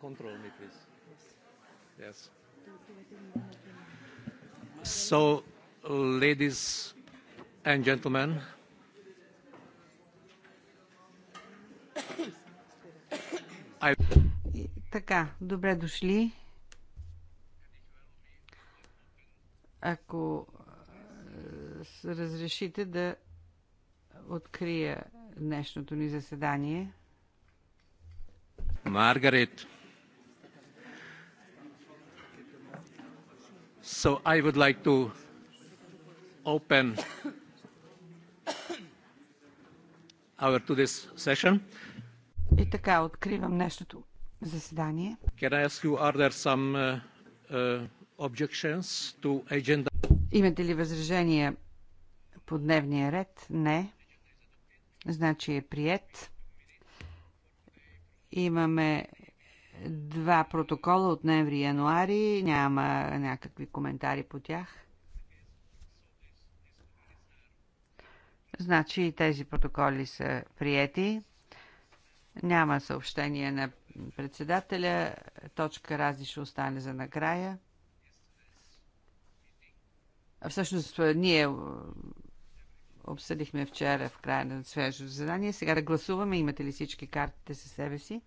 Control me, please. Yes. So, ladies and gentlemen, I... Така, добре дошли. Ако е, разрешите да открия днешното ни заседание. Маргарет. So I would like to open our today's session. И така откривам днешното заседание. Имате ли възражения по дневния ред? Не. Значи е прият. Имаме два протокола от ноември и януари. Няма някакви коментари по тях. Значи тези протоколи са приети. Няма съобщение на председателя. Точка рази ще остане за накрая. Всъщност, ние обсъдихме вчера в края на свежо заседание. Сега да гласуваме. Имате ли всички картите със себе си?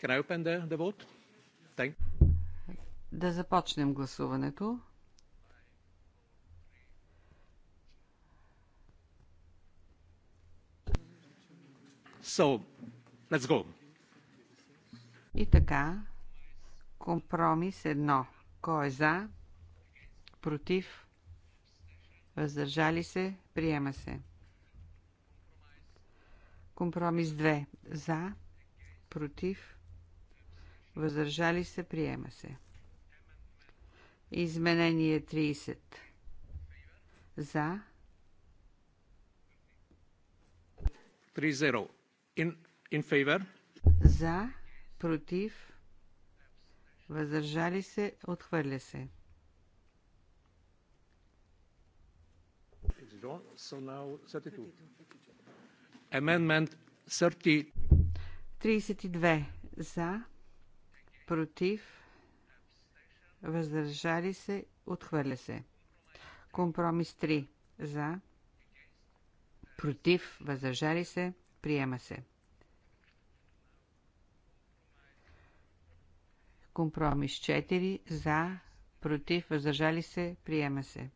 Can I open the, the vote? Thank да започнем гласуването. So, let's go. И така, компромис едно. Кой е за? Против? Въздържали се? Приема се. Компромис 2. За? Против? Въздържали се, приема се. Изменение 30. За. 30. In, in favor. За. Против. Въздържали се, отхвърля се. So now 32. Amendment 30. 32. За против, въздържали се, отхвърля се. Компромис 3 за, против, въздържали се, приема се. Компромис 4 за, против, въздържали се, приема се.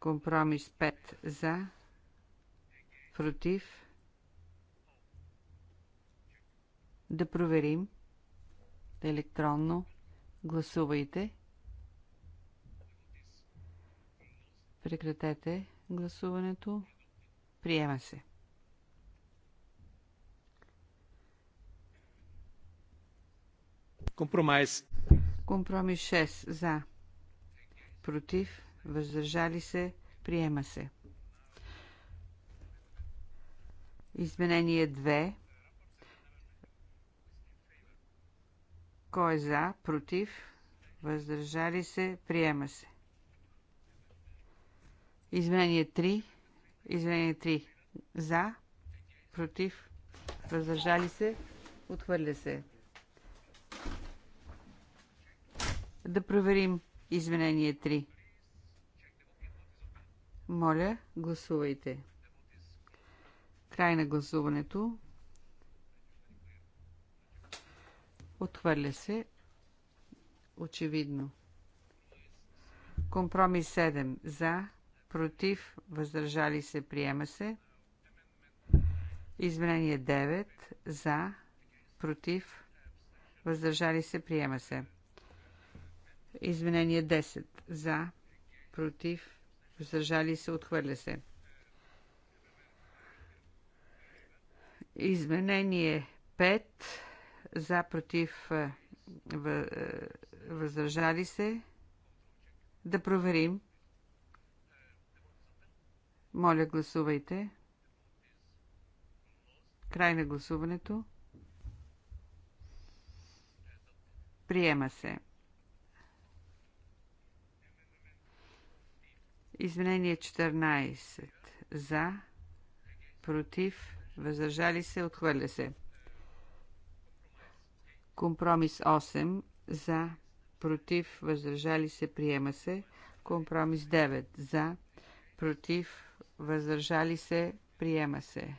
Компромис 5 за, против, да проверим електронно. Гласувайте. Прекратете гласуването. Приема се. Компромис. Компромис 6. За. Против. Въздържали се. Приема се. Изменение 2. Кой е за? Против? Въздържали се? Приема се. Изменение 3. Изменение 3. За? Против? Въздържали се? Отхвърля се. Да проверим изменение 3. Моля, гласувайте. Край на гласуването. Отхвърля се. Очевидно. Компромис 7. За. Против. Въздържали се. Приема се. Изменение 9. За. Против. Въздържали се. Приема се. Изменение 10. За. Против. Въздържали се. Отхвърля се. Изменение 5 за, против, е, е, въздържали се. Да проверим. Моля, гласувайте. Край на гласуването. Приема се. Изменение 14. За, против, възражали се, отхвърля се. Компромис 8 за, против, въздържали се, приема се. Компромис 9 за, против, въздържали се, приема се.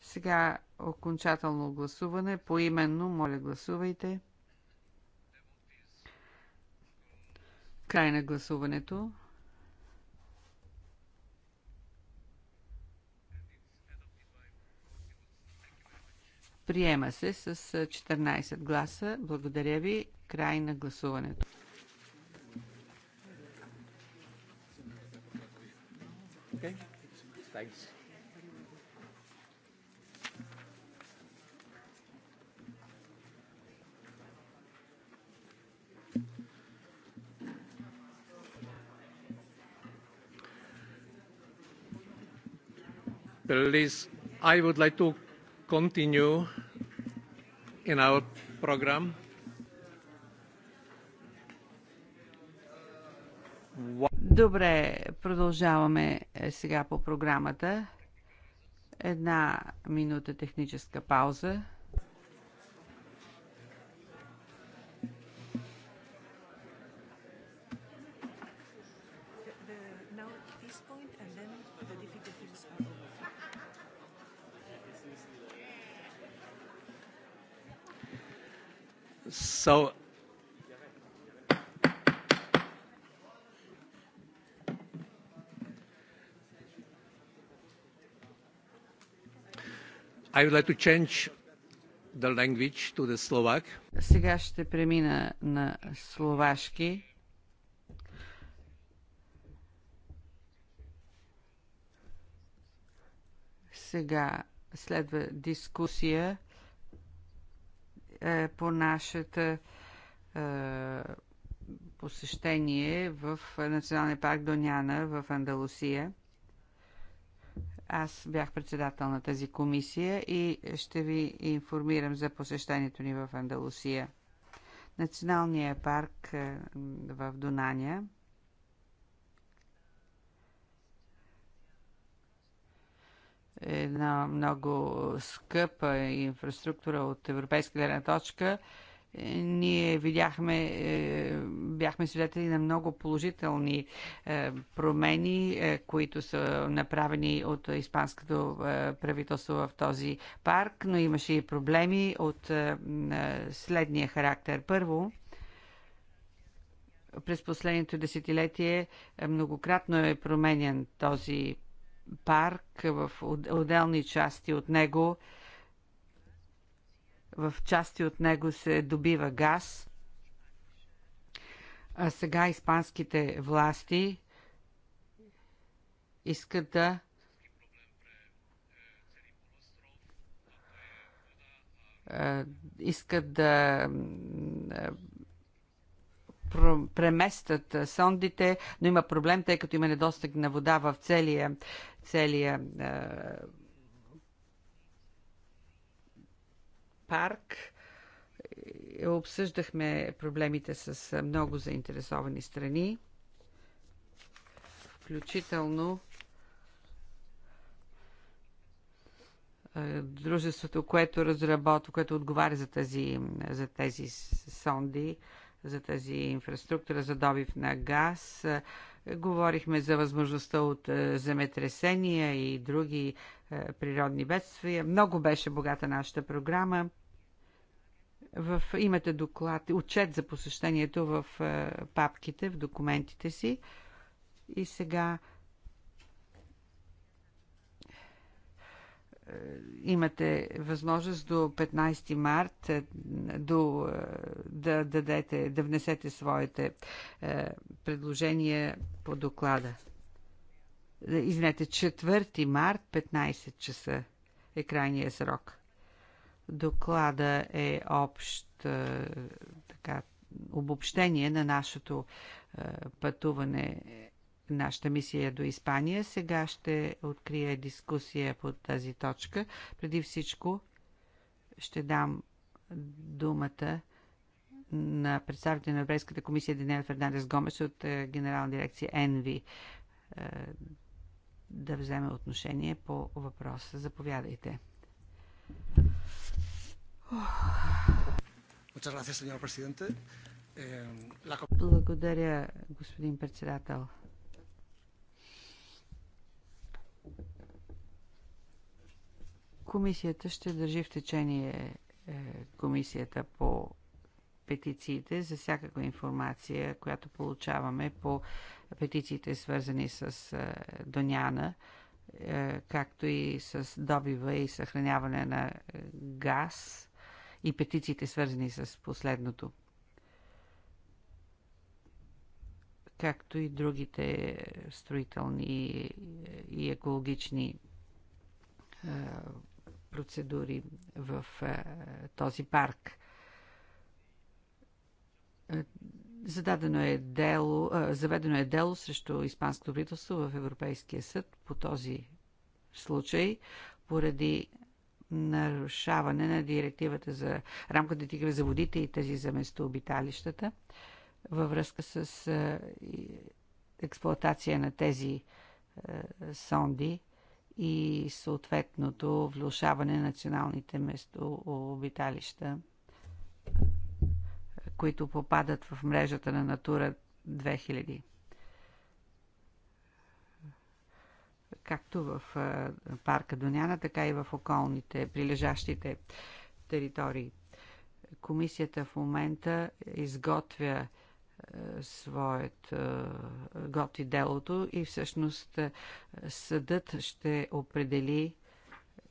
Сега окончателно гласуване, поименно, моля гласувайте. Край на гласуването. Приема се с 14 гласа. Благодаря ви. Край на гласуването. Okay. Thanks. Please, I would like to continue in our program. Добре, продължаваме е, сега по програмата. Една минута техническа пауза. So I would like to change the language to the Slovak. Сега ще премина на словашки. Сега следва дискусия е, по нашата е, посещение в Националния парк Доняна в Андалусия. Аз бях председател на тази комисия и ще ви информирам за посещението ни в Андалусия. Националния парк е, в Донания. една много скъпа инфраструктура от европейска гледна точка, е, ние видяхме, е, бяхме свидетели на много положителни е, промени, които са направени от испанското правителство в този парк, но имаше и проблеми от следния характер. Първо, през последното десетилетие многократно е променен този парк, в отделни части от него, в части от него се добива газ. А сега испанските власти искат да искат да преместят сондите, но има проблем, тъй като има недостиг на вода в целия, целия е, парк. Обсъждахме проблемите с много заинтересовани страни, включително дружеството, което разработва, което отговаря за, тези, за тези сонди, за тази инфраструктура за добив на газ. Говорихме за възможността от е, земетресения и други е, природни бедствия. Много беше богата нашата програма. В, имате доклад, отчет за посещението в е, папките, в документите си. И сега имате възможност до 15 март е, до, е, да, дадете, да внесете своите е, предложения по доклада. Извинете, 4 март, 15 часа е крайния срок. Доклада е общ така, обобщение на нашето е, пътуване нашата мисия е до Испания. Сега ще открия дискусия по тази точка. Преди всичко ще дам думата на представител на Европейската комисия Денел Фернандес Гомес от е, Генерална дирекция ЕНВИ е, да вземе отношение по въпроса. Заповядайте. Eh, Благодаря, господин председател. Комисията ще държи в течение е, комисията по петициите за всякаква информация, която получаваме по петициите, свързани с е, Доняна, е, както и с добива и съхраняване на газ и петициите, свързани с последното. както и другите строителни и екологични процедури в е, този парк. Е, зададено е дело, е, заведено е дело срещу Испанското правителство в Европейския съд по този случай, поради нарушаване на директивата за рамката директива за водите и тези за местообиталищата във връзка с експлоатация на тези сонди и съответното влушаване на националните местообиталища, които попадат в мрежата на Натура 2000. Както в парка Доняна, така и в околните, прилежащите територии. Комисията в момента изготвя своят е, готи делото и всъщност е, съдът ще определи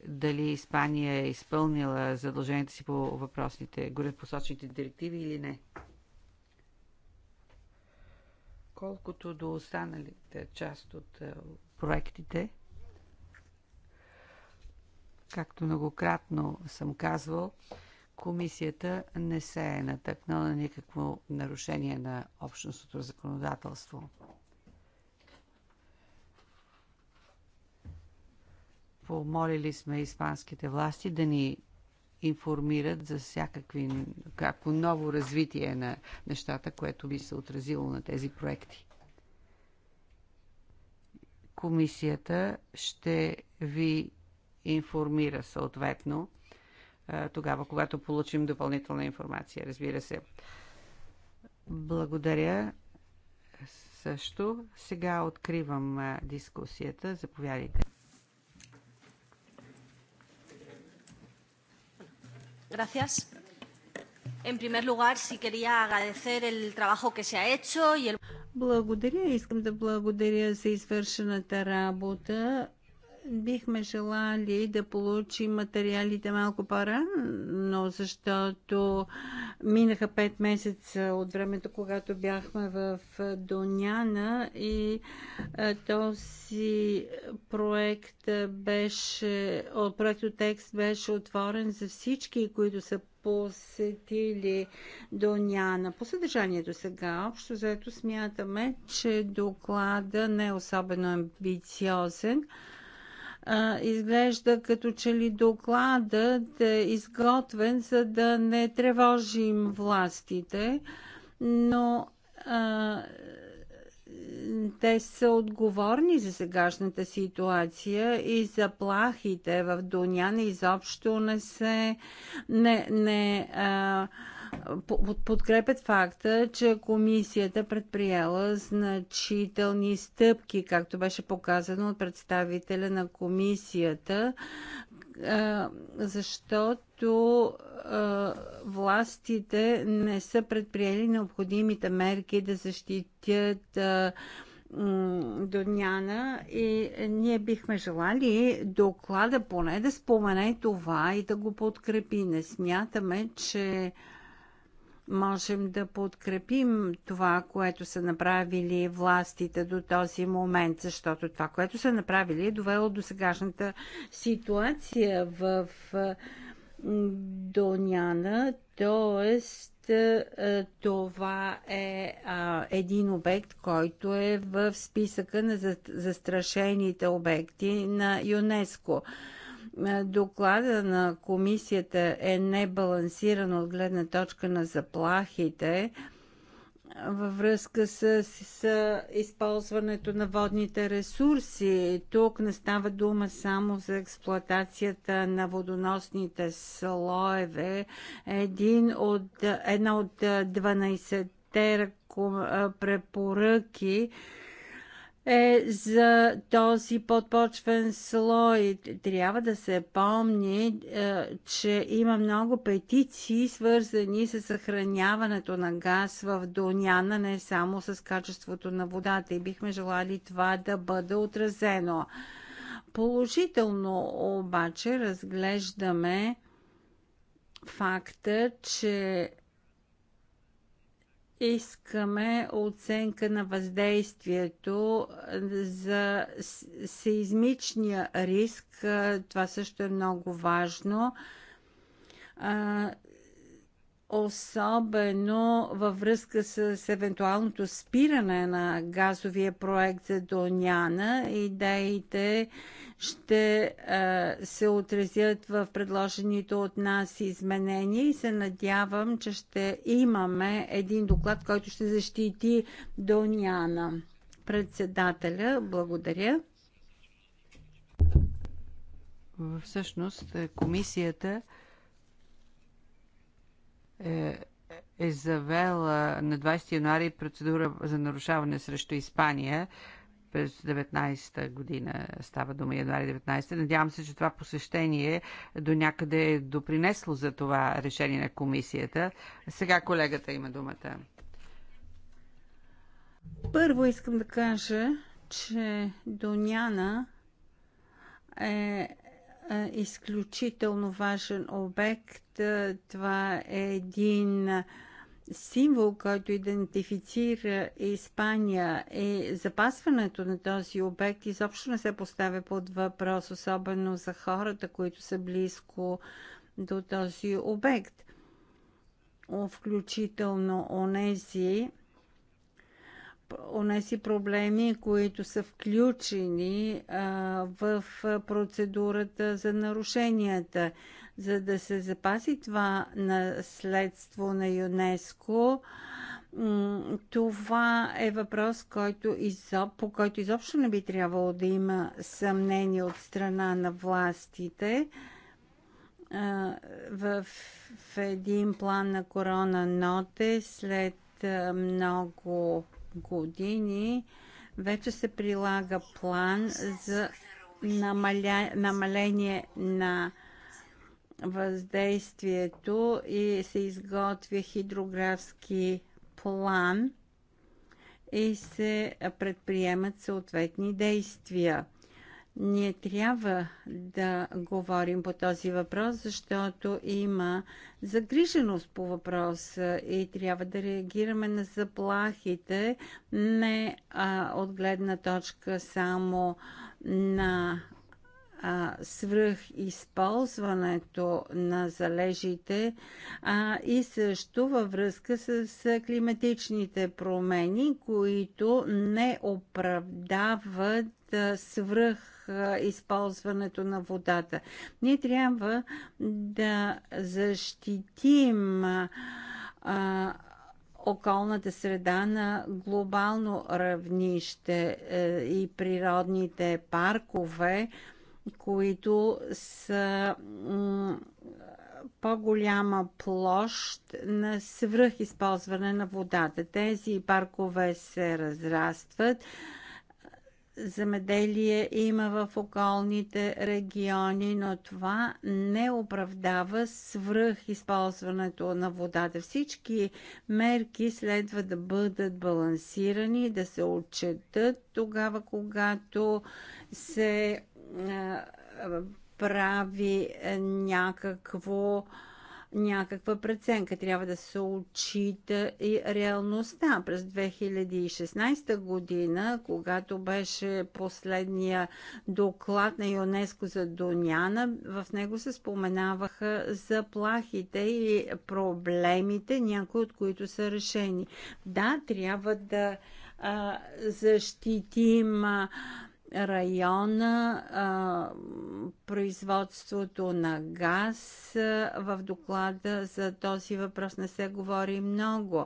дали Испания е изпълнила задълженията си по въпросните горепосочните директиви или не. Колкото до останалите част от е, проектите, както многократно съм казвал, комисията не се е натъкнала на никакво нарушение на общностното законодателство. Помолили сме испанските власти да ни информират за всякакви, какво ново развитие на нещата, което би се отразило на тези проекти. Комисията ще ви информира съответно тогава, когато получим допълнителна информация, разбира се. Благодаря също. Сега откривам дискусията. Заповядайте. Gracias. En primer lugar, si quería agradecer el trabajo que se ha hecho y el... Благодаря. Искам да благодаря за извършената работа бихме желали да получим материалите малко по но защото минаха 5 месеца от времето, когато бяхме в Доняна и е, този проект беше, проекто текст беше отворен за всички, които са посетили Доняна. По съдържанието сега, общо заето смятаме, че доклада не е особено амбициозен а, изглежда като че ли докладът е изготвен, за да не тревожим властите, но а, те са отговорни за сегашната ситуация и заплахите в Доняна изобщо не се не, не а, подкрепят факта, че комисията предприела значителни стъпки, както беше показано от представителя на комисията, защото властите не са предприели необходимите мерки да защитят Доняна и ние бихме желали доклада поне да спомене това и да го подкрепи. Не смятаме, че можем да подкрепим това, което са направили властите до този момент, защото това, което са направили, е довело до сегашната ситуация в Доняна, т.е. това е един обект, който е в списъка на застрашените обекти на ЮНЕСКО. Е, доклада на комисията е небалансиран от гледна точка на заплахите е, във връзка с, с използването на водните ресурси. Тук не става дума само за експлоатацията на водоносните слоеве. Един от, една от 12-те е, препоръки е за този подпочвен слой. Трябва да се помни, е, че има много петиции, свързани с съхраняването на газ в Доняна, не само с качеството на водата. И бихме желали това да бъде отразено. Положително обаче разглеждаме факта, че искаме оценка на въздействието за сеизмичния риск. Това също е много важно. Особено във връзка с евентуалното спиране на газовия проект за Доняна, идеите ще се отразят в предложените от нас изменения и се надявам, че ще имаме един доклад, който ще защити Доняна. Председателя, благодаря. Всъщност, е, комисията е, е завела на 20 януари процедура за нарушаване срещу Испания през 19-та година става дума, януари 19-та. Надявам се, че това посещение до някъде е допринесло за това решение на комисията. Сега колегата има думата. Първо искам да кажа, че Доняна е, е изключително важен обект. Е, това е един символ, който идентифицира Испания и е запасването на този обект изобщо не се поставя под въпрос, особено за хората, които са близко до този обект. Включително онези, онези проблеми, които са включени а, в процедурата за нарушенията. За да се запази това наследство на ЮНЕСКО, това е въпрос, който изоб, по който изобщо не би трябвало да има съмнение от страна на властите в един план на корона ноте след много години вече се прилага план за намаля... намаление на въздействието и се изготвя хидрографски план и се предприемат съответни действия. Ние трябва да говорим по този въпрос, защото има загриженост по въпроса и трябва да реагираме на заплахите не а, от гледна точка само на а, използването на залежите а, и също във връзка с, с климатичните промени, които не оправдават свръх използването на водата. Ние трябва да защитим а, околната среда на глобално равнище е, и природните паркове, които са по-голяма площ на свръхизползване на водата. Тези паркове се разрастват, земеделие има в околните региони, но това не оправдава свръх използването на водата. Всички мерки следва да бъдат балансирани, да се отчетат тогава, когато се прави някакво някаква преценка. Трябва да се отчита и реалността. През 2016 година, когато беше последния доклад на ЮНЕСКО за Доняна, в него се споменаваха заплахите и проблемите, някои от които са решени. Да, трябва да защитим района, а, производството на газ. В доклада за този въпрос не се говори много.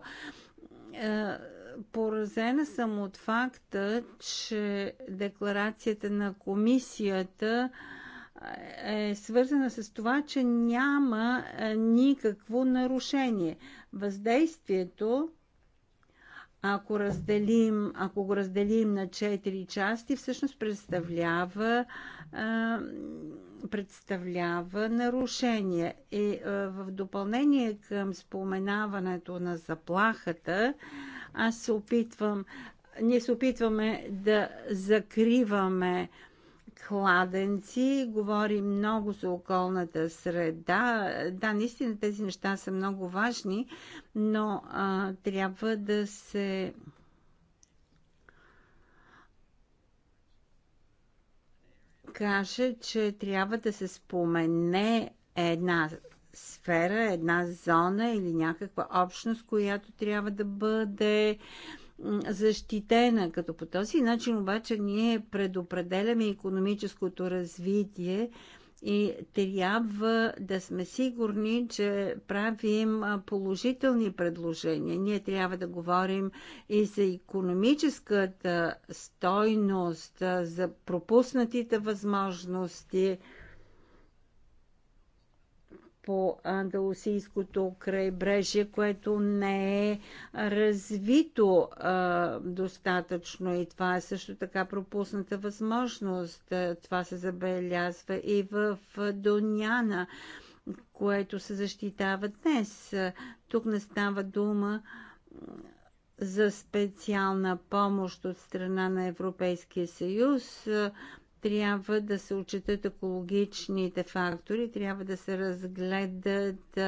поразена съм от факта, че декларацията на комисията е свързана с това, че няма никакво нарушение. Въздействието ако, разделим, ако го разделим на 4 части, всъщност представлява, представлява нарушение. И в допълнение към споменаването на заплахата, аз се опитвам, ние се опитваме да закриваме а, кладенци, говори много за околната среда. Да, наистина тези неща са много важни, но а, трябва да се каже, че трябва да се спомене една сфера, една зона или някаква общност, която трябва да бъде а, защитена, като по този начин обаче ние предопределяме економическото развитие и трябва да сме сигурни, че правим положителни предложения. Ние трябва да говорим и за економическата стойност, за пропуснатите възможности, по Андалусийското крайбрежие, което не е развито а, достатъчно и това е също така пропусната възможност. Това се забелязва и в Доняна, което се защитава днес. Тук не става дума за специална помощ от страна на Европейския съюз трябва да се отчитат екологичните фактори, трябва да се разгледат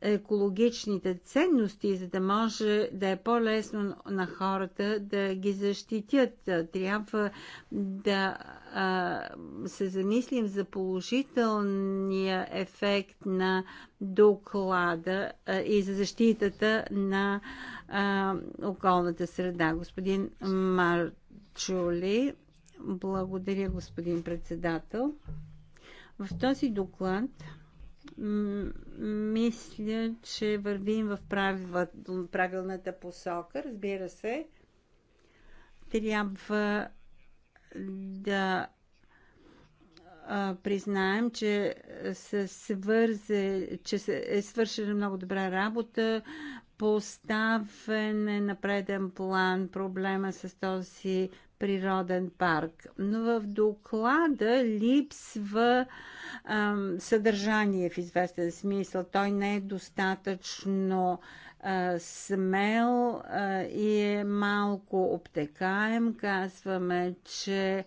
екологичните ценности, за да може да е по-лесно на хората да ги защитят. Трябва да а, се замислим за положителния ефект на доклада а, и за защитата на а, околната среда. Господин Марчули, благодаря, господин председател. В този доклад мисля, че вървим в правилната посока. Разбира се, трябва да признаем, че, се свързе, че се е свършена много добра работа Поставяне на преден план проблема с този природен парк. Но в доклада липсва ам, съдържание в известен смисъл. Той не е достатъчно смел а, и е малко обтекаем. Казваме, че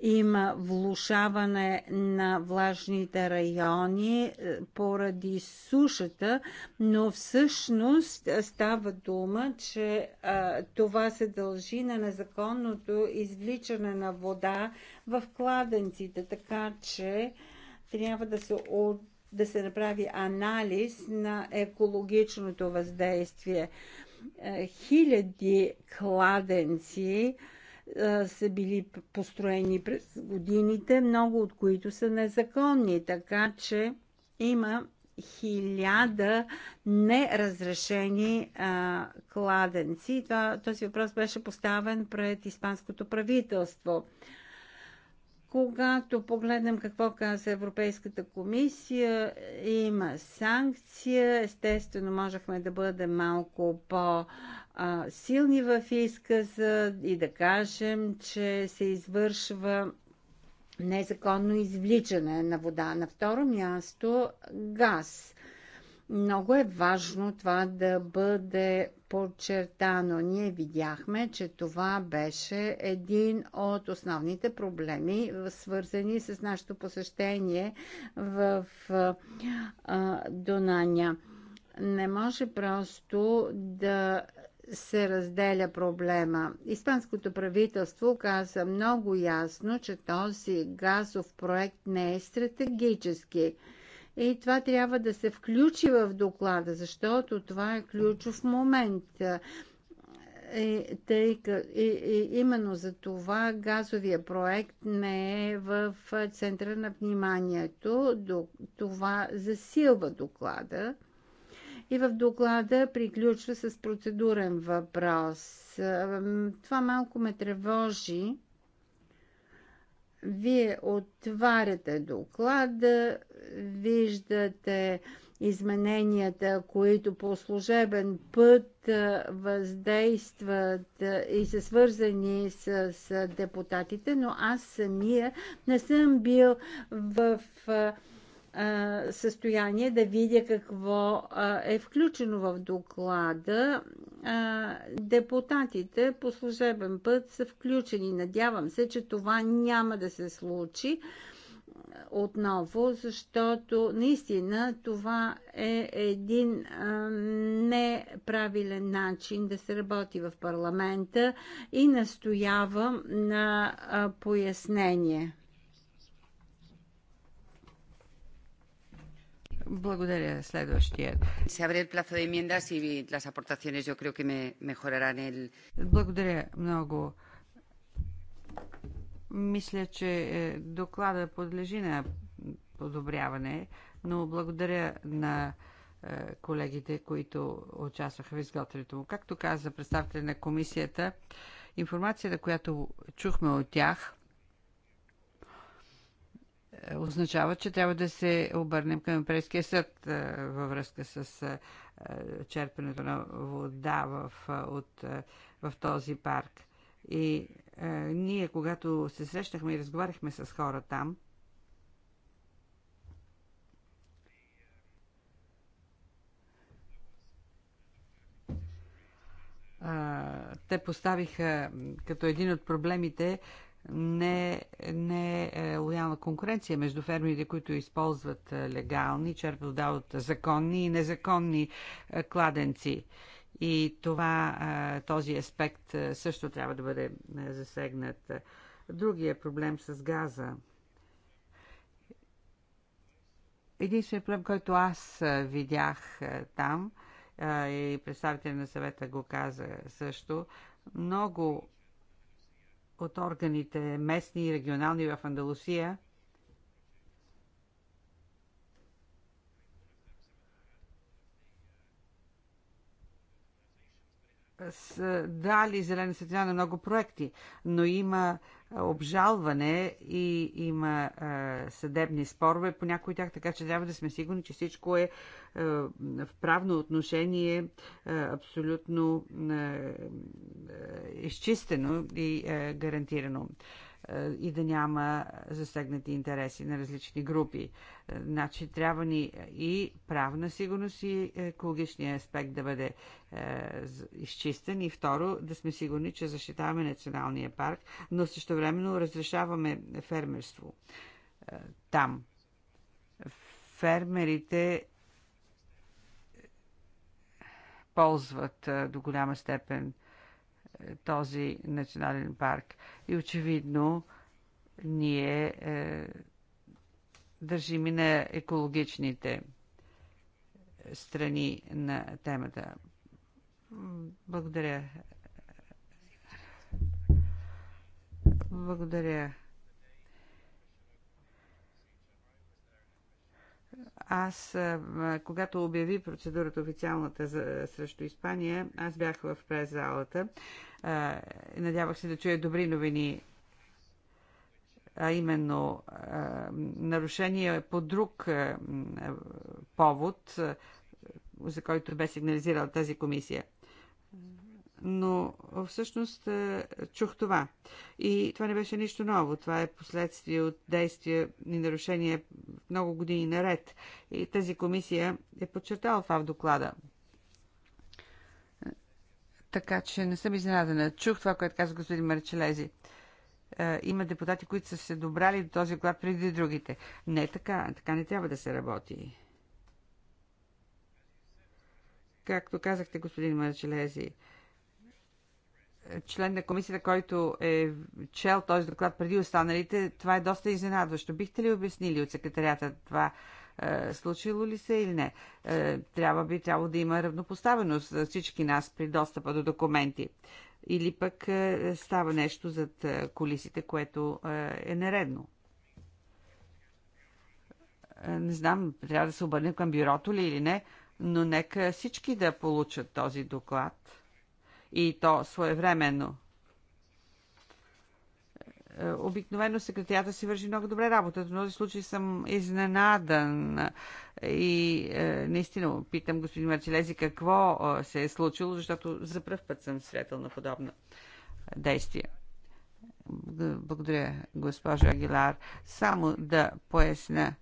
има влушаване на влажните райони е, поради сушата, но всъщност става дума, че а, това се дължи на незаконното извличане на вода в кладенците, така че трябва да се от да се направи анализ на екологичното въздействие. Е, хиляди кладенци е, са били построени през годините, много от които са незаконни, така че има хиляда неразрешени а, е, кладенци. Това, този въпрос беше поставен пред Испанското правителство. Когато погледнем какво каза Европейската комисия, има санкция. Естествено, можехме да бъдем малко по-силни в изказа и да кажем, че се извършва незаконно извличане на вода. На второ място газ. Много е важно това да бъде подчертано. Ние видяхме, че това беше един от основните проблеми, свързани с нашето посещение в Донаня. Не може просто да се разделя проблема. Испанското правителство каза много ясно, че този газов проект не е стратегически и това трябва да се включи в доклада, защото това е ключов момент. И, е, тъй, и, и, именно за това газовия проект не е в центъра на вниманието. Това засилва доклада. И в доклада приключва с процедурен въпрос. Това малко ме тревожи. Вие отваряте доклада, виждате измененията, които по служебен път въздействат и са свързани с, депутатите, но аз самия не съм бил в състояние да видя какво е включено в доклада. Депутатите по служебен път са включени. Надявам се, че това няма да се случи отново, защото наистина това е един а, неправилен начин да се работи в парламента и настоявам на а, пояснение. Благодаря. Следващия. Благодаря много. Мисля, че е, доклада подлежи на подобряване, но благодаря на е, колегите, които участваха в изготвянето му. Както каза представителя на комисията, информацията, която чухме от тях, е, означава, че трябва да се обърнем към Европейския съд във връзка с черпенето на вода в, от, в този парк. И е, ние, когато се срещнахме и разговаряхме с хора там, е, те поставиха като един от проблемите не, не е лоялна конкуренция между фермите, които използват е, легални, черпат вода от законни и незаконни е, кладенци. И това, този аспект също трябва да бъде засегнат. Другия проблем с газа. Единственият проблем, който аз видях там, и представител на съвета го каза също, много от органите местни и регионални в Андалусия са дали зелена светлина на много проекти, но има обжалване и има а, съдебни спорове по някои тях, така че трябва да сме сигурни, че всичко е а, в правно отношение а, абсолютно а, изчистено и а, гарантирано. Е, и да няма засегнати интереси на различни групи. Е, значи трябва ни и правна сигурност и екологичния аспект да бъде е, изчистен и второ да сме сигурни, че защитаваме националния парк, но също времено разрешаваме фермерство там. Фермерите ползват до голяма степен този национален парк. И очевидно ние е, държим и на екологичните страни на темата. Благодаря. Благодаря. Аз, е, когато обяви процедурата официалната за, срещу Испания, аз бях в прес-залата надявах се да чуя добри новини, а именно нарушение по друг повод, за който бе сигнализирала тази комисия. Но всъщност чух това. И това не беше нищо ново. Това е последствие от действия и нарушения много години наред. И тази комисия е подчертала това в доклада. Така че не съм изненадана. Чух това, което каза господин Марчелези. Е, има депутати, които са се добрали до този глад преди другите. Не е така. Така не трябва да се работи. Както казахте, господин Марчелези, член на комисията, който е чел този доклад преди останалите, това е доста изненадващо. Бихте ли обяснили от секретарята това е, случило ли се или не. Е, трябва би трябвало да има равнопоставеност за всички нас при достъпа до документи. Или пък е, става нещо зад колисите, което е нередно. Не знам, трябва да се обърнем към бюрото ли или не, но нека всички да получат този доклад. И то своевременно е, обикновено секретарята си върши много добре работата. В този случай съм изненадан и е, наистина питам господин Марчелези какво е, се е случило, защото за първ път съм свидетел на подобно действие. Благодаря, госпожо Агилар. Само да поясня.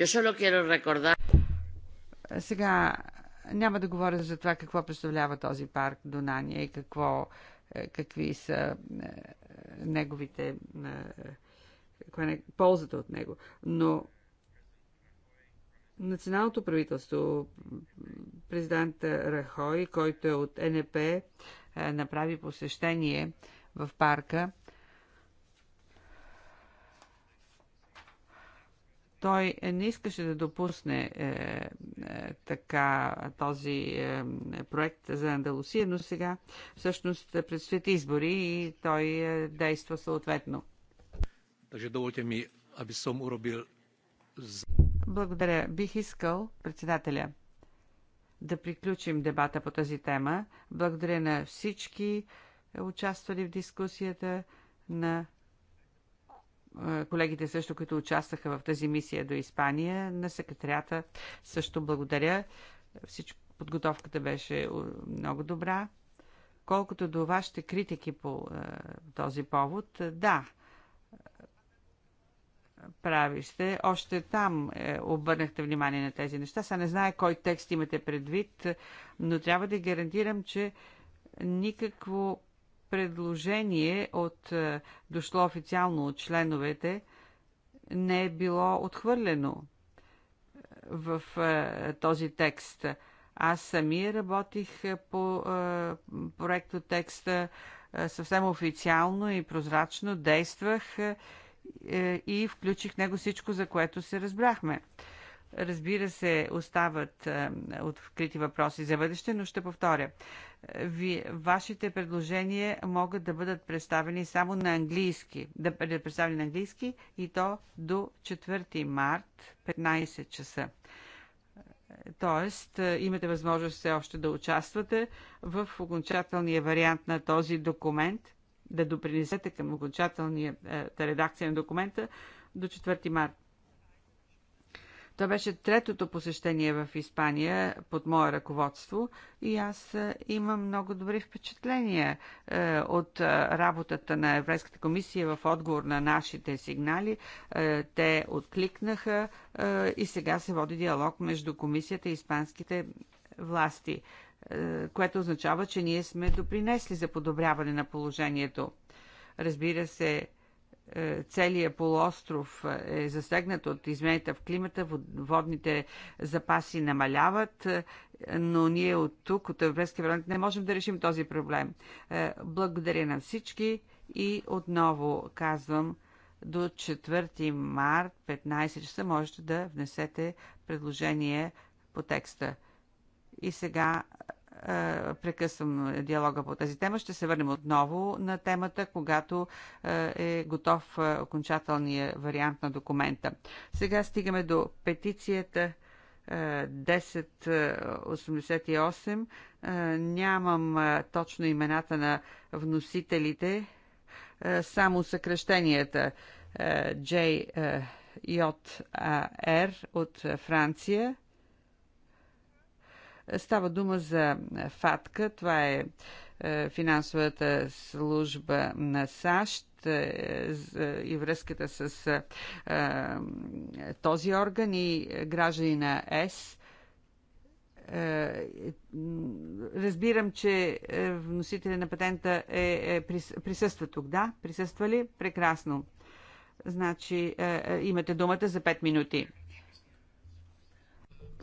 Yo solo quiero recordar. Сега няма да говоря за това какво представлява този парк Донания и какво, е, какви са е, неговите е ползата от него. Но националното правителство, президент Рахой, който е от НП, е, направи посещение в парка Той не искаше да допусне е, е, така този е, проект за Андалусия, но сега всъщност предстоят избори и той е, действа съответно. Takže доволите ми, аби съм уробил... Благодаря. Бих искал, председателя, да приключим дебата по тази тема. Благодаря на всички е, участвали в дискусията, на колегите също, които участваха в тази мисия до Испания, на секретарята също благодаря. Всичко, подготовката беше много добра. Колкото до вашите критики по е, този повод, да, прави сте. Още там е, обърнахте внимание на тези неща. Сега не знае кой текст имате предвид, но трябва да гарантирам, че никакво предложение от, е, дошло официално от членовете, не е било отхвърлено е, в е, този текст. Аз самия работих по проекто текста съвсем официално и прозрачно, действах и включих него всичко, за което се разбрахме. Разбира се, остават е, открити въпроси за бъдеще, но ще повторя. Ви, вашите предложения могат да бъдат представени само на английски. Да бъдат представени на английски и то до 4 март 15 часа. Тоест, е, имате възможност все още да участвате в окончателния вариант на този документ, да допринесете към окончателната е, редакция на документа до 4 март. Това беше третото посещение в Испания под мое ръководство и аз е, имам много добри впечатления е, от е, работата на Еврейската комисия в отговор на нашите сигнали. те откликнаха и сега се води диалог между комисията и испанските власти, което означава, че ние сме допринесли за подобряване на положението. Разбира се, е, целият полуостров е, е засегнат от измените в климата, водните запаси намаляват, е, но ние от тук, от Европейския парламент, не можем да решим този проблем. Благодаря на всички и отново казвам, до 4 март 15 часа можете да внесете предложение по текста. И сега прекъсвам диалога по тази тема. Ще се върнем отново на темата, когато е готов окончателният вариант на документа. Сега стигаме до петицията 1088. Нямам точно имената на вносителите, само съкръщенията JR от Франция Става дума за ФАТКА, това е, е финансовата служба на САЩ е, е, и връзката с този орган и граждани на ЕС. Разбирам, че вносителя на патента е, присъства тук, да? Присъства ли? Прекрасно. Значи, имате думата за 5 минути.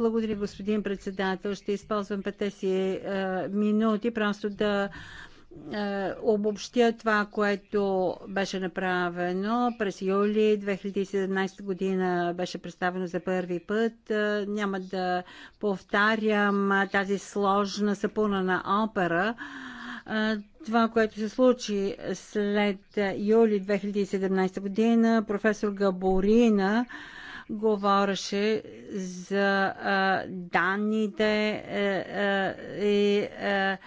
Благодаря, господин председател. Ще използвам пъте си е, минути, просто да е, обобщя това, което беше направено през юли 2017 година беше представено за първи път. Е, няма да повтарям тази сложна съпуна на опера. Това, което се случи след юли 2017 година, професор Габорина говореше за а, данните а, е, а, е, и а, е,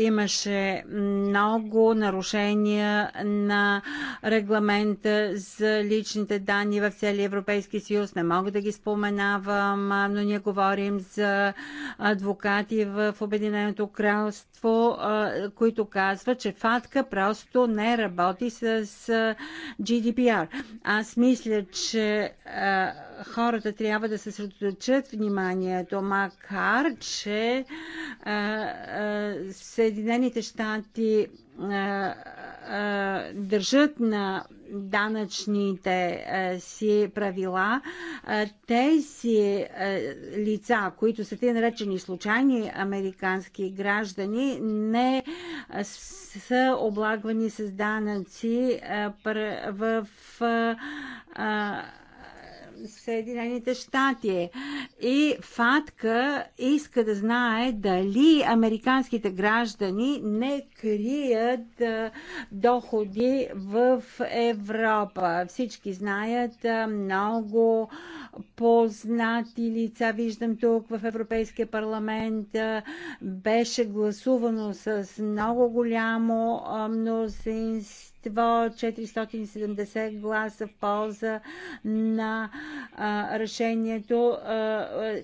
Имаше много нарушения на регламента за личните данни в целия Европейски съюз. Не мога да ги споменавам, но ние говорим за адвокати в Обединеното кралство, които казват, че ФАТКА просто не работи с GDPR. Аз мисля, че хората трябва да се съсредоточат вниманието, макар че се Съединените щати е, е, държат на данъчните е, си правила, тези лица, които са те наречени случайни американски граждани, не са облагвани с данъци в Съединените щати. И ФАТКА иска да знае дали американските граждани не крият доходи в Европа. Всички знаят много познати лица. Виждам тук в Европейския парламент беше гласувано с много голямо мнозинство 470 гласа в полза на а, решението. А, а,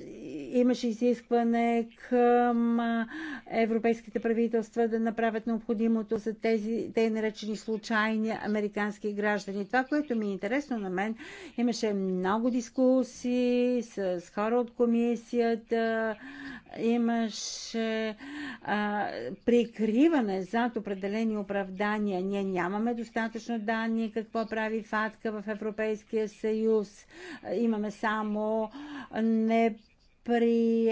имаше изискване към а, европейските правителства да направят необходимото за тези те наречени случайни американски граждани. Това, което ми е интересно на мен, имаше много дискусии с хора от комисията, имаше а, прикриване зад определени оправдания. Ние нямаме достатъчно данни какво прави ФАТКА в Европейския съюз. Имаме само не при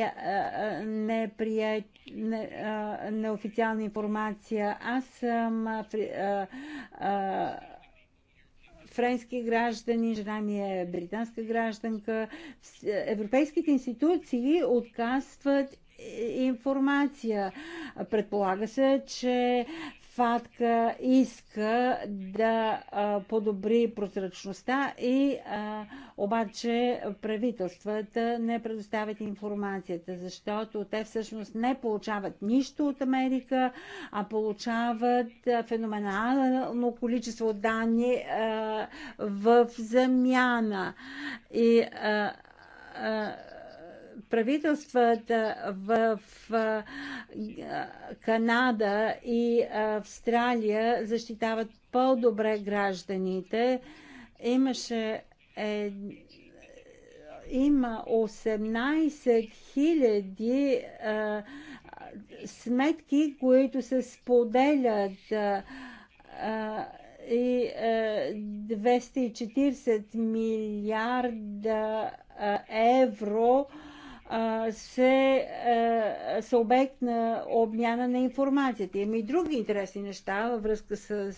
неофициална не, неофициална информация. Аз съм а, а, френски граждани, жена ми е британска гражданка. Европейските институции отказват е, информация. Предполага се, че Фатка иска да а, подобри прозрачността и а, обаче правителствата не предоставят информацията, защото те всъщност не получават нищо от Америка, а получават феноменално количество данни а, в замяна. И а, а, правителствата в Канада и Австралия защитават по-добре гражданите. Имаше е, има 18 хиляди сметки, които се споделят и 240 милиарда евро а, се, са обект на обмяна на информацията. Има и други интересни неща във връзка с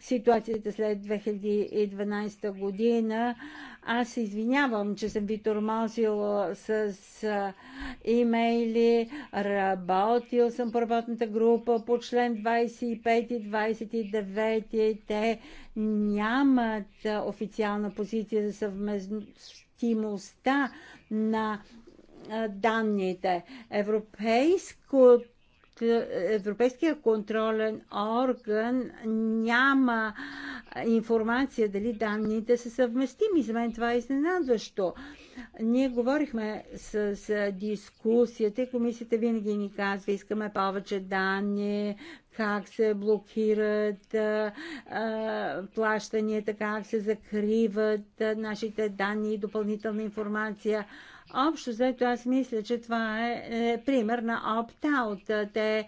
ситуацията след 2012 година. Аз се извинявам, че съм ви тормозила с имейли, работил съм по работната група по член 25 и 29. Те нямат официална позиция за съвместимостта на данните. Европейско, Европейския контролен орган няма информация дали данните са съвместими. За мен това е изненадващо. Ние говорихме с, с дискусията и комисията винаги ни казва, искаме повече данни, как се блокират а, а, плащанията, как се закриват а, нашите данни и допълнителна информация. Общо заето аз мисля, че това е, е пример на опт-аут. Те е,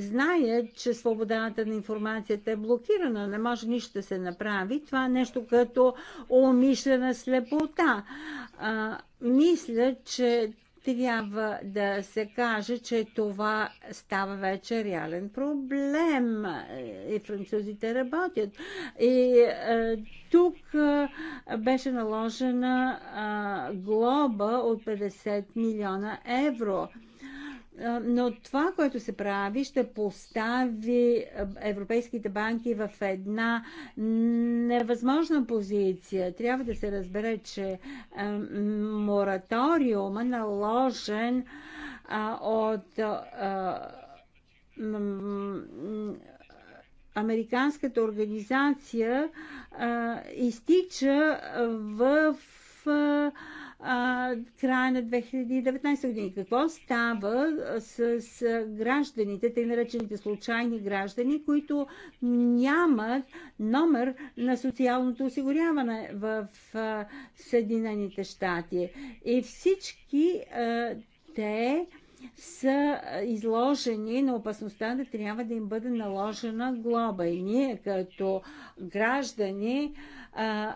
знаят, че свободата на информацията е блокирана, не може нищо да се направи. Това е нещо като умишлена слепота. А, мисля, че трябва да се каже, че това става вече реален проблем. И французите работят. И е, тук е, беше наложена е, глоба от 50 милиона евро. Е, но това, което се прави, ще постави европейските банки в една невъзможна позиция. Трябва да се разбере, че мораториума наложен от Американската организация изтича в а, края на 2019 години. Какво става с, с гражданите, тъй наречените случайни граждани, които нямат номер на социалното осигуряване в а, Съединените щати? И всички а, те са изложени на опасността да трябва да им бъде наложена глоба. И ние като граждани а,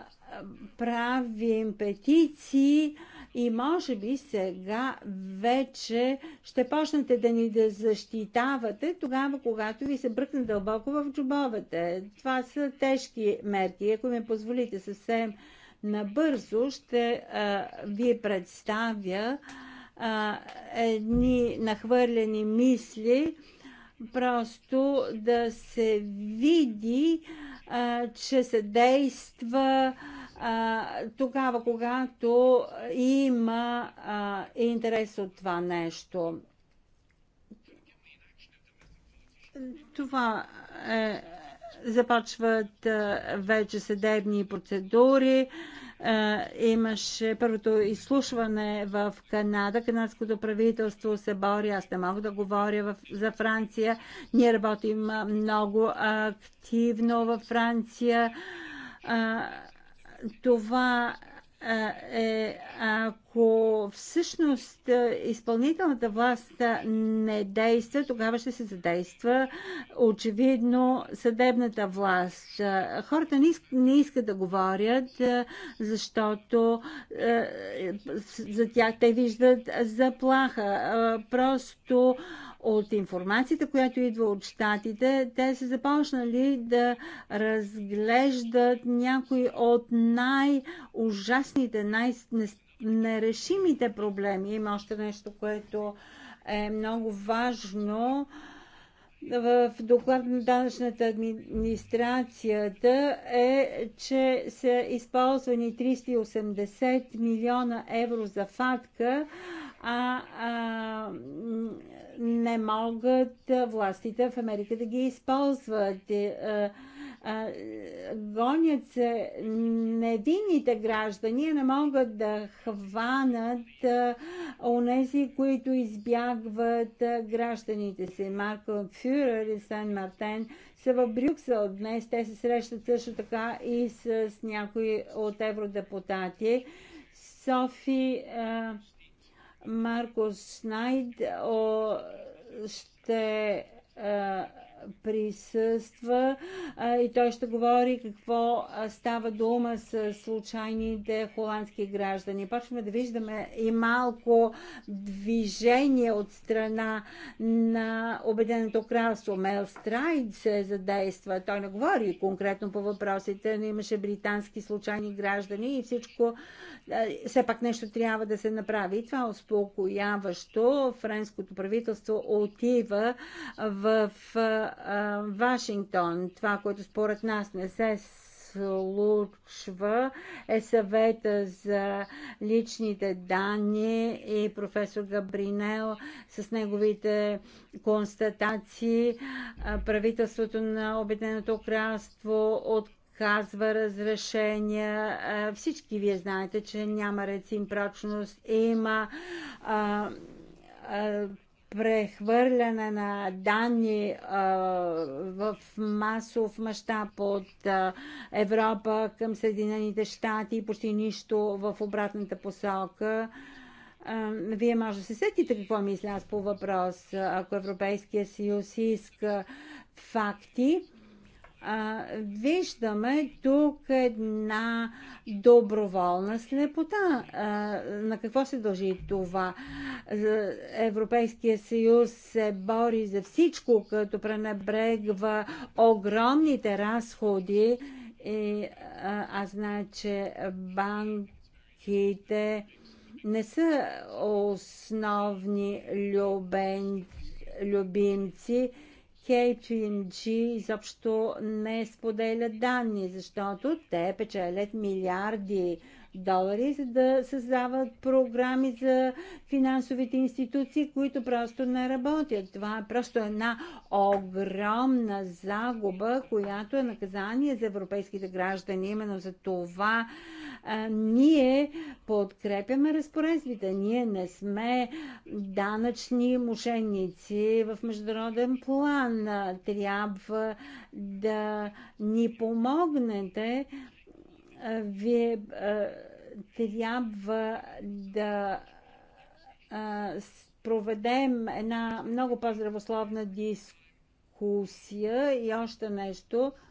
правим петиции и може би сега вече ще почнете да ни да защитавате тогава, когато ви се бръкне дълбоко в джобовете. Това са тежки мерки. Ако ми позволите съвсем набързо, ще а, ви представя а, едни нахвърлени мисли, просто да се види, а, че се действа а, а, тогава, когато има а, интерес от това нещо. Това е, започват а, вече съдебни процедури. А, имаше първото изслушване в Канада. Канадското правителство се бори. Аз не мога да говоря в, за Франция. Ние работим много активно във Франция. А, това е, ако всъщност изпълнителната власт не действа, тогава ще се задейства очевидно съдебната власт. Хората не, иск, не искат да говорят, защото е, за тях те виждат заплаха. Просто от информацията, която идва от щатите, те са започнали да разглеждат някои от най-ужасните, най-нерешимите проблеми. Има още нещо, което е много важно. В доклад на данъчната администрацията е, че са използвани 380 милиона евро за фатка, а, а не могат властите в Америка да ги използват. Е, гонят се невинните граждани, не могат да хванат онези, които избягват гражданите си. Марко Фюрер и Сен Мартен са в Брюксел днес. Те се срещат също така и с някои от евродепутати. Софи Маркос Найд ще присъства и той ще говори какво става дума с случайните холандски граждани. Почваме да виждаме и малко движение от страна на Обеденото кралство. Мел Страйд се задейства. Той не говори конкретно по въпросите, но имаше британски случайни граждани и всичко, все пак нещо трябва да се направи. И това е успокояващо. Френското правителство отива в а, Вашингтон. Това, което според нас не се случва е съвета за личните данни и професор Габринел с неговите констатации. Правителството на Обединеното кралство от казва разрешения. Всички вие знаете, че няма прочност, Има а, а, прехвърляне на данни а, в масов мащаб от а, Европа към Съединените щати и почти нищо в обратната посока. А, вие може да се сетите какво мисля аз по въпрос, ако Европейския съюз иска факти а, виждаме тук една доброволна слепота. А, на какво се дължи това? Европейския съюз се бори за всичко, като пренебрегва огромните разходи. И, а, а знае, че банките не са основни любен, любимци KPMG изобщо не споделят данни, защото те печелят милиарди долари, за да създават програми за финансовите институции, които просто не работят. Това е просто една огромна загуба, която е наказание за европейските граждани. Именно за това а, ние подкрепяме разпоредбите. Ние не сме данъчни мошенници в международен план. Трябва да ни помогнете. Вие трябва да проведем една много по-здравословна дискусия и още нещо –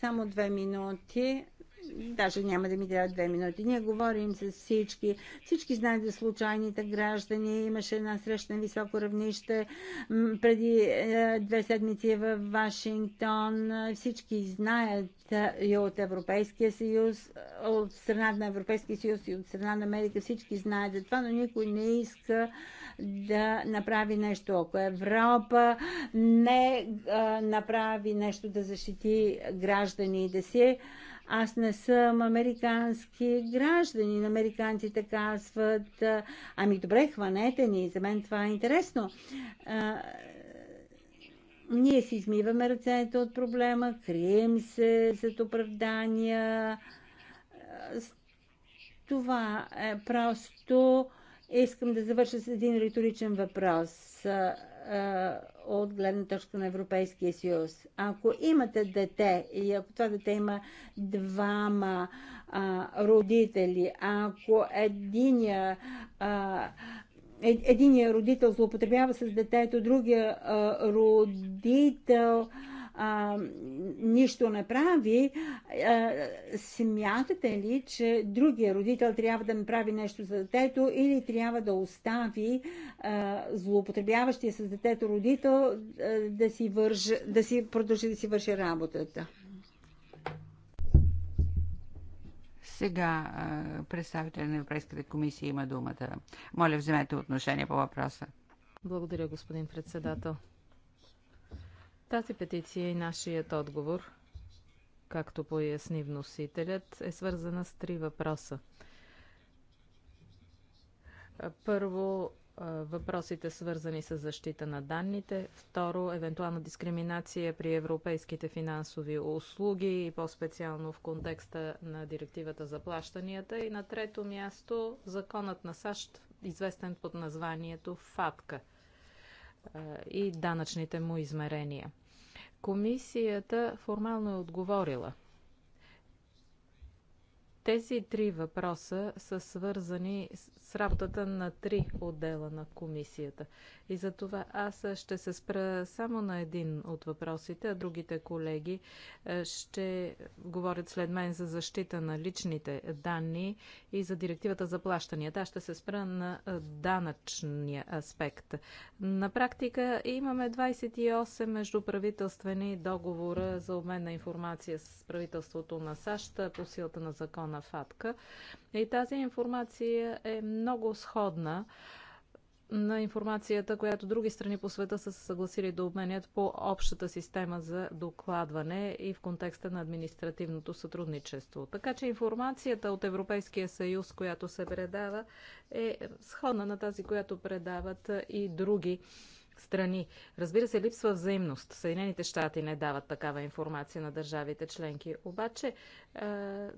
Само две минути даже няма да ми трябва две минути. Ние говорим с всички. Всички знаят за случайните граждани. Имаше една среща на високо равнище преди е, две седмици в Вашингтон. Всички знаят е, и от Европейския съюз, е, от страна на Европейския съюз и от страна на Америка. Всички знаят за това, но никой не иска да направи нещо. Ако Европа не а, направи нещо да защити гражданите си, аз не съм американски гражданин. Американците казват, ами добре, хванете ни, за мен това е интересно. А, ние си измиваме ръцете от проблема, крием се зад оправдания. Това е просто... Искам да завърша с един риторичен въпрос от гледна точка на Европейския съюз. Ако имате дете и ако това дете има двама а, родители, ако единия а, е, Единият родител злоупотребява с детето, другия а, родител а, нищо не прави, а, смятате ли, че другия родител трябва да направи нещо за детето или трябва да остави а, злоупотребяващия с детето родител а, да, си върж, да си продължи да си върши работата? Сега представителя на Европейската комисия има думата. Моля, вземете отношение по въпроса. Благодаря, господин председател. Тази петиция и нашият отговор, както поясни вносителят, е свързана с три въпроса. Първо, въпросите свързани с защита на данните. Второ, евентуална дискриминация при европейските финансови услуги и по-специално в контекста на директивата за плащанията. И на трето място, законът на САЩ, известен под названието ФАТКА и данъчните му измерения. Комисията формално е отговорила. Тези три въпроса са свързани с работата на три отдела на комисията. И за това аз ще се спра само на един от въпросите, а другите колеги е, ще говорят след мен за защита на личните данни и за директивата за плащанията. Аз ще се спра на е, данъчния аспект. На практика имаме 28 междуправителствени договора за обмен на информация с правителството на САЩ по силата на закона ФАТКА. И тази информация е много сходна на информацията, която други страни по света са се съгласили да обменят по общата система за докладване и в контекста на административното сътрудничество. Така че информацията от Европейския съюз, която се предава, е сходна на тази, която предават и други страни. Разбира се, липсва взаимност. Съединените щати не дават такава информация на държавите членки. Обаче, е,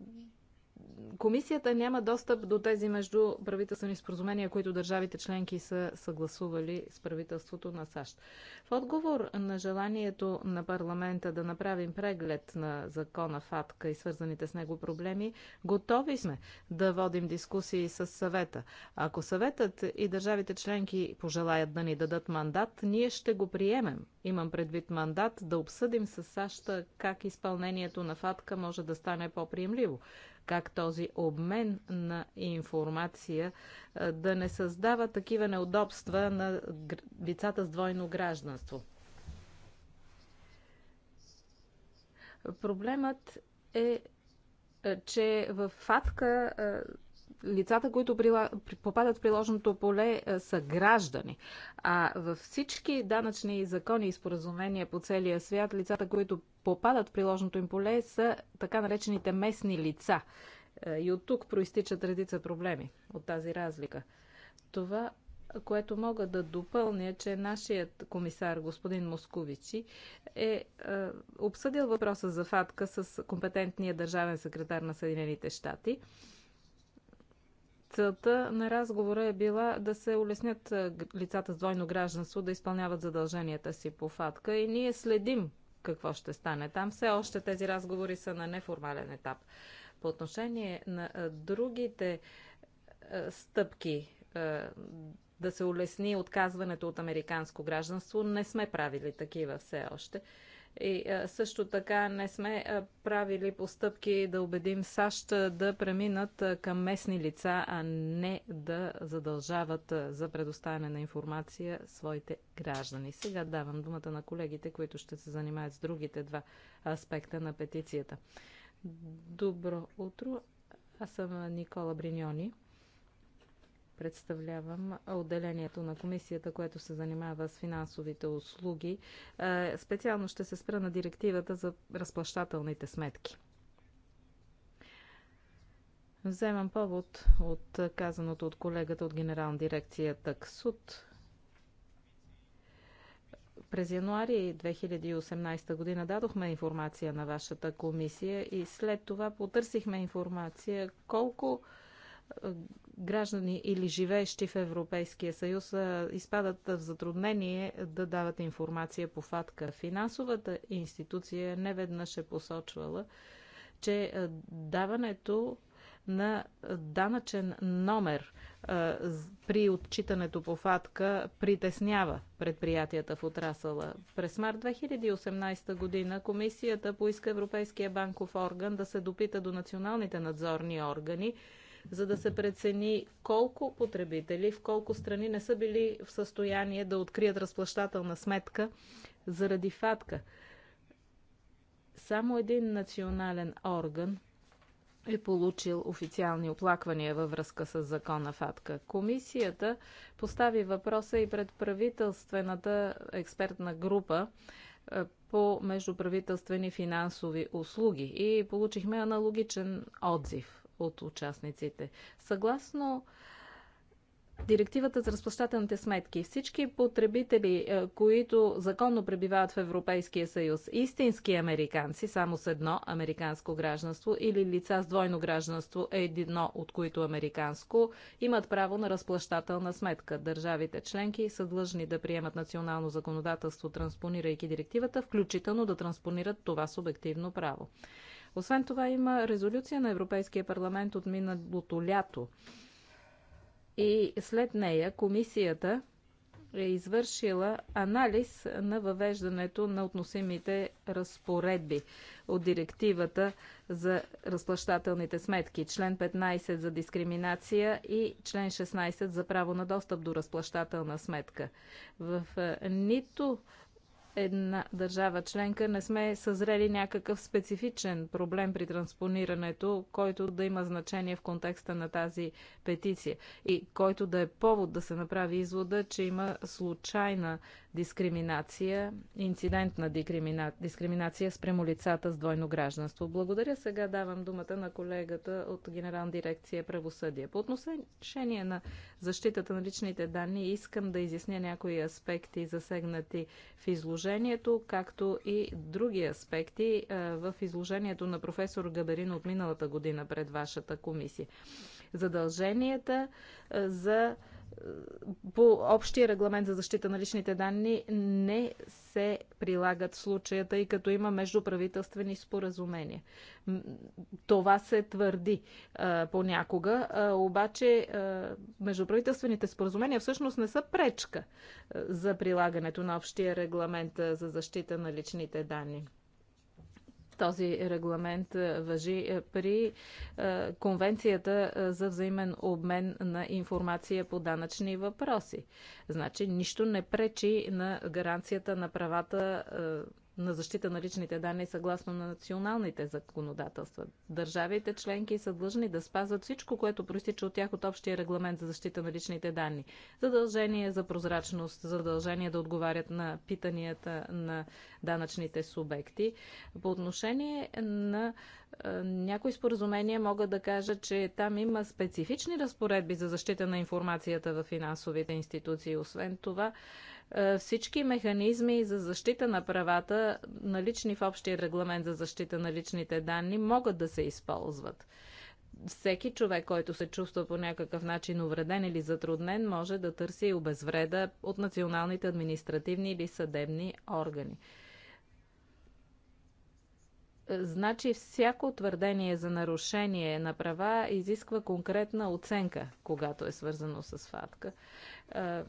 Комисията няма достъп до тези между правителствени споразумения, които държавите членки са съгласували с правителството на САЩ. В отговор на желанието на парламента да направим преглед на закона ФАТКА и свързаните с него проблеми, готови сме да водим дискусии с съвета. Ако съветът и държавите членки пожелаят да ни дадат мандат, ние ще го приемем. Имам предвид мандат да обсъдим с САЩ как изпълнението на ФАТКА може да стане по-приемливо как този обмен на информация да не създава такива неудобства на лицата с двойно гражданство. Проблемът е, че в ФАТКА лицата, които попадат в приложеното поле, е, са граждани. А във всички данъчни закони и споразумения по целия свят, лицата, които попадат в приложеното им поле, са така наречените местни лица. Е, и от тук проистичат редица проблеми от тази разлика. Това което мога да допълня, е, че нашият комисар, господин Московичи, е, е обсъдил въпроса за ФАТКА с компетентния държавен секретар на Съединените щати Целта на разговора е била да се улеснят е, лицата с двойно гражданство да изпълняват задълженията си по ФАТКА и ние следим какво ще стане там. Все още тези разговори са на неформален етап. По отношение на е, другите е, стъпки да се улесни отказването от американско гражданство, не сме правили такива все още. И също така не сме правили постъпки да убедим САЩ да преминат към местни лица, а не да задължават за предоставяне на информация своите граждани. Сега давам думата на колегите, които ще се занимаят с другите два аспекта на петицията. Добро утро! Аз съм Никола Бриньони представлявам отделението на комисията, което се занимава с финансовите услуги. Е, специално ще се спра на директивата за разплащателните сметки. Вземам повод от казаното от колегата от генерална дирекция ТАКСУД. През януари 2018 година дадохме информация на вашата комисия и след това потърсихме информация колко граждани или живеещи в Европейския съюз изпадат в затруднение да дават информация по фатка. Финансовата институция неведнъж е посочвала, че даването на данъчен номер при отчитането по фатка притеснява предприятията в отрасъла. През март 2018 година комисията поиска Европейския банков орган да се допита до националните надзорни органи за да се прецени колко потребители в колко страни не са били в състояние да открият разплащателна сметка заради фатка. Само един национален орган е получил официални оплаквания във връзка с закона ФАТКА. Комисията постави въпроса и пред правителствената експертна група е, по междуправителствени финансови услуги и получихме аналогичен отзив от участниците. Съгласно Директивата за разплащателните сметки. Всички потребители, е, които законно пребивават в Европейския съюз, истински американци, само с едно американско гражданство или лица с двойно гражданство, е едно от които американско, имат право на разплащателна сметка. Държавите членки са длъжни да приемат национално законодателство, транспонирайки директивата, включително да транспонират това субективно право. Освен това има резолюция на Европейския парламент от миналото лято. И след нея комисията е извършила анализ на въвеждането на относимите разпоредби от директивата за разплащателните сметки, член 15 за дискриминация и член 16 за право на достъп до разплащателна сметка. В нито една държава членка не сме съзрели някакъв специфичен проблем при транспонирането, който да има значение в контекста на тази петиция и който да е повод да се направи извода, че има случайна дискриминация, инцидентна дискриминация спрямо лицата с двойно гражданство. Благодаря. Сега давам думата на колегата от Генерална дирекция правосъдие. По отношение на защитата на личните данни, искам да изясня някои аспекти засегнати в изложението, както и други аспекти е, в изложението на професор Габерин от миналата година пред вашата комисия. Задълженията е, за по общия регламент за защита на личните данни не се прилагат в случая, тъй като има междуправителствени споразумения. Това се твърди а, понякога, а, обаче а, междуправителствените споразумения всъщност не са пречка а, за прилагането на общия регламент а, за защита на личните данни. Този регламент е, въжи е, при е, Конвенцията за взаимен обмен на информация по данъчни въпроси. Значи нищо не пречи на гаранцията на правата на защита на личните данни съгласно на националните законодателства. Държавите членки са длъжни да спазват всичко, което проистича от тях от общия регламент за защита на личните данни. Задължение за прозрачност, задължение да отговарят на питанията на данъчните субекти. По отношение на е, някои споразумения мога да кажа, че там има специфични разпоредби за защита на информацията в финансовите институции. Освен това, е, всички механизми за защита на правата, налични в общия регламент за защита на личните данни, могат да се използват. Всеки човек, който се чувства по някакъв начин увреден или затруднен, може да търси обезвреда от националните административни или съдебни органи. Е, значи всяко твърдение за нарушение на права изисква конкретна оценка, когато е свързано с фатка. Е,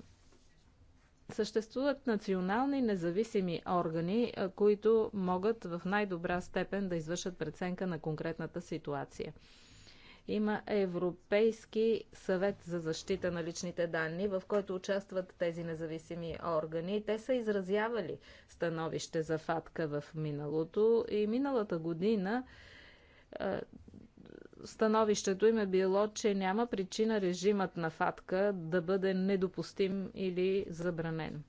Съществуват национални независими органи, които могат в най-добра степен да извършат преценка на конкретната ситуация. Има Европейски съвет за защита на личните данни, в който участват тези независими органи. Те са изразявали становище за ФАТКА в миналото и миналата година становището им е било, че няма причина режимът на ФАТКА да бъде недопустим или забранен.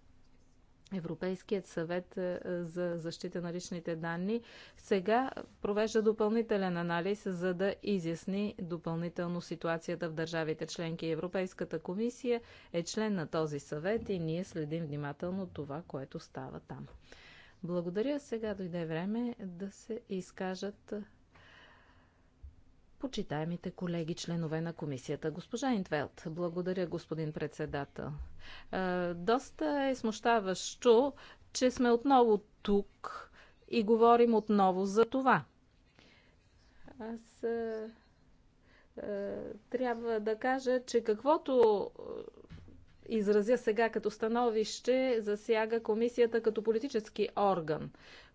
Европейският съвет е, за защита на личните данни сега провежда допълнителен анализ, за да изясни допълнително ситуацията в държавите членки. Европейската комисия е член на този съвет и ние следим внимателно това, което става там. Благодаря. Сега дойде време да се изкажат почитаемите колеги, членове на комисията. Госпожа Интвелт, благодаря, господин председател. Е, доста е смущаващо, че сме отново тук и говорим отново за това. Аз а, е, а, е, трябва да кажа, че каквото изразя сега като становище, засяга комисията като политически орган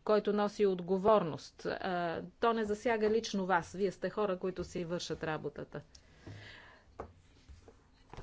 който носи отговорност. То не засяга лично вас. Вие сте хора, които си вършат работата.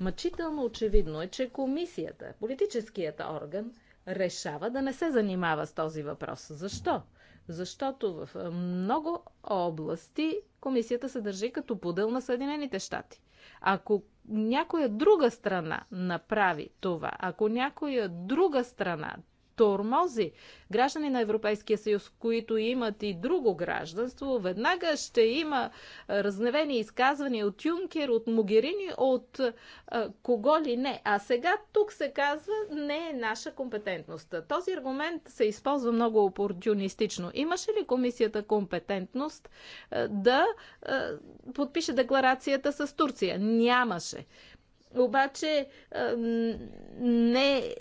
Мъчително очевидно е, че комисията, политическият орган, решава да не се занимава с този въпрос. Защо? Защото в много области комисията се държи като подъл на Съединените щати. Ако някоя друга страна направи това, ако някоя друга страна тормози. Граждани на Европейския съюз, които имат и друго гражданство, веднага ще има разневени изказвания от Юнкер, от Могерини, от а, кого ли не. А сега тук се казва, не е наша компетентност. Този аргумент се използва много опортюнистично. Имаше ли комисията компетентност а, да а, подпише декларацията с Турция? Нямаше. Обаче не,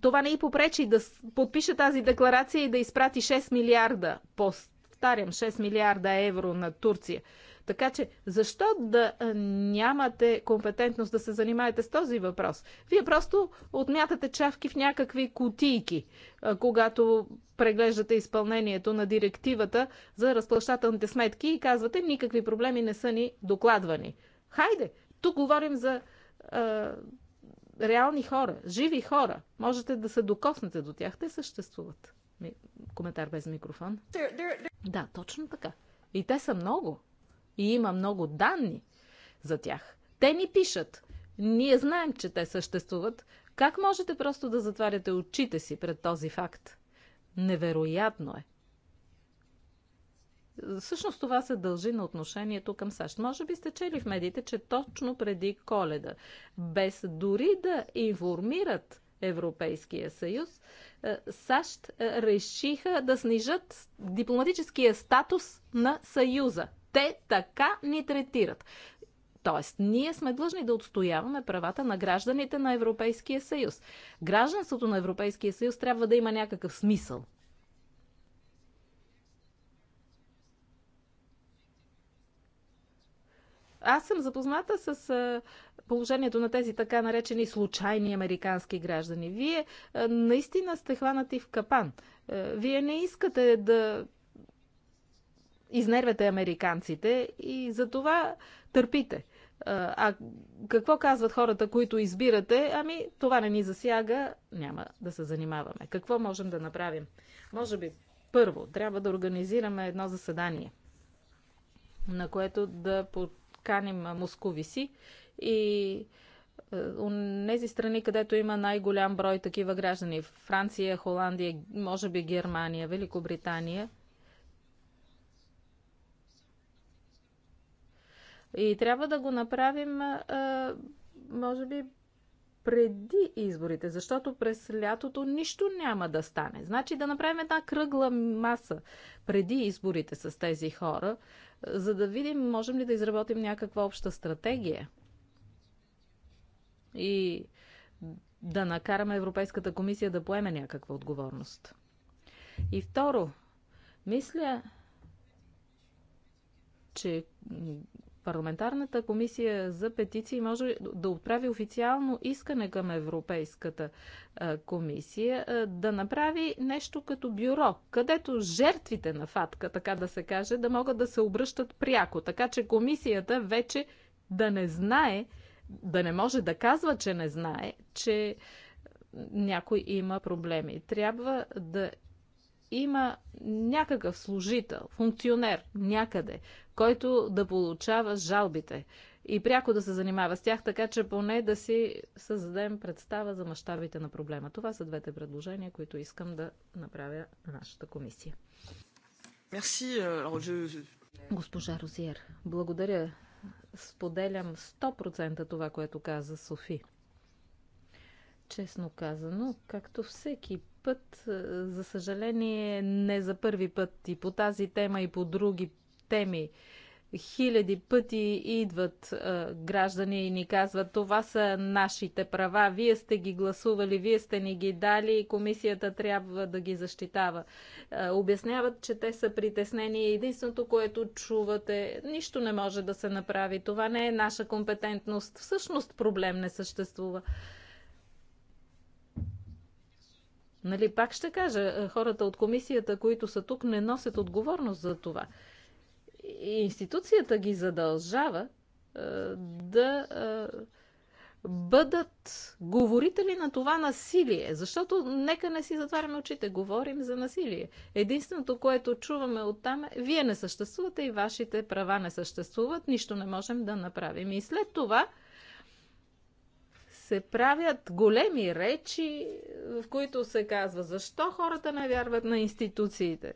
това не и попречи да подпише тази декларация и да изпрати 6 милиарда пост. Повтарям, 6 милиарда евро на Турция. Така че, защо да нямате компетентност да се занимаете с този въпрос? Вие просто отмятате чавки в някакви кутийки, когато преглеждате изпълнението на директивата за разплащателните сметки и казвате, никакви проблеми не са ни докладвани. Хайде, тук говорим за реални хора, живи хора. Можете да се докоснете до тях, те съществуват. Коментар без микрофон. Да, точно така. И те са много. И има много данни за тях. Те ни пишат. Ние знаем, че те съществуват. Как можете просто да затваряте очите си пред този факт? Невероятно е. Всъщност това се дължи на отношението към САЩ. Може би сте чели в медиите, че точно преди коледа, без дори да информират Европейския съюз, е, САЩ е, решиха да снижат дипломатическия статус на Съюза. Те така ни третират. Тоест, ние сме длъжни да отстояваме правата на гражданите на Европейския съюз. Гражданството на Европейския съюз трябва да има някакъв смисъл. Аз съм запозната с положението на тези така наречени случайни американски граждани. Вие наистина сте хванати в капан. Вие не искате да изнервяте американците и за това търпите. А какво казват хората, които избирате? Ами, това не ни засяга, няма да се занимаваме. Какво можем да направим? Може би, първо, трябва да организираме едно заседание, на което да каним московиси и тези е, страни, където има най-голям брой такива граждани. Франция, Холандия, може би Германия, Великобритания. И трябва да го направим, може би, преди изборите, защото през лятото нищо няма да стане. Значи да направим една кръгла маса преди изборите с тези хора, за да видим можем ли да изработим някаква обща стратегия и да накараме Европейската комисия да поеме някаква отговорност. И второ, мисля, че Парламентарната комисия за петиции може да отправи официално искане към Европейската комисия да направи нещо като бюро, където жертвите на фатка, така да се каже, да могат да се обръщат пряко, така че комисията вече да не знае, да не може да казва, че не знае, че някой има проблеми. Трябва да има някакъв служител, функционер някъде, който да получава жалбите и пряко да се занимава с тях, така че поне да си създадем представа за мащабите на проблема. Това са двете предложения, които искам да направя на нашата комисия. Мерси, euh, Госпожа Розиер, благодаря. Споделям 100% това, което каза Софи. Честно казано, както всеки път, е, за съжаление, не за първи път и по тази тема и по други теми. Хиляди пъти идват е, граждани и ни казват, това са нашите права, вие сте ги гласували, вие сте ни ги дали и комисията трябва да ги защитава. Е, обясняват, че те са притеснени и единственото, което чувате, нищо не може да се направи. Това не е наша компетентност. Всъщност проблем не съществува. Е, Нали, пак ще кажа, е, хората от комисията, които са тук, не носят отговорност за това. Институцията ги задължава е, да е, бъдат говорители на това насилие. Защото нека не си затваряме очите, говорим за насилие. Единственото, което чуваме оттам е, вие не съществувате и вашите права не съществуват, нищо не можем да направим. И след това се правят големи речи, в които се казва защо хората не вярват на институциите,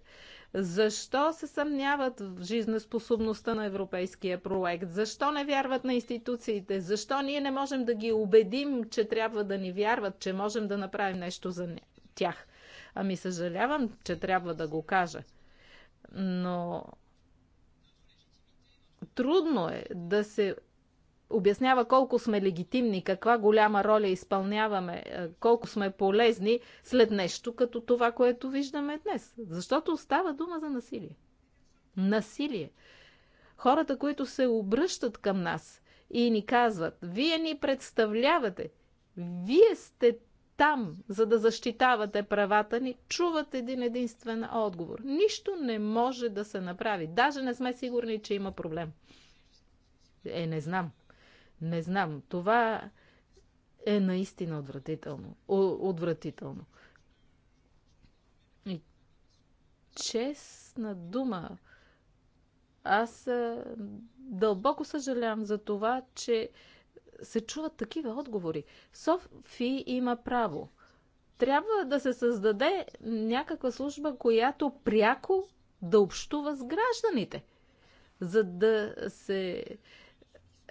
защо се съмняват в жизнеспособността на европейския проект, защо не вярват на институциите, защо ние не можем да ги убедим, че трябва да ни вярват, че можем да направим нещо за тях. Ами съжалявам, че трябва да го кажа. Но трудно е да се обяснява колко сме легитимни, каква голяма роля изпълняваме, е, колко сме полезни след нещо като това, което виждаме днес. Защото става дума за насилие. Насилие. Хората, които се обръщат към нас и ни казват, вие ни представлявате, вие сте там, за да защитавате правата ни, чуват един единствен отговор. Нищо не може да се направи. Даже не сме сигурни, че има проблем. Е, не знам. Не знам. Това е наистина отвратително. отвратително. И честна дума, аз е, дълбоко съжалявам за това, че се чуват такива отговори. Софи има право. Трябва да се създаде някаква служба, която пряко да общува с гражданите, за да се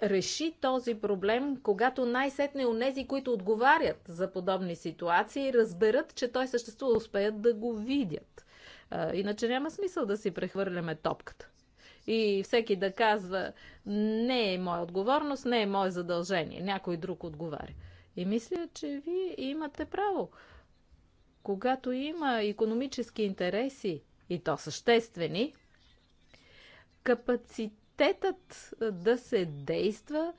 реши този проблем, когато най-сетне у нези, които отговарят за подобни ситуации, разберат, че той съществува, успеят да го видят. Иначе няма смисъл да си прехвърляме топката. И всеки да казва, не е моя отговорност, не е мое задължение, някой друг отговаря. И мисля, че вие имате право. Когато има економически интереси, и то съществени, капацитет капацитетът да се действа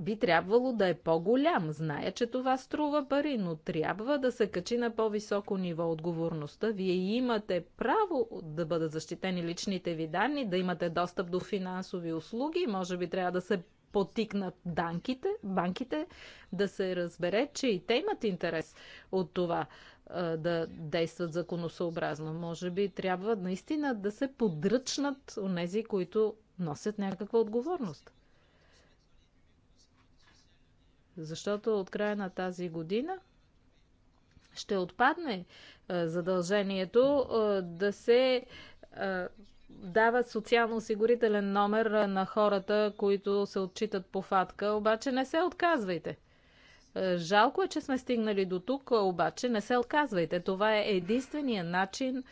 би трябвало да е по-голям. Зная, че това струва пари, но трябва да се качи на по-високо ниво отговорността. Вие имате право да бъдат защитени личните ви данни, да имате достъп до финансови услуги, може би трябва да се потикнат банките, банките да се разбере, че и те имат интерес от това да действат законосъобразно. Може би трябва наистина да се подръчнат от тези, които носят някаква отговорност. Защото от края на тази година ще отпадне задължението да се дават социално-осигурителен номер на хората, които се отчитат по фатка, обаче не се отказвайте. Жалко е, че сме стигнали до тук, обаче не се отказвайте. Това е единствения начин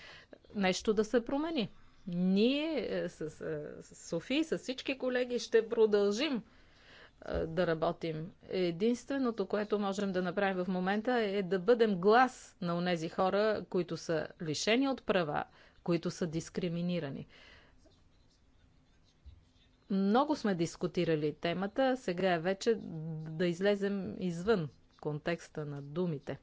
нещо да се промени. Ние е, с, е, с Софи, с всички колеги ще продължим е, да работим. Единственото, което можем да направим в момента е да бъдем глас на онези хора, които са лишени от права, които са дискриминирани. Много сме дискутирали темата, сега е вече да излезем извън контекста на думите.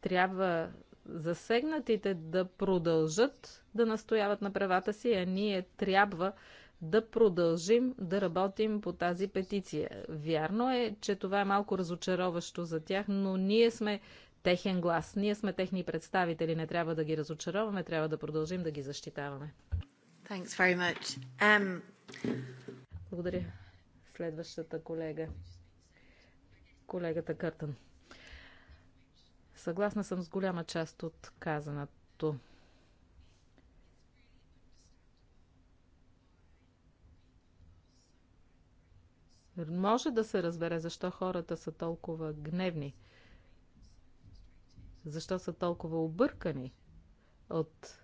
Трябва засегнатите да продължат да настояват на правата си, а ние трябва да продължим да работим по тази петиция. Вярно е, че това е малко разочароващо за тях, но ние сме техен глас. Ние сме техни представители. Не трябва да ги разочароваме, трябва да продължим да ги защитаваме. Thanks very much. Um... Благодаря. Следващата колега. Колегата Къртън. Съгласна съм с голяма част от казаното. Може да се разбере защо хората са толкова гневни, защо са толкова объркани от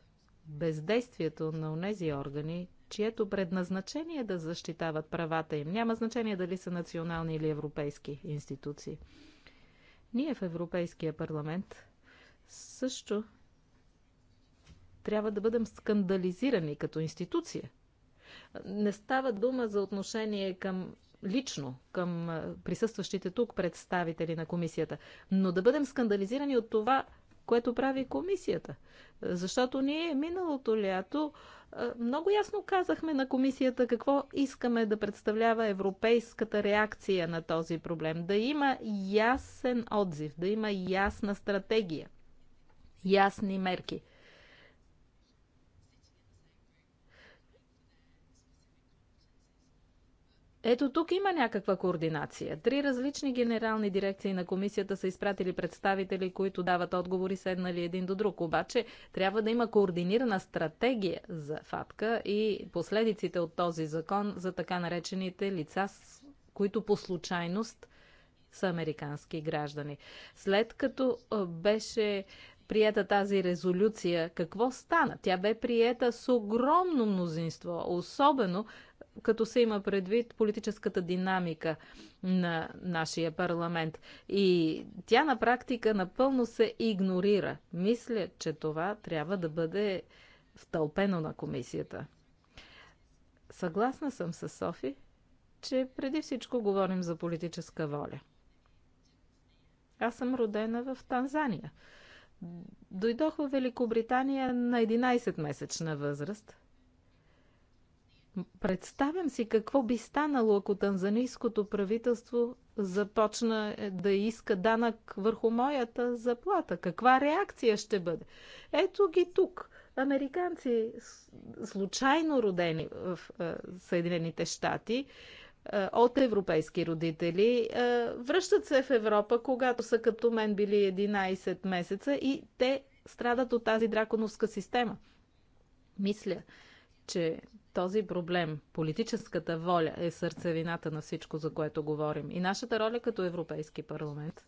бездействието на онези органи, чието предназначение е да защитават правата им. Няма значение дали са национални или европейски институции. Ние в Европейския парламент също трябва да бъдем скандализирани като институция. Не става дума за отношение към лично към присъстващите тук представители на комисията, но да бъдем скандализирани от това, което прави комисията. Защото ние миналото лято много ясно казахме на комисията какво искаме да представлява европейската реакция на този проблем. Да има ясен отзив, да има ясна стратегия, ясни мерки – Ето тук има някаква координация. Три различни генерални дирекции на комисията са изпратили представители, които дават отговори седнали един до друг. Обаче трябва да има координирана стратегия за ФАТКА и последиците от този закон за така наречените лица, които по случайност са американски граждани. След като беше приета тази резолюция, какво стана? Тя бе приета с огромно мнозинство, особено като се има предвид политическата динамика на нашия парламент. И тя на практика напълно се игнорира. Мисля, че това трябва да бъде втълпено на комисията. Съгласна съм с Софи, че преди всичко говорим за политическа воля. Аз съм родена в Танзания. Дойдох в Великобритания на 11-месечна възраст – Представям си какво би станало, ако танзанийското правителство започна да иска данък върху моята заплата. Каква реакция ще бъде? Ето ги тук. Американци, случайно родени в е, Съединените щати, е, от европейски родители, е, връщат се в Европа, когато са като мен били 11 месеца и те страдат от тази драконовска система. Мисля, че този проблем. Политическата воля е сърцевината на всичко, за което говорим. И нашата роля като Европейски парламент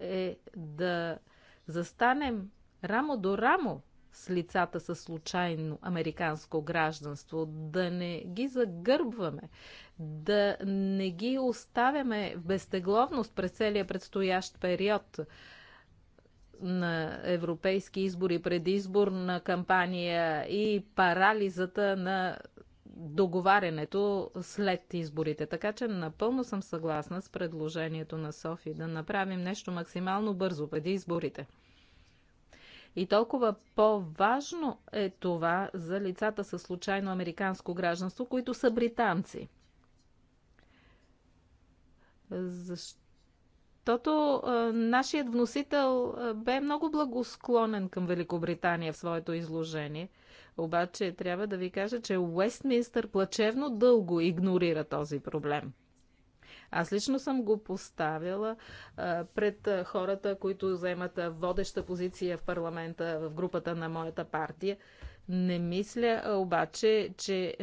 е да застанем рамо до рамо с лицата със случайно американско гражданство, да не ги загърбваме, да не ги оставяме в безтегловност през целия предстоящ период на европейски избори, предизборна кампания и парализата на договарянето след изборите. Така че напълно съм съгласна с предложението на Софи да направим нещо максимално бързо преди изборите. И толкова по-важно е това за лицата със случайно американско гражданство, които са британци. Защо? Тото нашият вносител бе много благосклонен към Великобритания в своето изложение. Обаче трябва да ви кажа, че Уестминстър плачевно дълго игнорира този проблем. Аз лично съм го поставила а, пред а, хората, които заемат водеща позиция в парламента, в групата на моята партия. Не мисля а, обаче, че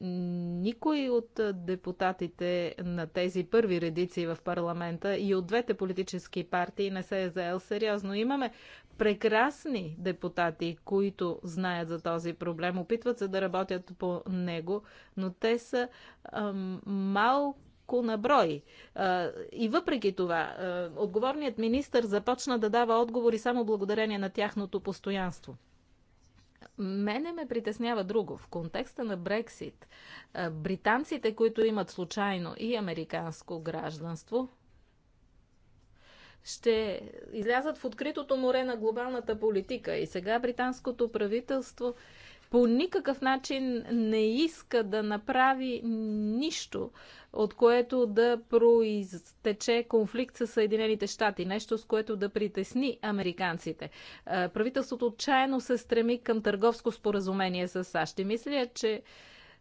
никой от депутатите на тези първи редици в парламента и от двете политически партии не се е заел сериозно. Имаме прекрасни депутати, които знаят за този проблем, опитват се да работят по него, но те са ам, малко на брой. И въпреки това, отговорният министр започна да дава отговори само благодарение на тяхното постоянство. Мене ме притеснява друго. В контекста на Брексит, британците, които имат случайно и американско гражданство, ще излязат в откритото море на глобалната политика. И сега британското правителство по никакъв начин не иска да направи нищо, от което да произтече конфликт с Съединените щати, нещо с което да притесни американците. Е, правителството отчаяно се стреми към търговско споразумение с САЩ и мисля, че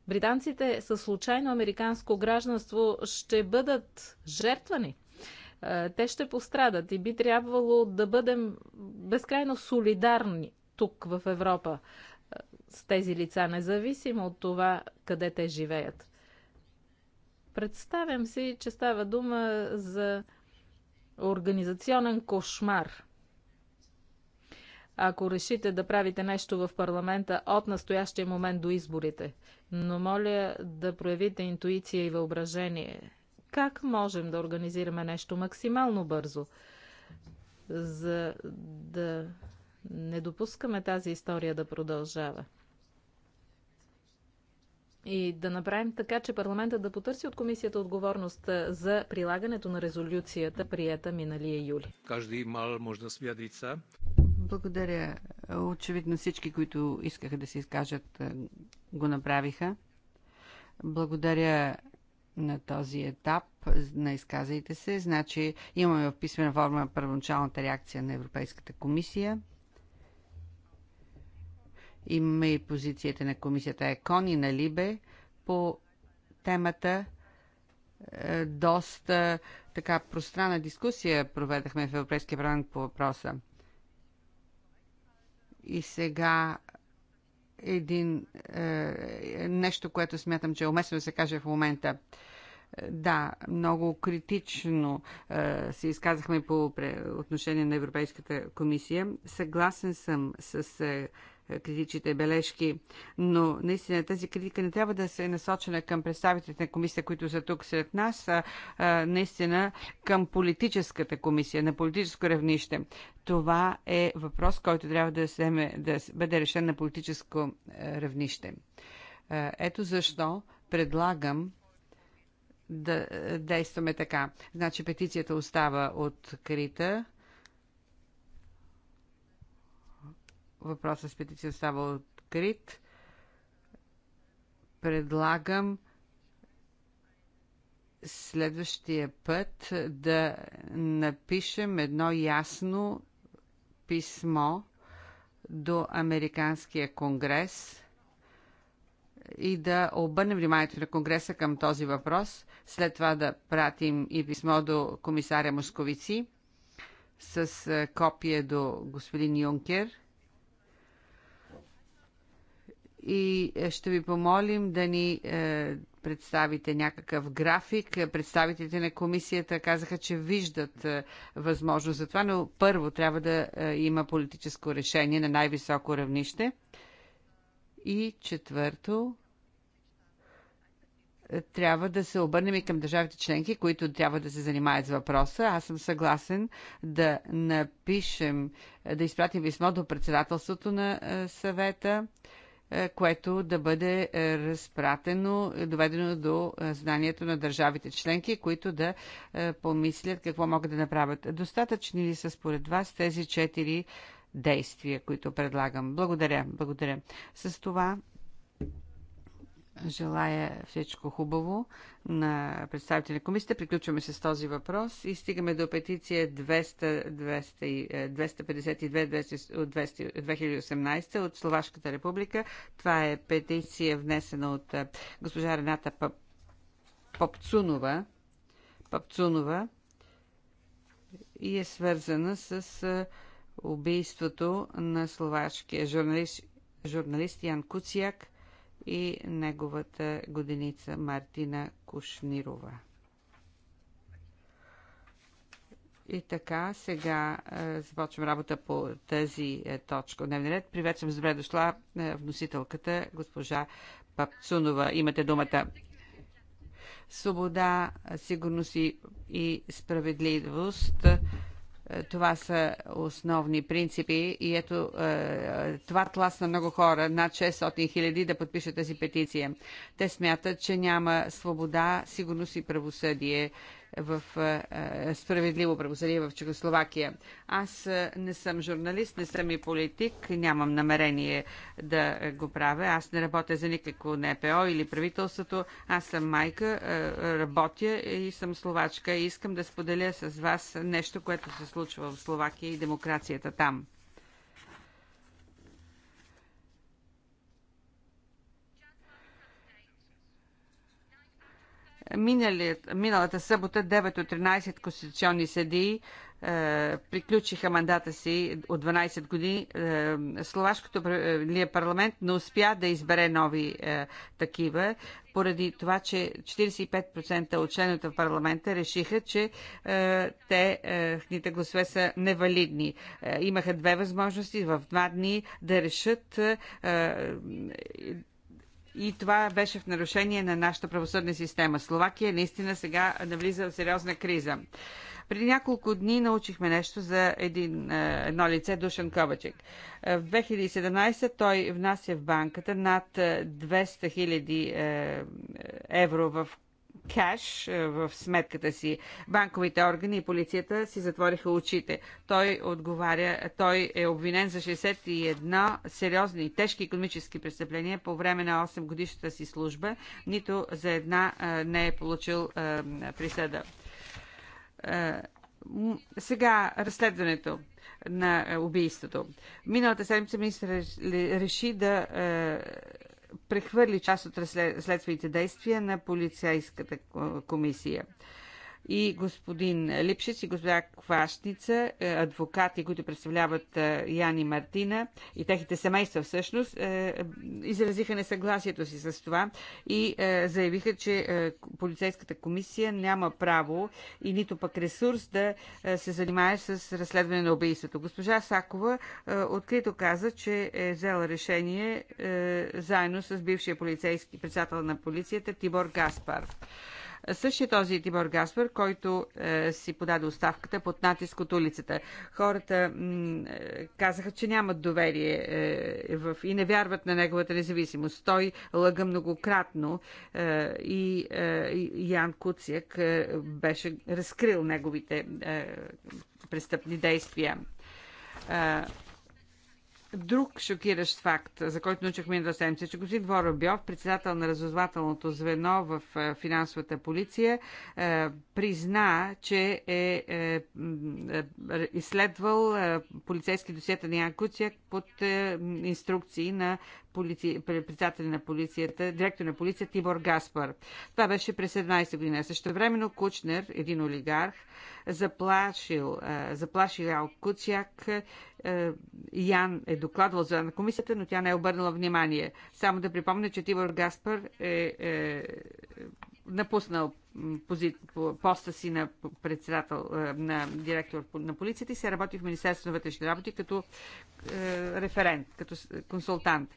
британците с случайно американско гражданство ще бъдат жертвани е, те ще пострадат и би трябвало да бъдем безкрайно солидарни тук в Европа с тези лица, независимо от това къде те живеят. Представям си, че става дума за организационен кошмар. Ако решите да правите нещо в парламента от настоящия момент до изборите, но моля да проявите интуиция и въображение. Как можем да организираме нещо максимално бързо, за да не допускаме тази история да продължава. И да направим така, че парламентът да потърси от комисията отговорност за прилагането на резолюцията, приета миналия юли. Каждый имал можност вядриться. Благодаря. Очевидно всички, които искаха да се изкажат, го направиха. Благодаря на този етап на изказайте се. Значи имаме в писмена форма първоначалната реакция на Европейската комисия. Имаме и позицията на комисията ЕКОН и на Либе по темата. Е, доста така пространна дискусия проведахме в Европейския парламент по въпроса. И сега един е, нещо, което смятам, че е уместно да се каже в момента. Да, много критично е, се изказахме по отношение на Европейската комисия. Съгласен съм с е, критичните бележки, но наистина тази критика не трябва да се е насочена към представителите на комисия, които са тук сред нас, а, а наистина към политическата комисия, на политическо равнище. Това е въпрос, който трябва да, се, да бъде решен на политическо е, равнище. Е, ето защо предлагам да е, действаме така. Значи петицията остава открита въпросът с петиция остава открит. Предлагам следващия път да напишем едно ясно писмо до Американския конгрес и да обърнем вниманието на Конгреса към този въпрос. След това да пратим и писмо до комисаря Московици с е, копие до господин Юнкер – и е, ще ви помолим да ни е, представите някакъв график. Представителите на комисията казаха, че виждат е, възможност за това, но първо трябва да има политическо решение на най-високо равнище. И четвърто, трябва да се обърнем и към държавите членки, които трябва да се занимаят с въпроса. Аз съм съгласен да напишем, да изпратим писмо до председателството на съвета е, което да бъде е, разпратено, доведено до е, знанието на държавите членки, които да помислят какво могат да направят. Достатъчни ли са според вас тези четири действия, които предлагам? Благодаря, благодаря. С това Желая всичко хубаво на представители на комисията. Приключваме с този въпрос и стигаме до петиция 200, 252 е, от 2018 от Словашката република. Това е петиция внесена от е, госпожа Рената Пап... Попцунова. Папцунова и е свързана с е, убийството на словашкия журналист, журналист Ян Куцияк – и неговата годеница Мартина Кушнирова. И така, сега е, започвам работа по тази е, точка от дневния ред. Приветствам с добре дошла е, вносителката, госпожа Папцунова. Имате думата. Свобода, сигурност и, и справедливост. Е, това са основни принципи и ето е, това тласна много хора, над 600 хиляди да подпишат тази петиция. Те смятат, че няма свобода, сигурност и правосъдие в е, е, справедливо правосъдие в Чехословакия. Аз е, не съм журналист, не съм и политик, нямам намерение да го правя. Аз не работя за никакво НПО или правителството. Аз съм майка, работя и съм словачка и искам да споделя с вас нещо, което се случва в Словакия и демокрацията там. миналата събота 9 от 13 конституционни съдии е, приключиха мандата си от 12 години. Е, словашкото е, парламент не успя да избере нови такива, поради това, че 45% от членовете в парламента решиха, че те, техните гласове са невалидни. имаха две възможности в два дни да решат и това беше в нарушение на нашата правосъдна система. Словакия наистина сега навлиза в сериозна криза. Преди няколко дни научихме нещо за един, е, едно лице, Душан Ковачек. Е, в 2017 той внася в банката над 200 е, 000 евро в кеш е, в сметката си. Банковите органи и полицията си затвориха очите. Той отговаря, той е обвинен за 61 сериозни и тежки економически престъпления по време на 8 годишната си служба. Нито за една е, не е получил е, присъда. Сега разследването на убийството. Миналата седмица министър реши да прехвърли част от следствените действия на полицейската комисия и господин Липшиц и госпожа Квашница, е, адвокати, които представляват е, Яни Мартина и техните семейства всъщност, е, изразиха несъгласието си с това и заявиха, че полицейската комисия няма право и нито пък ресурс да се занимае с разследване на убийството. Госпожа Сакова открито каза, че е взела решение заедно с бившия полицейски председател на полицията Тибор Гаспар. Същия този Тибор Гаспер, който е, си подаде оставката под натиск от улицата. Хората е, казаха, че нямат доверие е, в, и не вярват на неговата независимост. Той лъга многократно е, и е, Ян Куцяк е, беше разкрил неговите е, престъпни действия. Е, Друг шокиращ факт, за който научихме на седмица, е, че господин Воробьов, председател на разузвателното звено в е, финансовата полиция, е, призна, че е изследвал полицейски досиета на Ян Куцяк под инструкции на председателя на полицията, директор на полицията Тибор Гаспар. Това беше през 17 година. Също времено Кучнер, един олигарх, заплашил, заплашил Ял Куцяк. Ян е докладвал за на комисията, но тя не е обърнала внимание. Само да припомня, че Тибор Гаспар е, е напуснал пози... поста си на председател е, на директор на полицията и се работи в Министерството на вътрешни работи като е, референт, като консултант.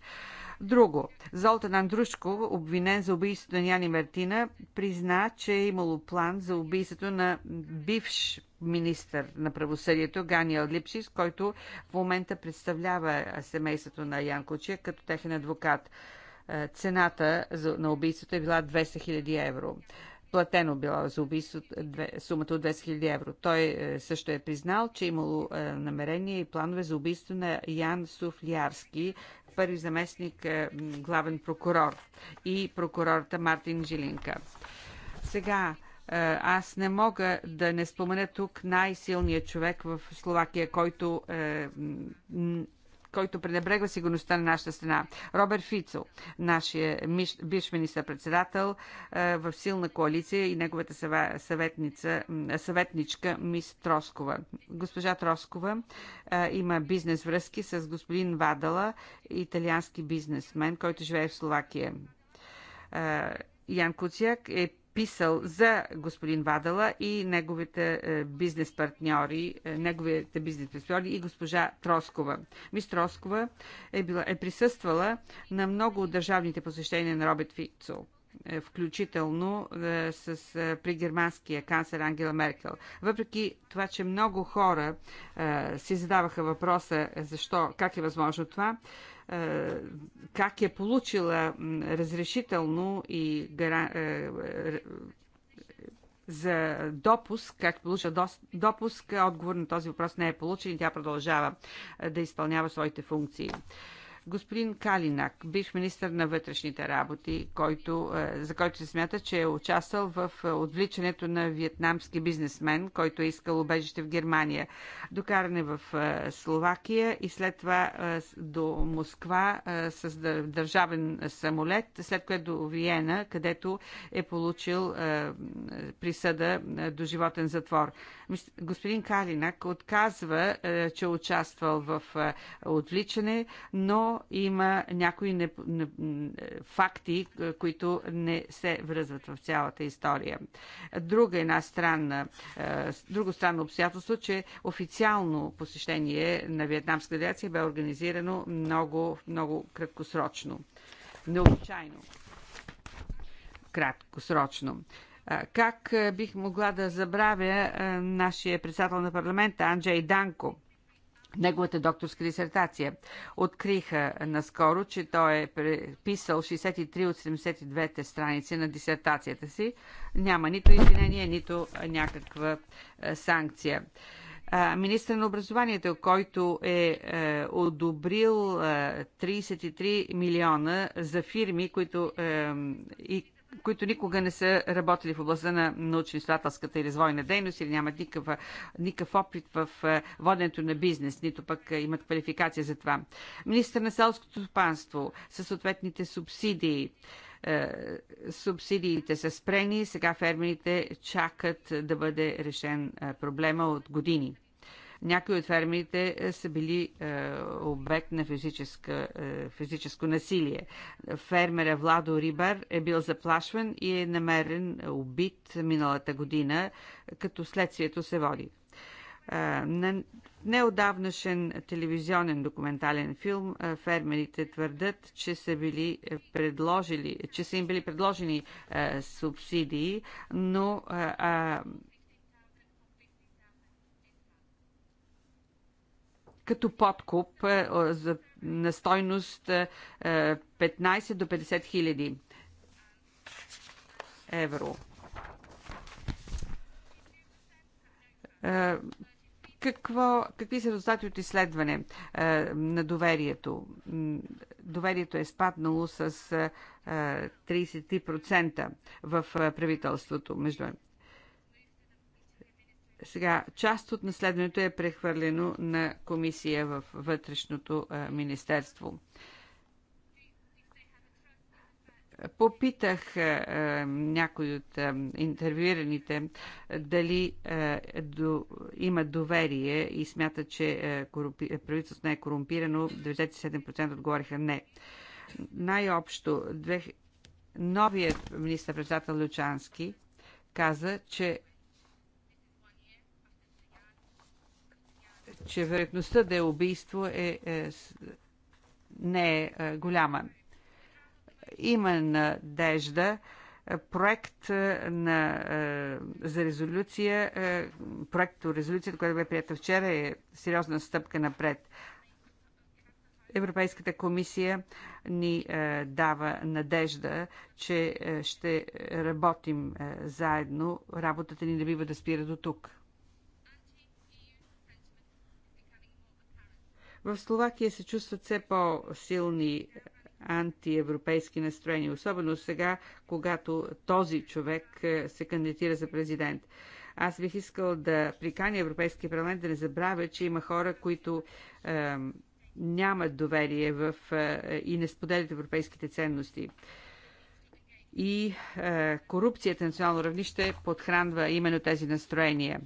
Друго. Золтан Андрушко, обвинен за убийството на Яни Мартина, призна, че е имало план за убийството на бивш министър на правосъдието Ганиел Липшис, който в момента представлява семейството на Янкоче като техен адвокат. Е, цената на убийството е била 200 000 евро. Платено било за убийство сумата от 200 000 евро. Той е, също е признал, че е имало е, намерение и планове за убийство на Ян Суфлярски, първи заместник главен прокурор и прокурората Мартин Жилинка. Сега, аз не мога да не спомена тук най-силният човек в Словакия, който е, който пренебрегва сигурността на нашата страна. Роберт Фицо, нашия бивш министър-председател е, в силна коалиция и неговата съветница, съветничка мис Троскова. Госпожа Троскова е, има бизнес връзки с господин Вадала, италиански бизнесмен, който живее в Словакия. Е, Ян Куцяк е писал за господин Вадала и неговите е, бизнес партньори, е, неговите бизнес партньори и госпожа Троскова. Мис Троскова е, била, е присъствала на много от държавните посещения на Робет Фицо е, включително е, с, е, при германския канцлер Ангела Меркел. Въпреки това, че много хора е, си задаваха въпроса защо, как е възможно това, е, е, как е получила разрешително и е, за допуск, как е получила допуск, отговор на този въпрос не е получен и тя продължава е, да изпълнява своите функции. Господин Калинак, бивш министр на вътрешните работи, който, е, за който се смята, че е участвал в е, отвличането на вьетнамски бизнесмен, който е искал убежище в Германия, докаране в е, Словакия и след това до Москва с държавен самолет, след което до Виена, където е получил присъда до животен затвор. Господин Калинак отказва, че е участвал в отвличане, но има някои не, не, факти, които не се връзват в цялата история. Друга една странна, е, друго странно обстоятелство, че официално посещение на вьетнамска делегация бе организирано много, много краткосрочно. Необичайно. Краткосрочно. Е, как е, бих могла да забравя нашия председател на парламента Анджей Данко? неговата докторска дисертация. Откриха наскоро, че той е писал 63 от 72-те страници на дисертацията си. Няма нито извинение, нито някаква е, санкция. Министър на образованието, който е, е одобрил 33 е, милиона за фирми, които е, и които никога не са работили в областта на научно-изследователската и развойна дейност или нямат никакъв, никакъв опит в е, воденето на бизнес, нито пък е, имат квалификация за това. Министър на селското стопанство със съответните субсидии е, субсидиите са спрени, сега фермерите чакат да бъде решен проблема от години. Някои от фермите е, са били е, обект на физическа, е, физическо насилие. Фермера Владо Рибар е бил заплашван и е намерен убит миналата година, като следствието се води. На неодавнашен телевизионен документален филм фермерите твърдят, че са били предложили, че са им били предложени субсидии, но като подкуп е, за, на стойност 15 е, е, до 50 хиляди евро. Какво, какви са резултати от изследване на доверието? Доверието е спаднало с 33% в правителството. Между сега, част от наследването е прехвърлено на комисия в вътрешното министерство. Попитах някой от интервюираните дали до, има доверие и смятат, че корупи, правителството не е корумпирано. 97% отговориха не. Най-общо, две... новият министър-председател Лючански каза, че че вероятността да е убийство е, е, не е, е голяма. Има надежда е, проект е, на, е, за резолюция, проект резолюцията, която бе прията вчера, е сериозна стъпка напред. Европейската комисия ни е, дава надежда, че е, ще работим е, заедно. Работата ни не бива да спира до тук. В Словакия се чувстват все по-силни е, антиевропейски настроения, особено сега, когато този човек е, се кандидатира за президент. Аз бих искал да приканя Европейския парламент да не забравя, че има хора, които е, нямат доверие в, е, и не споделят европейските ценности. И е, корупцията на национално равнище подхранва именно тези настроения.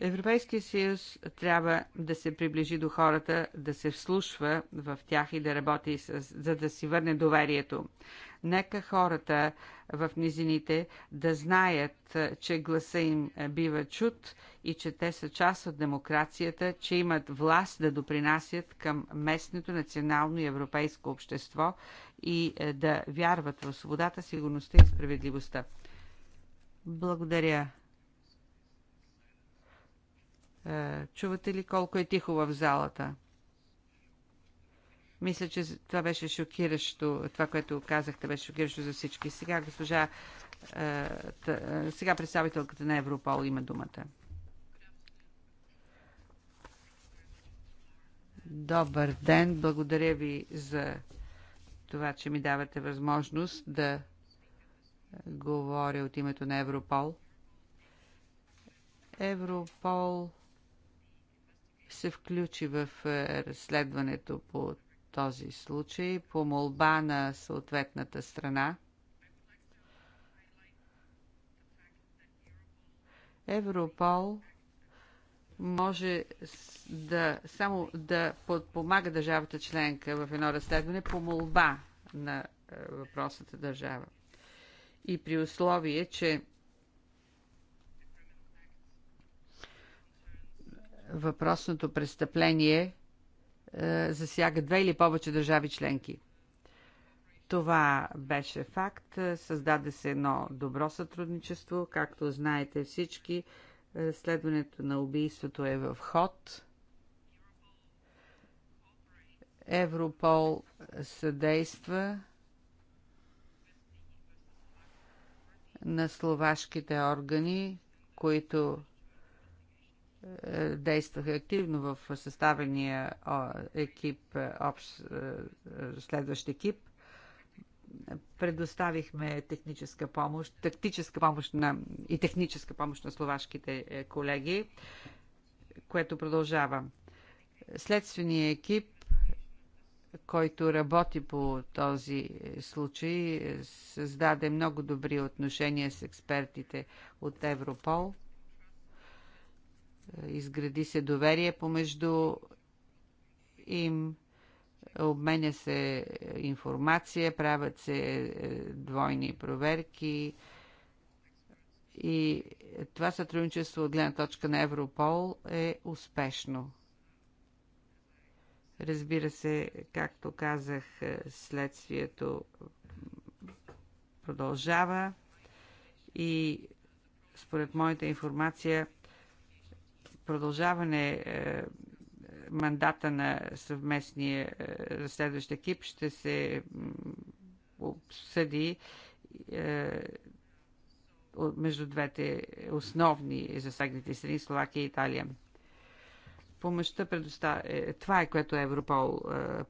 Европейския съюз трябва да се приближи до хората, да се вслушва в тях и да работи, с, за да си върне доверието. Нека хората в низините да знаят, че гласа им бива чут и че те са част от демокрацията, че имат власт да допринасят към местното, национално и европейско общество и е, да вярват в свободата, сигурността и справедливостта. Благодаря. Е, чувате ли колко е тихо в залата? Мисля, че това беше шокиращо. Това, което казахте, беше шокиращо за всички. Сега госпожа, е, е, сега представителката на Европол има думата. Добър ден! Благодаря ви за това, че ми давате възможност да говоря от името на Европол. Европол се включи в е, разследването по този случай по молба на съответната страна. Европол може да, само да подпомага държавата членка в едно разследване по молба на е, въпросната държава. И при условие, че въпросното престъпление е, засяга две или повече държави членки. Това беше факт. Създаде се едно добро сътрудничество. Както знаете всички, е, следването на убийството е в ход. Европол съдейства на словашките органи, които е, действаха активно в съставения екип, е, общ, е, следващ екип. Предоставихме техническа помощ, тактическа помощ на, и техническа помощ на словашките колеги, което продължава. Следственият екип, който работи по този случай, създаде много добри отношения с експертите от Европол – изгради се доверие помежду им, обменя се информация, правят се е, двойни проверки и това сътрудничество от гледна точка на Европол е успешно. Разбира се, както казах, е, следствието продължава и според моята информация продължаване е, мандата на съвместния е, разследващ екип ще се обсъди е, между двете основни засегнати страни Словакия и Италия. Помощта предоставя. Това е което Европол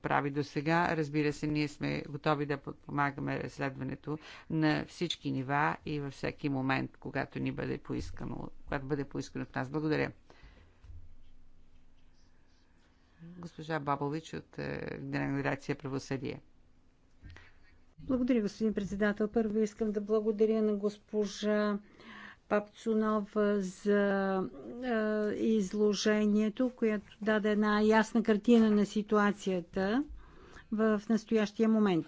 прави до сега. Разбира се, ние сме готови да подпомагаме разследването на всички нива и във всеки момент, когато ни бъде поискано, когато бъде поискано от нас. Благодаря. Госпожа Бабович от е, Генерална дирекция правосъдие. Благодаря, господин председател. Първо искам да благодаря на госпожа Папцунов за е, изложението, което даде една ясна картина на ситуацията в настоящия момент.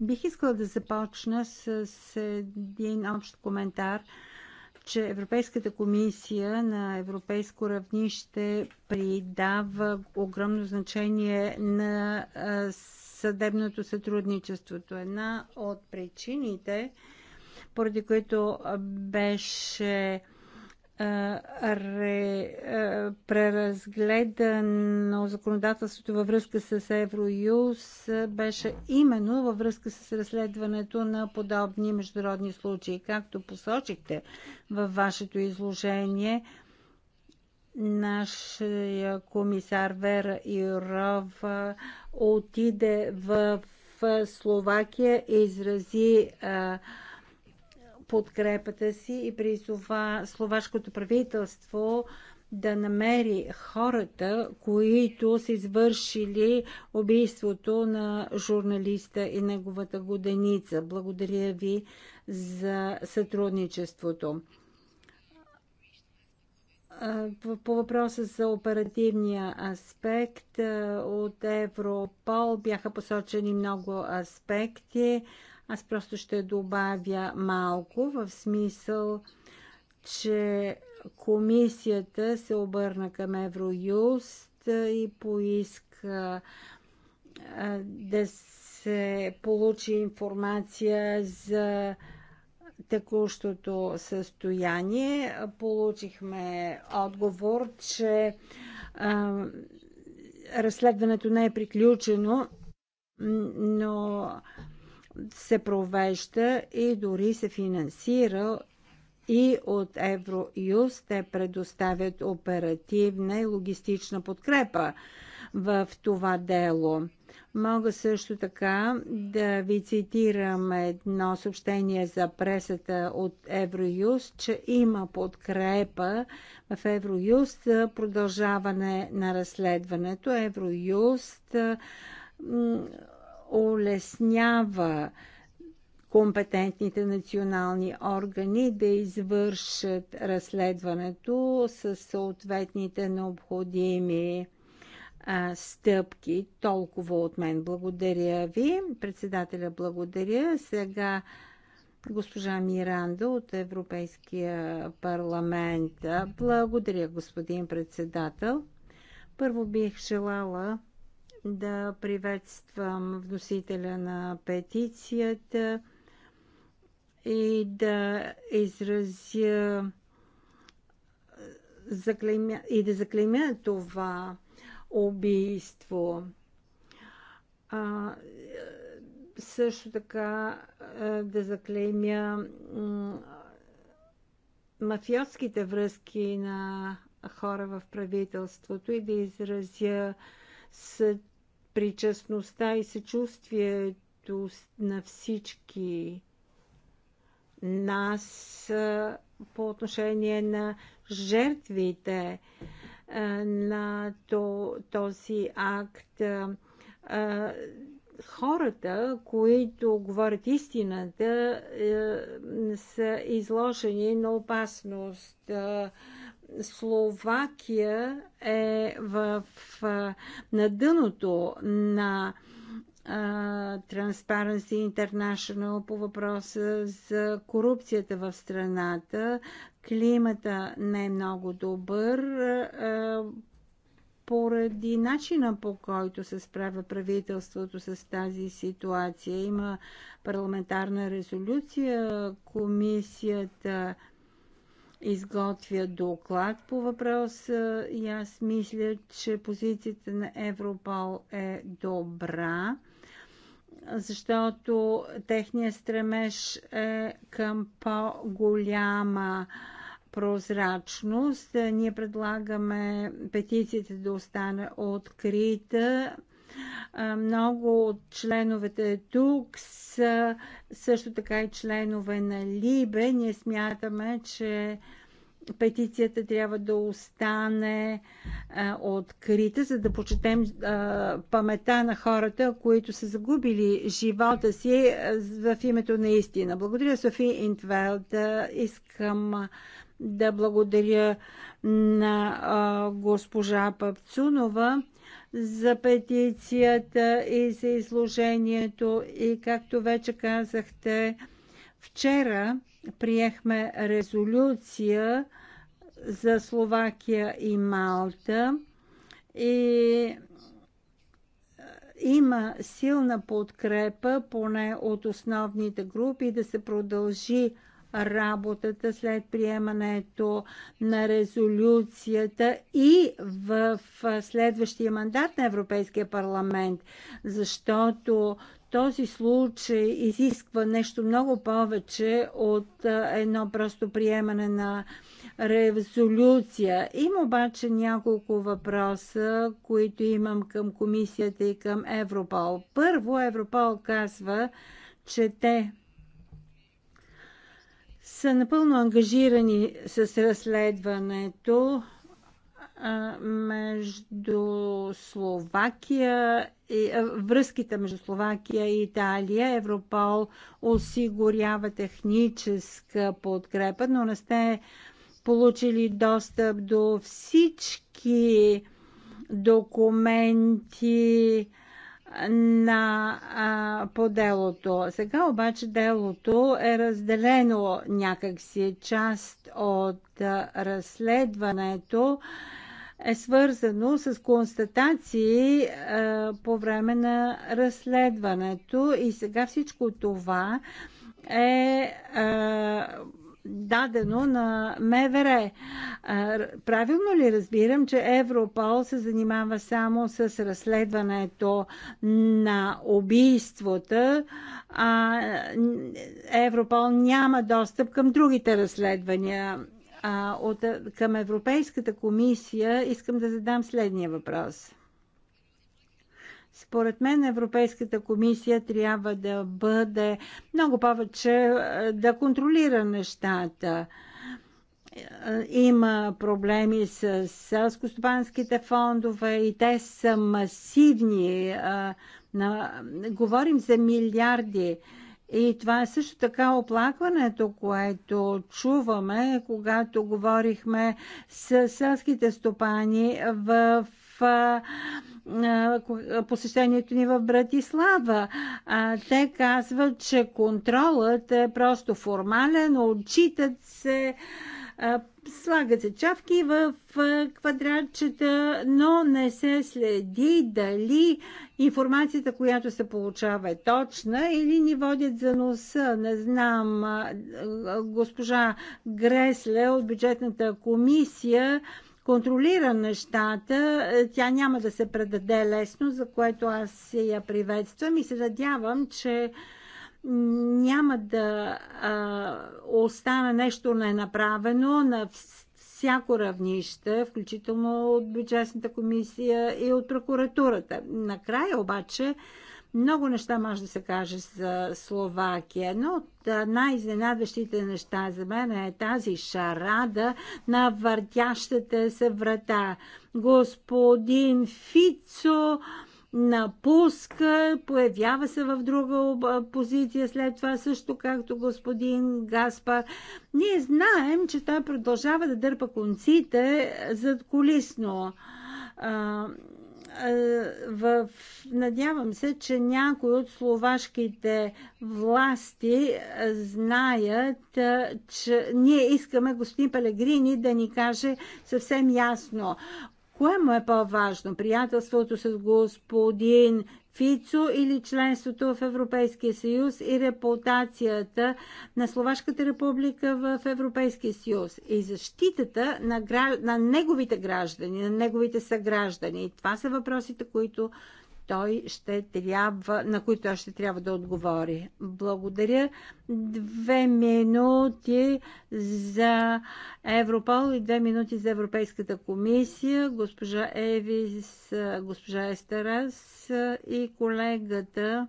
Бих искала да започна с един общ коментар – че Европейската комисия на европейско равнище придава огромно значение на съдебното сътрудничеството. Е една от причините, поради които беше ре, преразгледано законодателството във връзка с Евроюз беше именно във връзка с разследването на подобни международни случаи. Както посочихте във вашето изложение, нашия комисар Вера Юров отиде в Словакия и изрази а, подкрепата си и призова словашкото правителство да намери хората, които са извършили убийството на журналиста и неговата годеница. Благодаря ви за сътрудничеството. По въпроса за оперативния аспект от Европол бяха посочени много аспекти. Аз просто ще добавя малко в смисъл, че комисията се обърна към Евроюст и поиска да се получи информация за текущото състояние. Получихме отговор, че разследването не е приключено, но се провежда и дори се финансира и от Евроюз. Те предоставят оперативна и логистична подкрепа в това дело. Мога също така да ви цитирам едно съобщение за пресата от Евроюз, че има подкрепа в Евроюз за продължаване на разследването. Евроюз улеснява компетентните национални органи да извършат разследването с съответните необходими а, стъпки. Толкова от мен. Благодаря ви. Председателя, благодаря. Сега госпожа Миранда от Европейския парламент. Благодаря, господин председател. Първо бих желала да приветствам вносителя на петицията и да изразя и да заклемя това убийство. А, също така да заклеймя мафиотските връзки на хора в правителството и да изразя съд причастността и съчувствието на всички нас по отношение на жертвите на този акт. Хората, които говорят истината, е, са изложени на опасност Словакия е в, в на дъното на Transparency International по въпроса за корупцията в страната. Климата не е много добър поради начина по който се справя правителството с тази ситуация. Има парламентарна резолюция, комисията изготвя доклад по въпроса и аз мисля, че позицията на Европол е добра, защото техният стремеж е към по-голяма прозрачност. Ние предлагаме петицията да остане открита много от членовете тук са също така и членове на Либе. Ние смятаме, че петицията трябва да остане а, открита, за да почетем а, памета на хората, които са загубили живота си в името на истина. Благодаря, Софи Интвелд. Искам да благодаря на а, госпожа Папцунова за петицията и за изложението. И както вече казахте, вчера приехме резолюция за Словакия и Малта и е, има силна подкрепа, поне от основните групи, да се продължи работата след приемането на резолюцията и в следващия мандат на Европейския парламент, защото този случай изисква нещо много повече от едно просто приемане на резолюция. Има обаче няколко въпроса, които имам към комисията и към Европол. Първо, Европол казва, че те са напълно ангажирани с разследването между Словакия и връзките между Словакия и Италия. Европол осигурява техническа подкрепа, но не сте получили достъп до всички документи, на, а, по делото. Сега обаче делото е разделено някакси. Е част от а, разследването е свързано с констатации а, по време на разследването и сега всичко това е а, дадено на МВР. Правилно ли разбирам, че Европол се занимава само с разследването на убийствата, а Европол няма достъп към другите разследвания? от, към Европейската комисия искам да задам следния въпрос. Според мен Европейската комисия трябва да бъде много повече е, да контролира нещата. Е, има проблеми с селскостопанските фондове и те са масивни. Е, говорим за милиарди. И това е също така оплакването, което чуваме, когато говорихме с селските стопани в посещението ни в Братислава. Те казват, че контролът е просто формален, отчитат се слагат се чавки в квадратчета, но не се следи дали информацията, която се получава е точна или ни водят за носа. Не знам, госпожа Гресле от бюджетната комисия контролира нещата. Е, тя няма да се предаде лесно, за което аз я приветствам и се надявам, че няма да а, остане нещо ненаправено на всяко равнище, включително от бюджетната комисия и от прокуратурата. Накрая обаче много неща може да се каже за Словакия. Едно от най-изненадващите неща за мен е тази шарада на въртящата се врата. Господин Фицо напуска, появява се в друга позиция, след това също както господин Гаспар. Ние знаем, че той продължава да дърпа конците зад колисно в, надявам се, че някои от словашките власти е, знаят, е, че ние искаме господин Пелегрини да ни каже съвсем ясно Кое му е по-важно? Приятелството с господин Фицо или членството в Европейския съюз и репутацията на Словашката република в Европейския съюз и защитата на, гра... на неговите граждани, на неговите съграждани. Това са въпросите, които той ще трябва, на които той ще трябва да отговори. Благодаря. Две минути за Европол и две минути за Европейската комисия. Госпожа Евис, госпожа Естерас и колегата.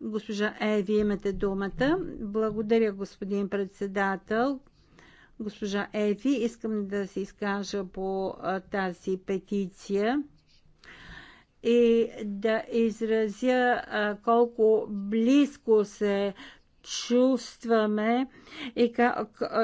Госпожа Еви, имате думата. Благодаря, господин председател госпожа Еви. Искам да се изкажа по тази петиция и да изразя а, колко близко се чувстваме и,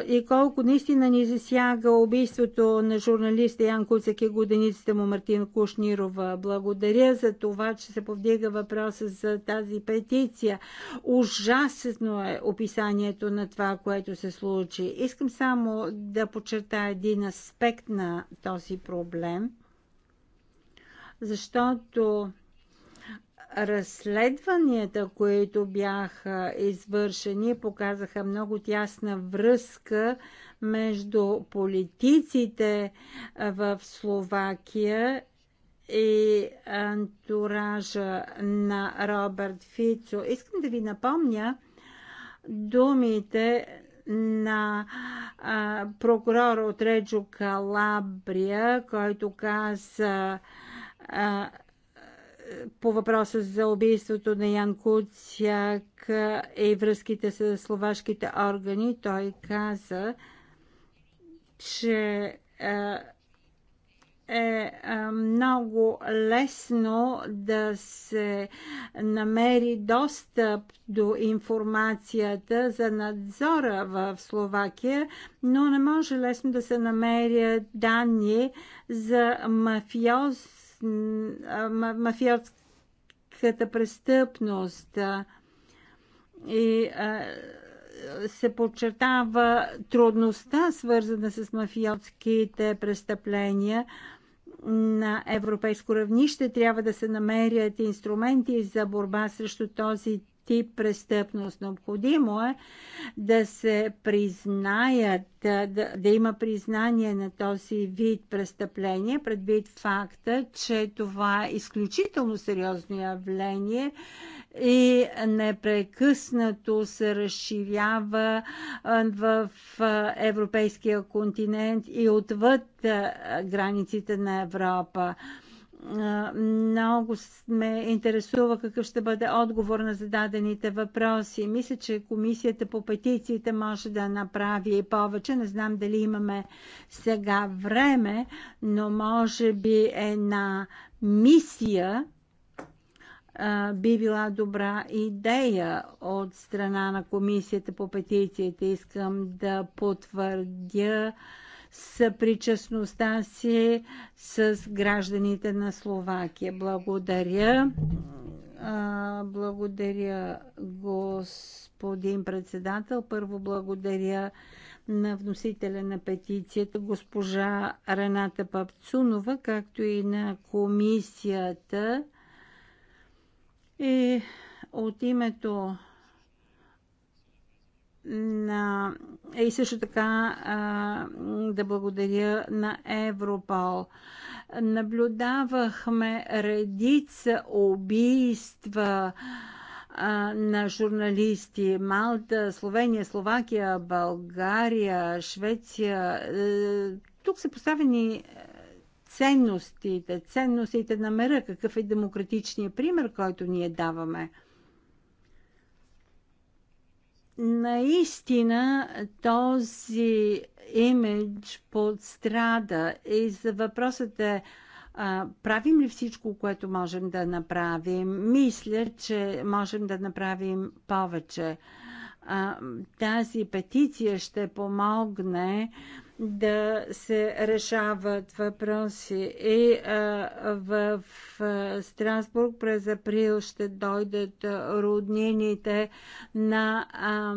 и колко наистина ни засяга убийството на журналиста Ян Куцък и годеницата му Мартин Кушнирова. Благодаря за това, че се повдига въпроса за тази петиция. Ужасно е описанието на това, което се случи. Искам само да подчертая един аспект на този проблем – защото разследванията, които бяха извършени, показаха много тясна връзка между политиците в Словакия и антуража на Робърт Фицо. Искам да ви напомня думите на а, от Реджо Калабрия, който каза, е, по въпроса за убийството на Ян Куцяк и връзките с словашките органи, той каза, че е, е, е много лесно да се намери достъп до информацията за надзора в Словакия, но не може лесно да се намерят данни за мафиоз мафиотската престъпност и се подчертава трудността, свързана с мафиотските престъпления на европейско равнище. Трябва да се намерят инструменти за борба срещу този тип престъпност. Необходимо е да се признаят, да, да има признание на този вид престъпление, предвид факта, че това е изключително сериозно явление и непрекъснато се разширява в европейския континент и отвъд границите на Европа много ме интересува какъв ще бъде отговор на зададените въпроси. Мисля, че комисията по петициите може да направи и повече. Не знам дали имаме сега време, но може би една мисия би била добра идея от страна на комисията по петициите. Искам да потвърдя съпричастността си с гражданите на Словакия. Благодаря. Благодаря, господин председател. Първо благодаря на вносителя на петицията, госпожа Рената Папцунова, както и на комисията. И от името на, е, и също така а, да благодаря на Европол. Наблюдавахме редица убийства а, на журналисти Малта, Словения, Словакия, България, Швеция. Е, тук са поставени е, ценностите, ценностите на мера, какъв е демократичният пример, който ние даваме – Наистина този имидж подстрада и за въпросът е а, правим ли всичко, което можем да направим? Мисля, че можем да направим повече. А, тази петиция ще помогне да се решават въпроси. И а, в, в Страсбург през април ще дойдат роднините на а,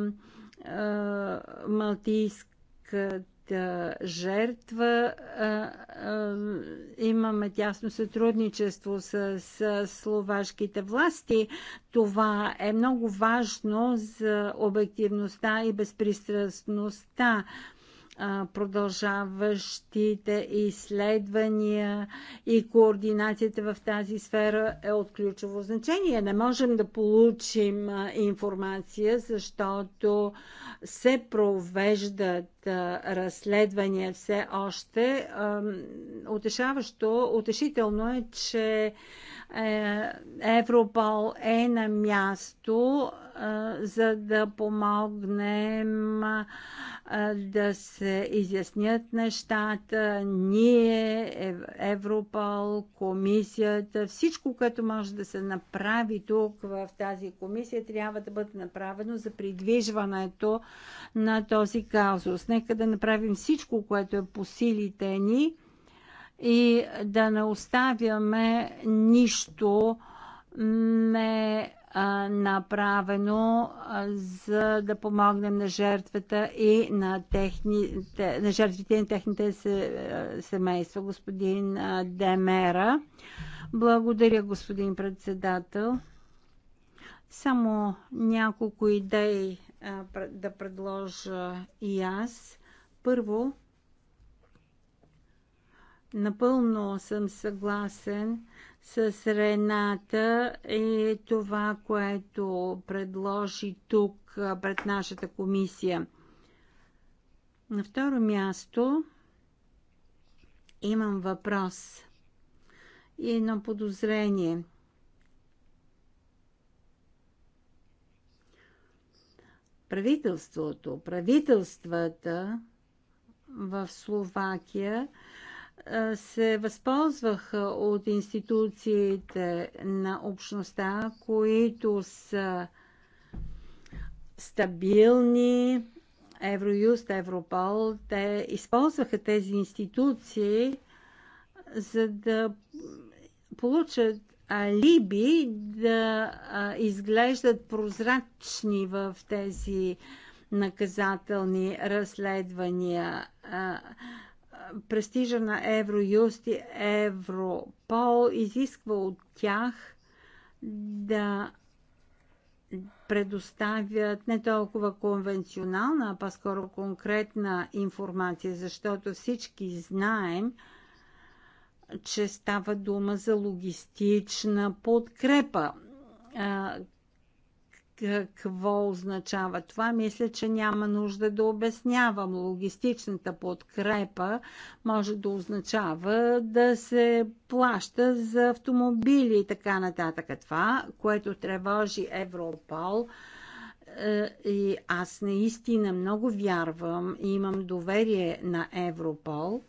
а, малтийската жертва. Имаме тясно сътрудничество с, с словашките власти. Това е много важно за обективността и безпристрастността продължаващите изследвания и координацията в тази сфера е от ключово значение. Не можем да получим информация, защото се провеждат разследвания все още. Утешаващо, утешително е, че е, Европол е на място за да помогнем да се изяснят нещата. Ние, Европол, комисията, всичко, което може да се направи тук в тази комисия, трябва да бъде направено за придвижването на този казус. Нека да направим всичко, което е по силите ни и да не оставяме нищо не направено, за да помогнем на жертвата и на, техните, на жертвите и на техните семейства. Господин Демера. Благодаря, господин председател. Само няколко идеи да предложа и аз. Първо, напълно съм съгласен с Рената и това, което предложи тук пред нашата комисия. На второ място имам въпрос и едно подозрение. Правителството, правителствата в Словакия – се възползваха от институциите на общността, които са стабилни, Евроюст, Европол, те използваха тези институции, за да получат алиби, да изглеждат прозрачни в тези наказателни разследвания престижа на Евроюст и Европол изисква от тях да предоставят не толкова конвенционална, а по-скоро конкретна информация, защото всички знаем, че става дума за логистична подкрепа какво означава това. Мисля, че няма нужда да обяснявам. Логистичната подкрепа може да означава да се плаща за автомобили и така нататък. Това, което тревожи Европол, е, и аз наистина много вярвам и имам доверие на Европол.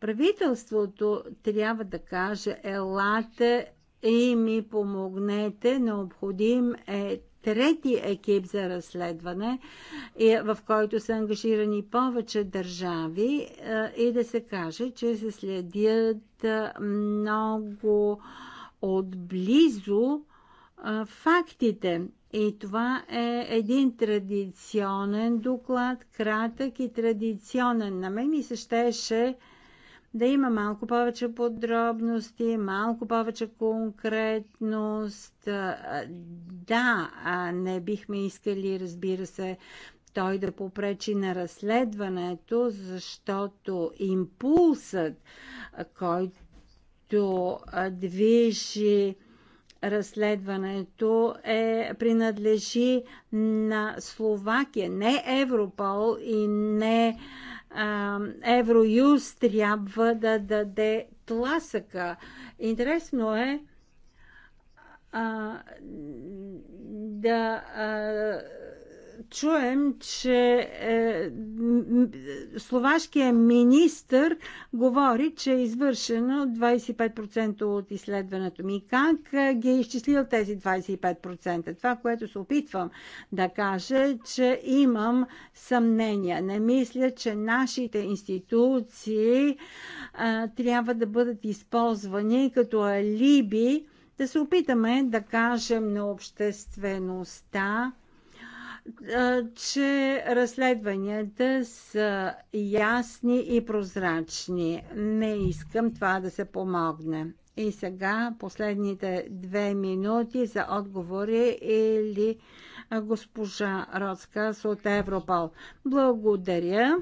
Правителството трябва да каже, елате и ми помогнете. Необходим е трети екип за разследване, в който са ангажирани повече държави е, и да се каже, че се следят е, много отблизо е, фактите. И това е един традиционен доклад, кратък и традиционен. На мен ми се щеше да има малко повече подробности, малко повече конкретност. Да, не бихме искали, разбира се, той да попречи на разследването, защото импулсът, който движи разследването е, принадлежи на Словакия, не Европол и не а, Евроюз трябва да даде тласъка. Интересно е а, да а, чуем, че е, словашкият министр говори, че е извършено 25% от изследването ми. Как е, ги е изчислил тези 25%? Това, което се опитвам да кажа, че имам съмнения. Не мисля, че нашите институции е, трябва да бъдат използвани като алиби да се опитаме да кажем на обществеността, че разследванията са ясни и прозрачни. Не искам това да се помогне. И сега последните две минути за отговори или госпожа Роцкас от Европол. Благодаря.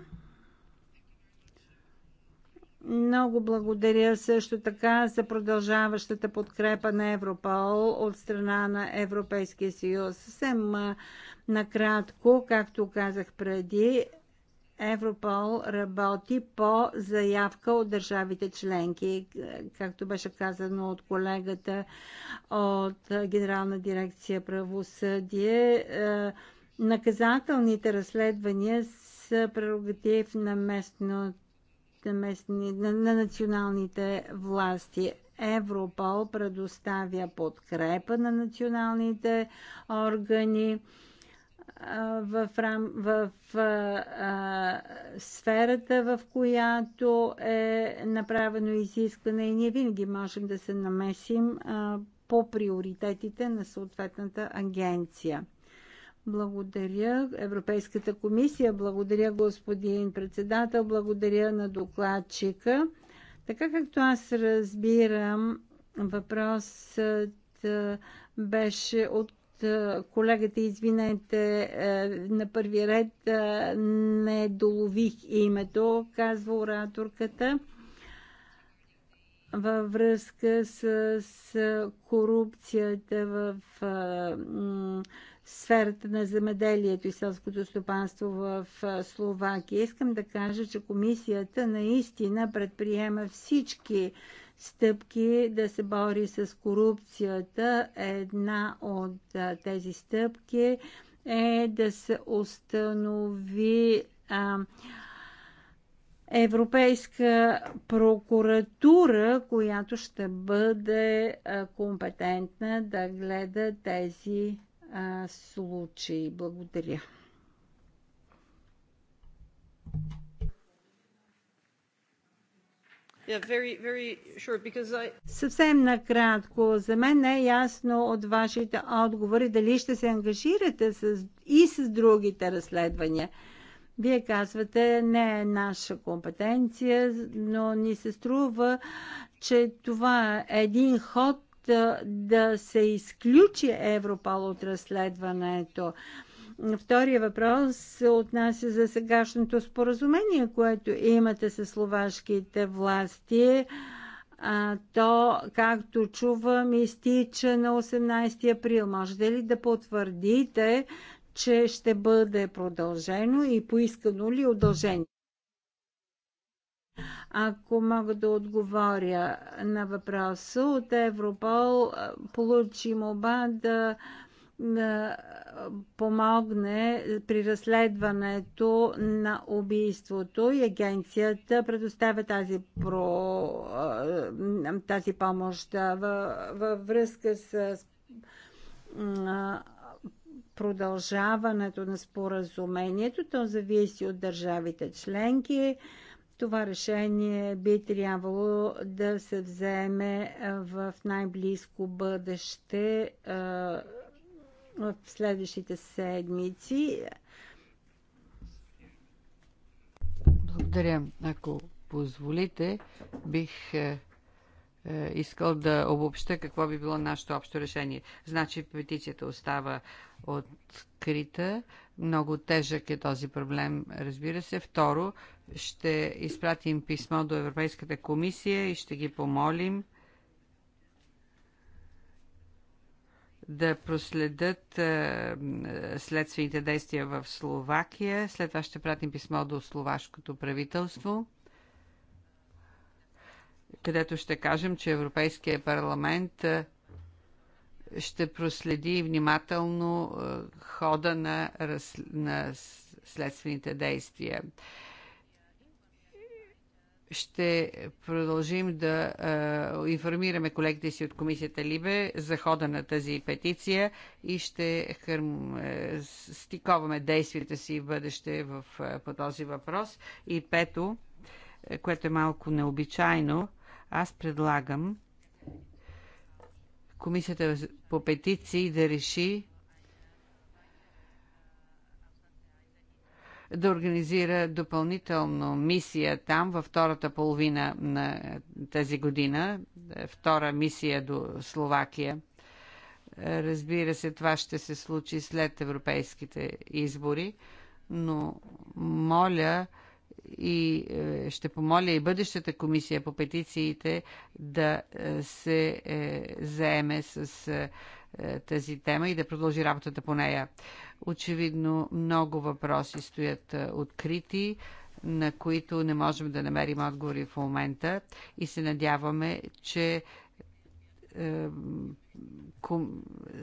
Много благодаря също така за продължаващата подкрепа на Европол от страна на Европейския съюз. Съвсем накратко, както казах преди, Европол работи по заявка от държавите членки, както беше казано от колегата от Генерална дирекция правосъдие. Наказателните разследвания са прерогатив на местното на, местни, на, на националните власти. Европол предоставя подкрепа на националните органи в, рам, в в сферата, в която е направено изискване и ние винаги можем да се намесим по приоритетите на съответната агенция. Благодаря Европейската комисия, благодаря господин председател, благодаря на докладчика. Така както аз разбирам, въпросът беше от колегата, извинете, на първи ред не долових името, казва ораторката, във връзка с корупцията в сферата на земеделието и селското стопанство в Словакия. Искам да кажа, че комисията наистина предприема всички стъпки да се бори с корупцията. Една от тези стъпки е да се установи а, Европейска прокуратура, която ще бъде компетентна да гледа тези а, случай. Благодаря. Yeah, very, very sure, I... Съвсем накратко, за мен не е ясно от вашите отговори дали ще се ангажирате с, и с другите разследвания. Вие казвате, не е наша компетенция, но ни се струва, че това е един ход да се изключи Европол от разследването. Втория въпрос се отнася за сегашното споразумение, което имате с словашките власти. А, то, както чувам, изтича на 18 април. Можете ли да потвърдите, че ще бъде продължено и поискано ли удължение? Ако мога да отговоря на въпроса, от Европол получи моба да помогне при разследването на убийството и агенцията предоставя тази, про, тази помощ във връзка с продължаването на споразумението. То зависи от държавите членки. Това решение би трябвало да се вземе в най-близко бъдеще в следващите седмици. Благодаря. Ако позволите, бих е, е, искал да обобща какво би било нашето общо решение. Значи петицията остава открита много тежък е този проблем, разбира се. Второ, ще изпратим писмо до Европейската комисия и ще ги помолим да проследят е, следствените действия в Словакия. След това ще пратим писмо до словашкото правителство, където ще кажем, че Европейския парламент е, ще проследи внимателно е, хода на, раз, на следствените действия. Ще продължим да а, е, информираме колегите си от комисията Либе за хода на тази петиция и ще хърм, е, стиковаме действията си в бъдеще в, по този въпрос. И пето, което е малко необичайно, аз предлагам Комисията е по петиции да реши да организира допълнително мисия там във втората половина на тази година, втора мисия до Словакия. Разбира се, това ще се случи след европейските избори, но моля и е, ще помоля и бъдещата комисия по петициите да е, се е, заеме с тази тема и да продължи работата по нея. Очевидно много въпроси стоят открити, на които не можем да намерим отговори в момента и се надяваме, че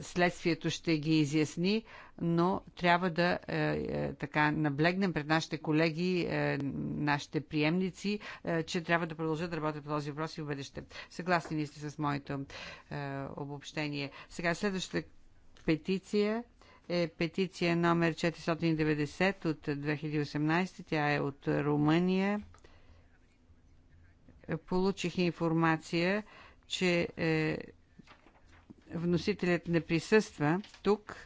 следствието ще ги изясни, но трябва да е, е, така наблегнем пред нашите колеги, е, нашите приемници, е, че трябва да продължат да работят по този въпрос и в бъдеще. Съгласни ли сте с моето е, обобщение? Сега следващата петиция е петиция номер 490 от 2018. Тя е от Румъния. Получих информация, че е, Вносителят не присъства тук,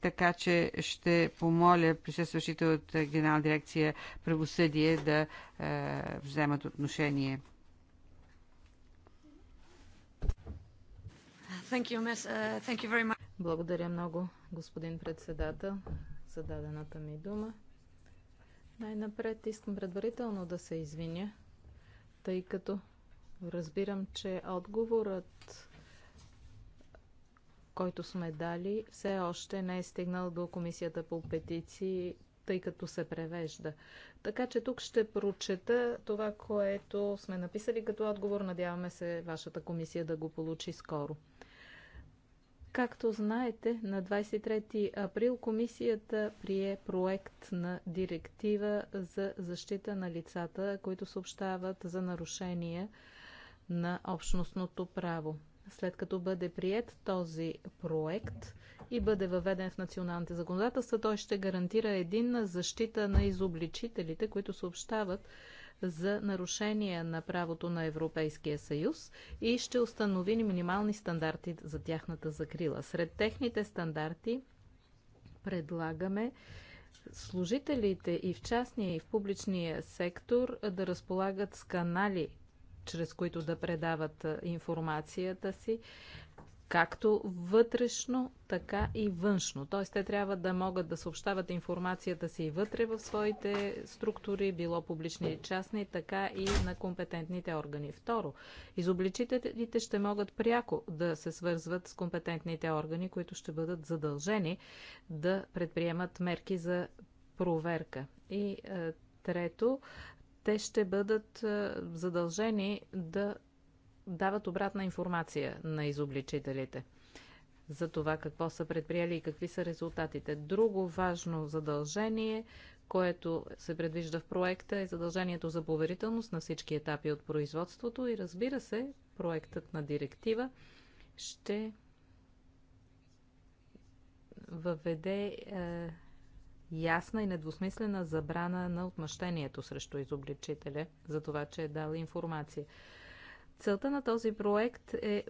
така че ще помоля присъстващите от Генерална дирекция правосъдие да е, вземат отношение. Uh, Благодаря много, господин председател, за дадената ми дума. Най-напред искам предварително да се извиня, тъй като разбирам, че отговорът който сме дали, все още не е стигнал до комисията по петиции, тъй като се превежда. Така че тук ще прочета това, което сме написали като отговор. Надяваме се вашата комисия да го получи скоро. Както знаете, на 23 април комисията прие проект на директива за защита на лицата, които съобщават за нарушения на общностното право след като бъде прият този проект и бъде въведен в националните законодателства, той ще гарантира единна защита на изобличителите, които съобщават за нарушения на правото на Европейския съюз и ще установи минимални стандарти за тяхната закрила. Сред техните стандарти предлагаме служителите и в частния и в публичния сектор да разполагат с канали чрез които да предават информацията си, както вътрешно, така и външно. Т.е. те трябва да могат да съобщават информацията си и вътре в своите структури, било публични и частни, така и на компетентните органи. Второ, изобличителите ще могат пряко да се свързват с компетентните органи, които ще бъдат задължени да предприемат мерки за проверка. И трето, те ще бъдат е, задължени да дават обратна информация на изобличителите за това какво са предприели и какви са резултатите. Друго важно задължение, което се предвижда в проекта е задължението за поверителност на всички етапи от производството и разбира се, проектът на директива ще въведе е, ясна и недвусмислена забрана на отмъщението срещу изобличителя за това, че е дал информация. Целта на този проект е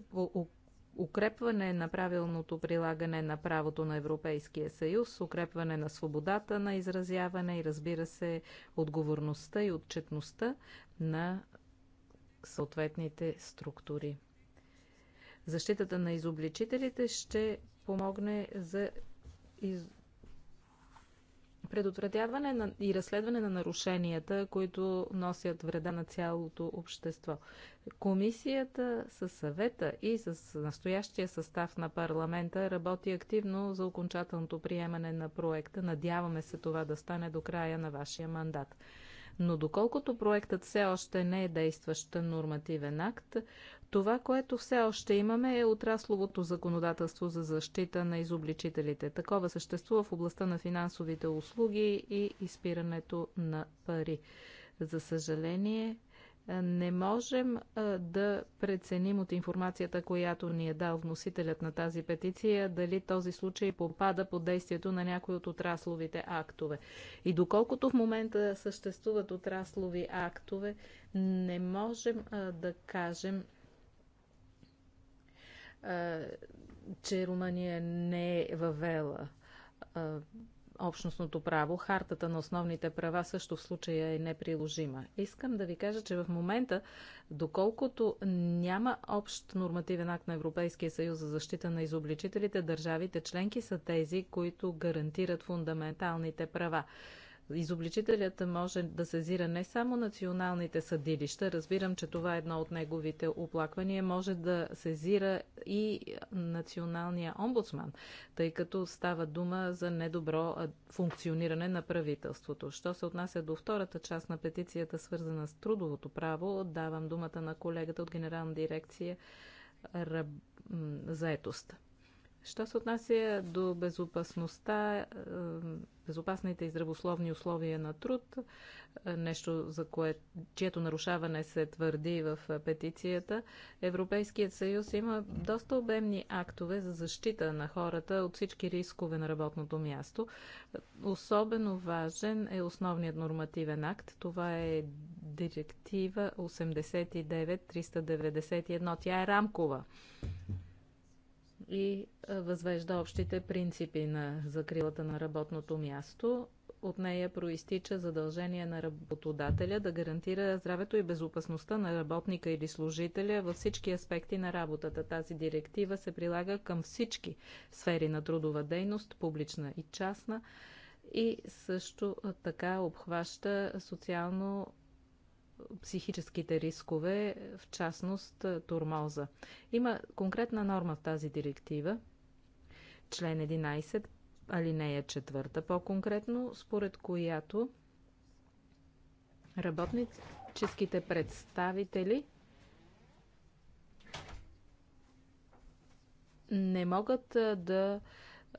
укрепване на правилното прилагане на правото на Европейския съюз, укрепване на свободата на изразяване и разбира се отговорността и отчетността на съответните структури. Защитата на изобличителите ще помогне за предотвратяване на и разследване на нарушенията, които носят вреда на цялото общество. Комисията със съвета и с настоящия състав на парламента работи активно за окончателното приемане на проекта. Надяваме се това да стане до края на вашия мандат. Но доколкото проектът все още не е действащ нормативен акт, това, което все още имаме е отрасловото законодателство за защита на изобличителите. Такова съществува в областта на финансовите услуги и изпирането на пари. За съжаление, не можем да преценим от информацията, която ни е дал вносителят на тази петиция, дали този случай попада под действието на някой от отрасловите актове. И доколкото в момента съществуват отраслови актове, не можем да кажем че Румъния не е въвела общностното право, хартата на основните права също в случая е неприложима. Искам да ви кажа, че в момента, доколкото няма общ нормативен акт на Европейския съюз за защита на изобличителите, държавите членки са тези, които гарантират фундаменталните права. Изобличителят може да сезира не само националните съдилища, разбирам, че това е едно от неговите оплаквания, може да сезира и националния омбудсман, тъй като става дума за недобро функциониране на правителството. Що се отнася до втората част на петицията, свързана с трудовото право, давам думата на колегата от Генерална дирекция заетост. Що се отнася до безопасността, безопасните и здравословни условия на труд, е, нещо, за кое, чието нарушаване се твърди в е, петицията, Европейският съюз има доста обемни актове за защита на хората от всички рискове на работното място. Особено важен е основният нормативен акт. Това е директива 89-391. Тя е рамкова и възвежда общите принципи на закрилата на работното място. От нея проистича задължение на работодателя да гарантира здравето и безопасността на работника или служителя във всички аспекти на работата. Тази директива се прилага към всички сфери на трудова дейност, публична и частна, и също така обхваща социално психическите рискове, в частност е, турмоза. Има конкретна норма в тази директива, член 11, алинея 4 по-конкретно, според която работническите представители не могат е, да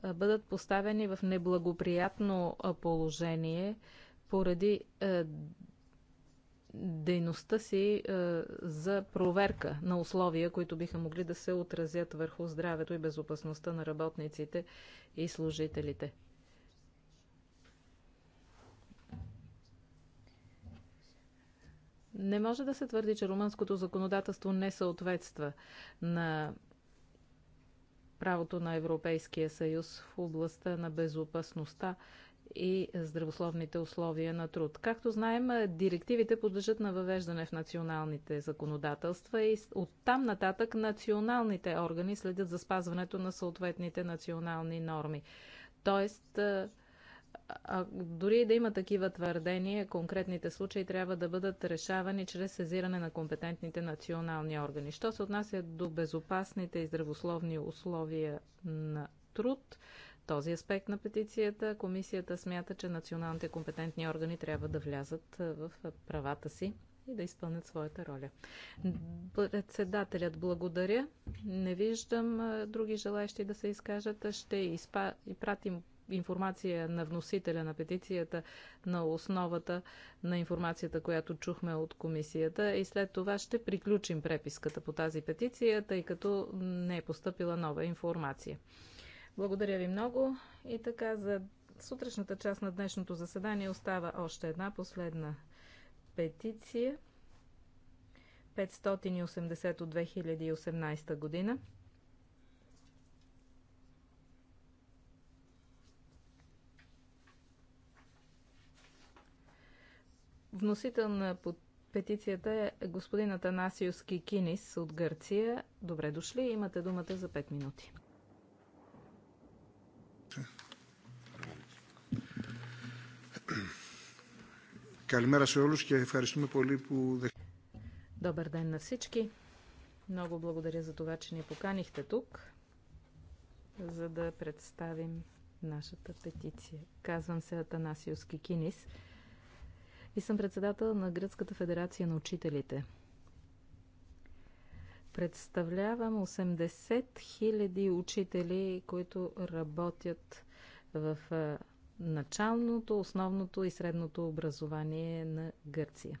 е, бъдат поставени в неблагоприятно положение поради дейността си е, за проверка на условия, които биха могли да се отразят върху здравето и безопасността на работниците и служителите. Не може да се твърди, че румънското законодателство не съответства на правото на Европейския съюз в областта на безопасността и здравословните условия на труд. Както знаем, директивите подлежат на въвеждане в националните законодателства и оттам нататък националните органи следят за спазването на съответните национални норми. Тоест, а, дори да има такива твърдения, конкретните случаи трябва да бъдат решавани чрез сезиране на компетентните национални органи. Що се отнася до безопасните и здравословни условия на труд, този аспект на петицията. Комисията смята, че националните компетентни органи трябва да влязат в правата си и да изпълнят своята роля. Председателят благодаря. Не виждам други желаящи да се изкажат. Ще изпа... и пратим информация на вносителя на петицията на основата на информацията, която чухме от комисията и след това ще приключим преписката по тази петиция, тъй като не е поступила нова информация. Благодаря ви много. И така, за сутрешната част на днешното заседание остава още една последна петиция. 580 от 2018 година. Вносител на петицията е господин Атанасиус Кикинис от Гърция. Добре дошли, имате думата за 5 минути. Καλημέρα σε όλους και ευχαριστούμε πολύ που... Добър ден на всички. Много благодаря за това, че ни поканихте тук, за да представим нашата петиция. Казвам се Атанасиус Кикинис и съм председател на Гръцката федерация на учителите. Представлявам 80 000 учители, които работят в началното, основното и средното образование на Гърция.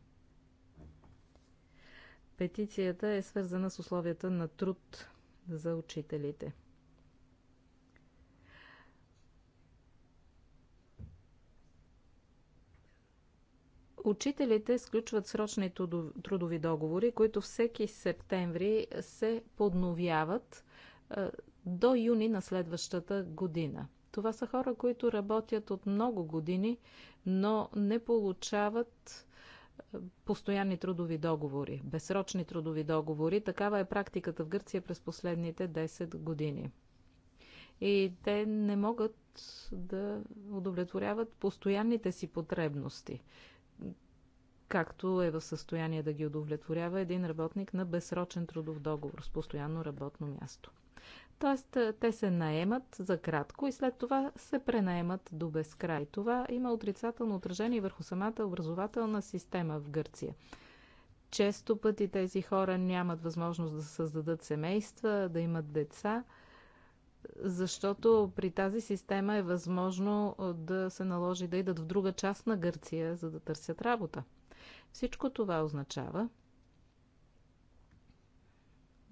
Петицията е свързана с условията на труд за учителите. Учителите сключват срочни трудови договори, които всеки септември се подновяват до юни на следващата година. Това са хора, които работят от много години, но не получават е, постоянни трудови договори, безсрочни трудови договори. Такава е практиката в Гърция през последните 10 години. И те не могат да удовлетворяват постоянните си потребности, както е в състояние да ги удовлетворява един работник на безсрочен трудов договор с постоянно работно място т.е. те се наемат за кратко и след това се пренаемат до безкрай. Това има отрицателно отражение върху самата образователна система в Гърция. Често пъти тези хора нямат възможност да създадат семейства, да имат деца, защото при тази система е възможно е, да се наложи да идат в друга част на Гърция, за да търсят работа. Всичко това означава,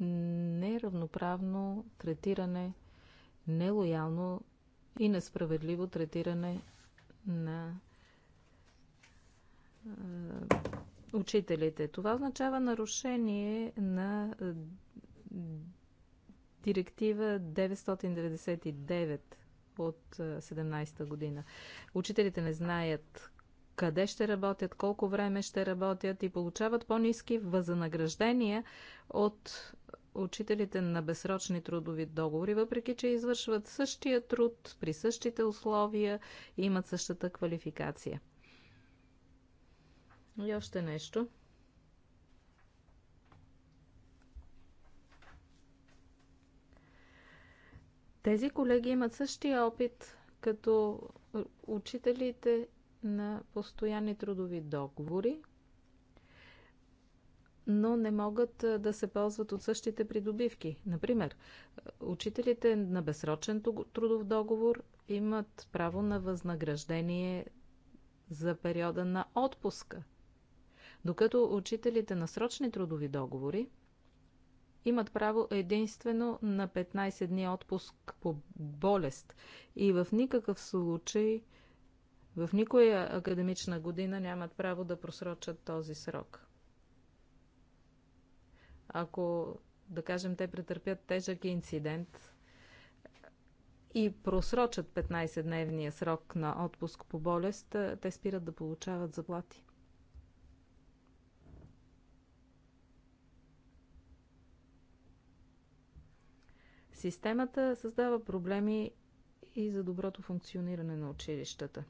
неравноправно третиране, нелоялно и несправедливо третиране на е, учителите. Това означава нарушение на е, директива 999 от 17 година. Учителите не знаят къде ще работят, колко време ще работят и получават по-низки възнаграждения от учителите на безсрочни трудови договори, въпреки че извършват същия труд при същите условия и имат същата квалификация. И още нещо. Тези колеги имат същия опит като учителите на постоянни трудови договори, но не могат да се ползват от същите придобивки. Например, учителите на безсрочен трудов договор имат право на възнаграждение за периода на отпуска, докато учителите на срочни трудови договори имат право единствено на 15 дни отпуск по болест и в никакъв случай в никоя академична година нямат право да просрочат този срок ако, да кажем, те претърпят тежък инцидент и просрочат 15-дневния срок на отпуск по болест, е, те спират да получават заплати. Системата създава проблеми и за доброто функциониране на училищата.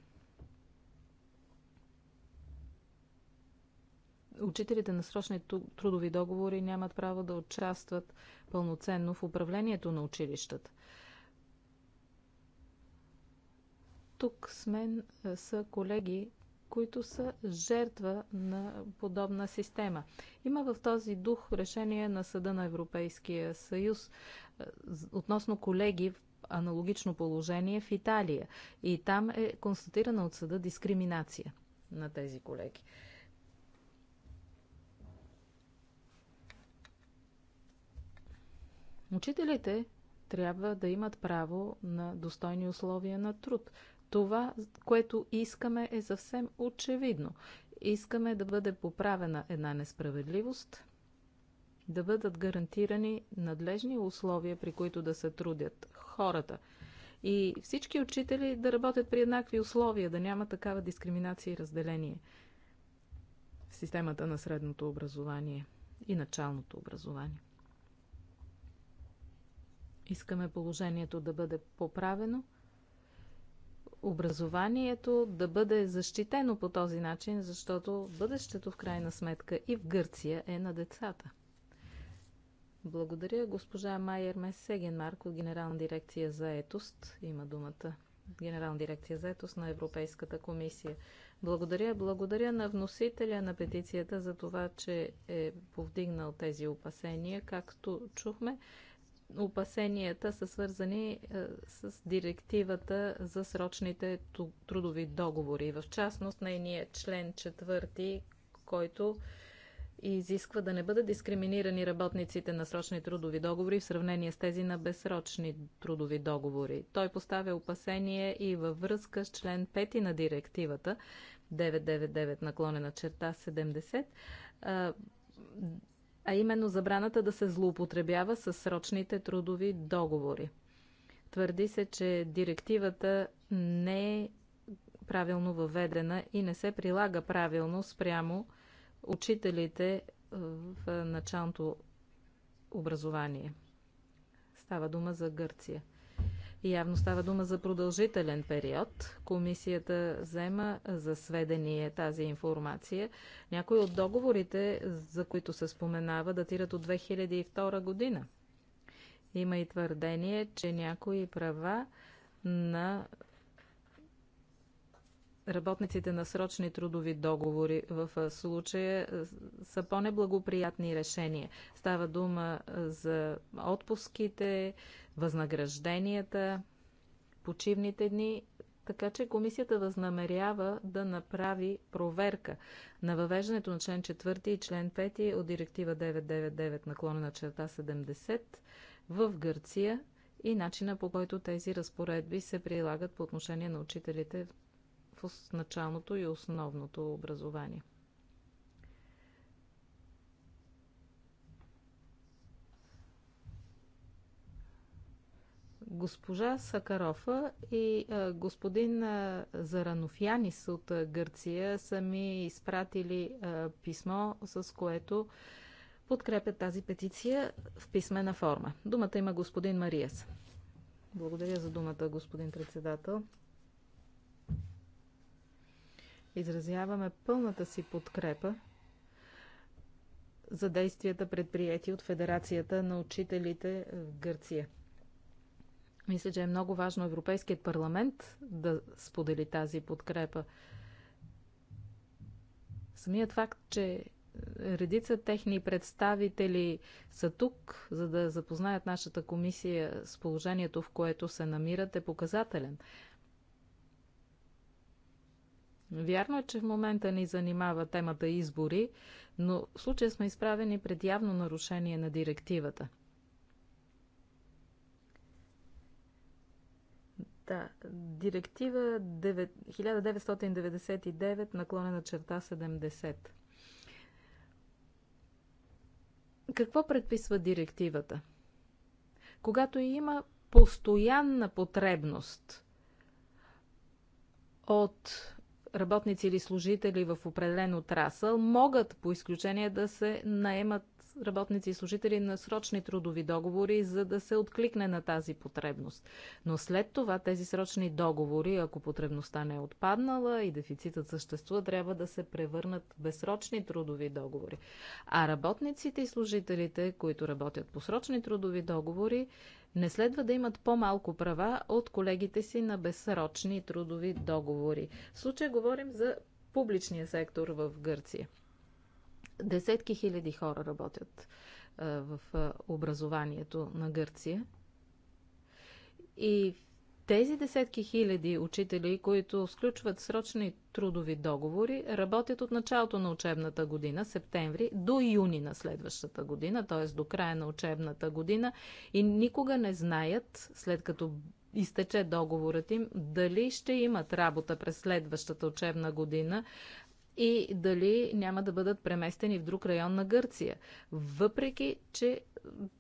Учителите на срочни трудови договори нямат право да участват пълноценно в управлението на училищата. Тук с мен е, са колеги, които са жертва на подобна система. Има в този дух решение на Съда на Европейския съюз е, относно колеги в аналогично положение в Италия. И там е констатирана от съда дискриминация на тези колеги. Учителите трябва да имат право на достойни условия на труд. Това, което искаме, е съвсем очевидно. Искаме да бъде поправена една несправедливост, да бъдат гарантирани надлежни условия, при които да се трудят хората. И всички учители да работят при еднакви условия, да няма такава дискриминация и разделение в системата на средното образование и началното образование. Искаме положението да бъде поправено, образованието да бъде защитено по този начин, защото бъдещето в крайна сметка и в Гърция е на децата. Благодаря. Госпожа Майер Месеген от Генерална дирекция за етост има думата. Генерална дирекция за етост на Европейската комисия. Благодаря. Благодаря на вносителя на петицията за това, че е повдигнал тези опасения. Както чухме, опасенията са свързани е, с директивата за срочните трудови договори. В частност, нейният член четвърти, който изисква да не бъдат дискриминирани работниците на срочни трудови договори в сравнение с тези на безсрочни трудови договори. Той поставя опасение и във връзка с член 5 на директивата 999 наклонена черта 70 а именно забраната да се злоупотребява с срочните трудови договори. Твърди се, че директивата не е правилно въведена и не се прилага правилно спрямо учителите в началното образование. Става дума за Гърция. Явно става дума за продължителен период. Комисията взема за сведение тази информация. Някои от договорите, за които се споменава, датират от 2002 година. Има и твърдение, че някои права на работниците на срочни трудови договори в случая са по-неблагоприятни решения. Става дума за отпуските, възнагражденията, почивните дни. Така че комисията възнамерява да направи проверка на въвеждането на член 4 и член 5 от директива 999 наклонена черта 70 в Гърция и начина по който тези разпоредби се прилагат по отношение на учителите с началното и основното образование. госпожа Сакарофа и господин Заранофянис от Гърция са ми изпратили писмо, с което подкрепят тази петиция в писмена форма. Думата има господин Мариес. Благодаря за думата, господин председател. Изразяваме пълната си подкрепа за действията предприяти от Федерацията на учителите в Гърция. Мисля, че е много важно Европейският парламент да сподели тази подкрепа. Самият факт, че редица техни представители са тук, за да запознаят нашата комисия с положението, в което се намират, е показателен. Вярно е, че в момента ни занимава темата избори, но в случая сме изправени пред явно нарушение на директивата. Да, директива 1999 наклонена черта 70. Какво предписва директивата? Когато има постоянна потребност от работници или служители в определен отрасъл могат по изключение да се наемат работници и служители на срочни трудови договори, за да се откликне на тази потребност. Но след това тези срочни договори, ако потребността не е отпаднала и дефицитът съществува, трябва да се превърнат в безсрочни трудови договори. А работниците и служителите, които работят по срочни трудови договори, не следва да имат по-малко права от колегите си на безсрочни трудови договори. В случая говорим за публичния сектор в Гърция. Десетки хиляди хора работят в образованието на Гърция. И тези десетки хиляди учители, които сключват срочни трудови договори, работят от началото на учебната година, септември, до юни на следващата година, т.е. до края на учебната година и никога не знаят, след като изтече договорът им, дали ще имат работа през следващата учебна година, и дали няма да бъдат преместени в друг район на Гърция. Въпреки, че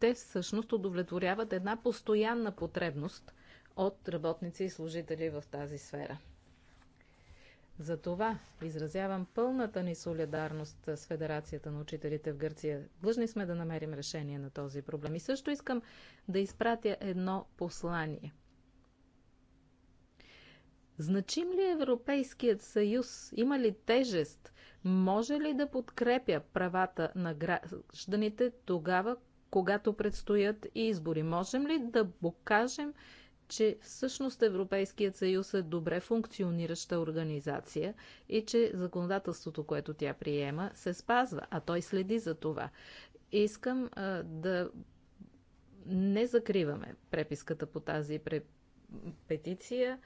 те всъщност удовлетворяват една постоянна потребност от работници и служители в тази сфера. Затова изразявам пълната ни солидарност с Федерацията на учителите в Гърция. Длъжни сме да намерим решение на този проблем. И също искам да изпратя едно послание – Значим ли Европейският съюз? Има ли тежест? Може ли да подкрепя правата на гражданите тогава, когато предстоят избори? Можем ли да покажем, че всъщност Европейският съюз е добре функционираща организация и че законодателството, което тя приема, се спазва, а той следи за това. Искам а, да не закриваме преписката по тази преписка петиция,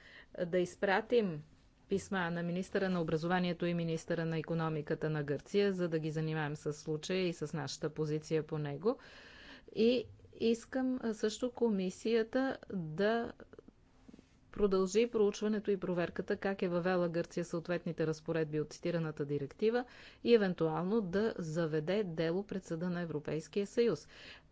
да изпратим писма на министъра на образованието и министъра на економиката на Гърция, за да ги занимаем с случая и с нашата позиция по него. И искам също комисията да продължи проучването и проверката как е въвела Гърция съответните разпоредби от цитираната директива и евентуално да заведе дело пред съда на Европейския съюз.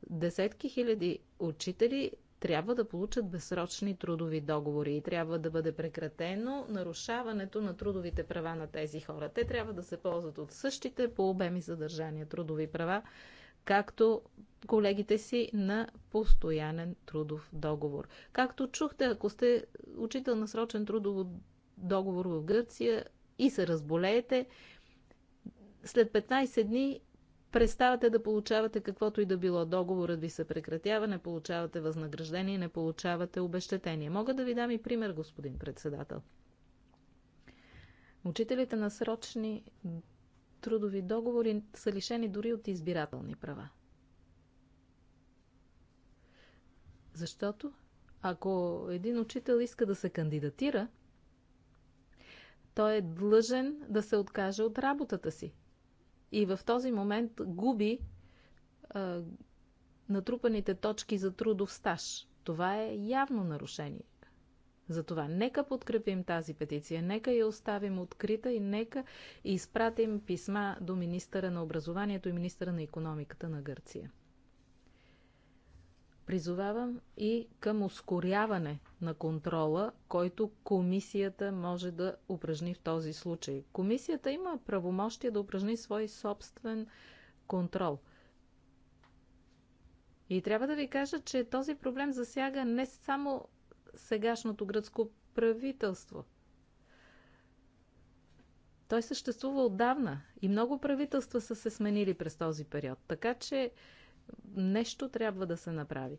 Десетки хиляди учители трябва да получат безсрочни трудови договори и трябва да бъде прекратено нарушаването на трудовите права на тези хора. Те трябва да се ползват от същите по обеми съдържания трудови права, както колегите си на постоянен трудов договор. Както чухте, ако сте учител на срочен трудов договор в Гърция и се разболеете, след 15 дни преставате да получавате каквото и да било. Договорът ви се прекратява, не получавате възнаграждение, не получавате обещетение. Мога да ви дам и пример, господин председател. Учителите на срочни трудови договори са лишени дори от избирателни права. Защото ако един учител иска да се кандидатира, той е длъжен да се откаже от работата си и в този момент губи а, натрупаните точки за трудов стаж. Това е явно нарушение. Затова нека подкрепим тази петиция, нека я оставим открита и нека изпратим писма до министъра на образованието и министъра на економиката на Гърция. Призовавам и към ускоряване на контрола, който комисията може да упражни в този случай. Комисията има правомощие да упражни свой собствен контрол. И трябва да ви кажа, че този проблем засяга не само сегашното гръцко правителство. Той съществува отдавна и много правителства са се сменили през този период. Така че Нещо трябва да се направи.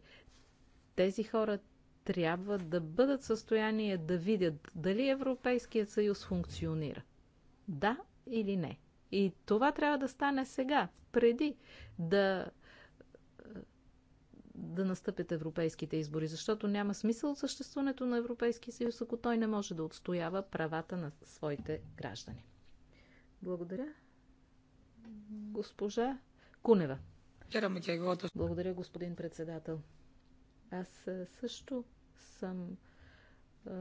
Тези хора трябва да бъдат в състояние да видят дали Европейският съюз функционира. Да или не. И това трябва да стане сега, преди да да настъпят европейските избори, защото няма смисъл от съществуването на Европейския съюз, ако той не може да отстоява правата на своите граждани. Благодаря. Госпожа Кунева. Благодаря, господин председател. Аз също съм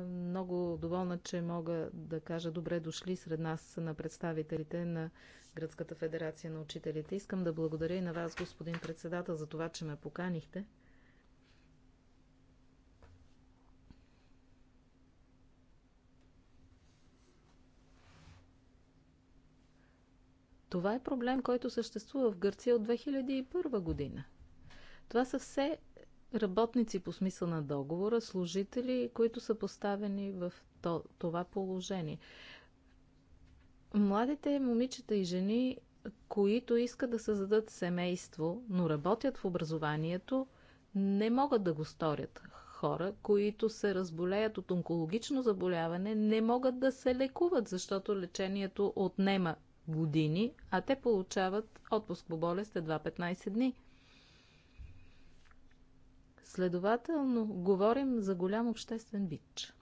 много доволна, че мога да кажа добре дошли сред нас на представителите на Гръцката федерация на учителите. Искам да благодаря и на вас, господин председател, за това, че ме поканихте. Това е проблем, който съществува в Гърция от 2001 година. Това са все работници по смисъл на договора, служители, които са поставени в това положение. Младите момичета и жени, които искат да създадат семейство, но работят в образованието, не могат да го сторят. Хора, които се разболеят от онкологично заболяване, не могат да се лекуват, защото лечението отнема години, а те получават отпуск по болест едва 15 дни. Следователно, говорим за голям обществен бич.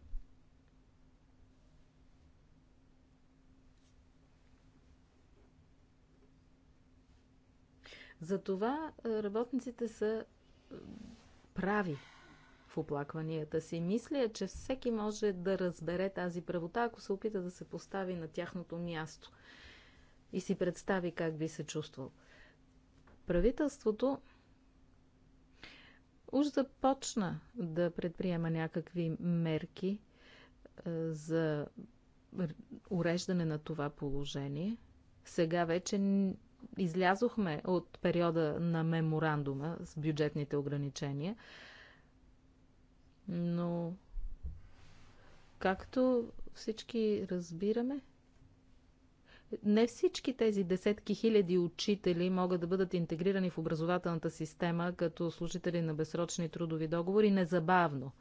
Затова е, работниците са е, прави в оплакванията си. Мисля, че всеки може да разбере тази правота, ако се опита да се постави на тяхното място – и си представи как би се чувствал. Правителството уж започна да предприема някакви мерки е, за уреждане на това положение. Сега вече излязохме от периода на меморандума с бюджетните ограничения, но както всички разбираме, не всички тези десетки хиляди учители могат да бъдат интегрирани в образователната система като служители на безсрочни трудови договори незабавно.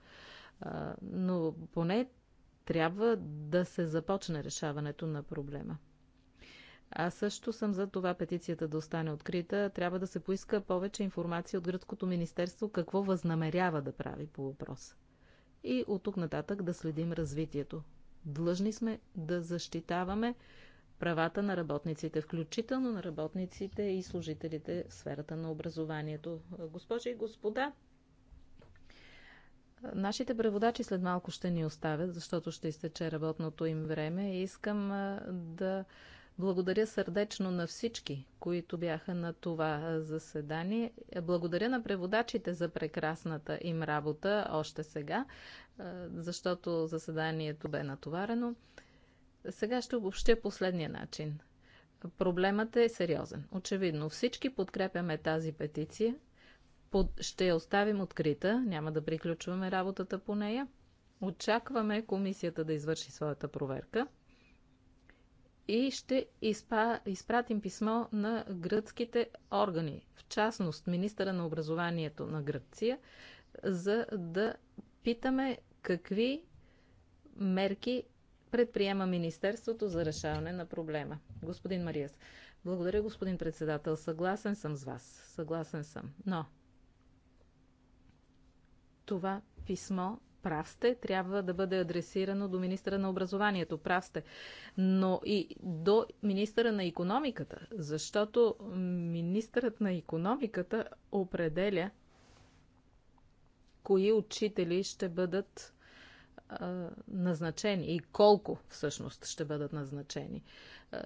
Но поне трябва да се започне решаването на проблема. Аз също съм за това петицията да остане открита. Трябва да се поиска повече информация от Гръцкото министерство какво възнамерява да прави по въпроса. И от тук нататък да следим развитието. Длъжни сме да защитаваме правата на работниците, включително на работниците и служителите в сферата на образованието. Госпожи и господа, Нашите преводачи след малко ще ни оставят, защото ще изтече работното им време. И искам да благодаря сърдечно на всички, които бяха на това заседание. Благодаря на преводачите за прекрасната им работа още сега, защото заседанието бе натоварено. Сега ще обобщя последния начин. Проблемът е сериозен. Очевидно, всички подкрепяме тази петиция. Под... Ще я оставим открита, няма да приключваме работата по нея. Очакваме комисията да извърши своята проверка и ще изпа... изпратим писмо на гръцките органи, в частност министъра на образованието на Гръция, за да питаме какви мерки предприема Министерството за решаване на проблема? Господин Мариас, благодаря, господин председател. Съгласен съм с вас. Съгласен съм. Но това писмо прав сте, трябва да бъде адресирано до министра на образованието, прав сте, но и до министра на економиката, защото министърът на економиката определя кои учители ще бъдат а, назначени и колко всъщност ще бъдат назначени. А,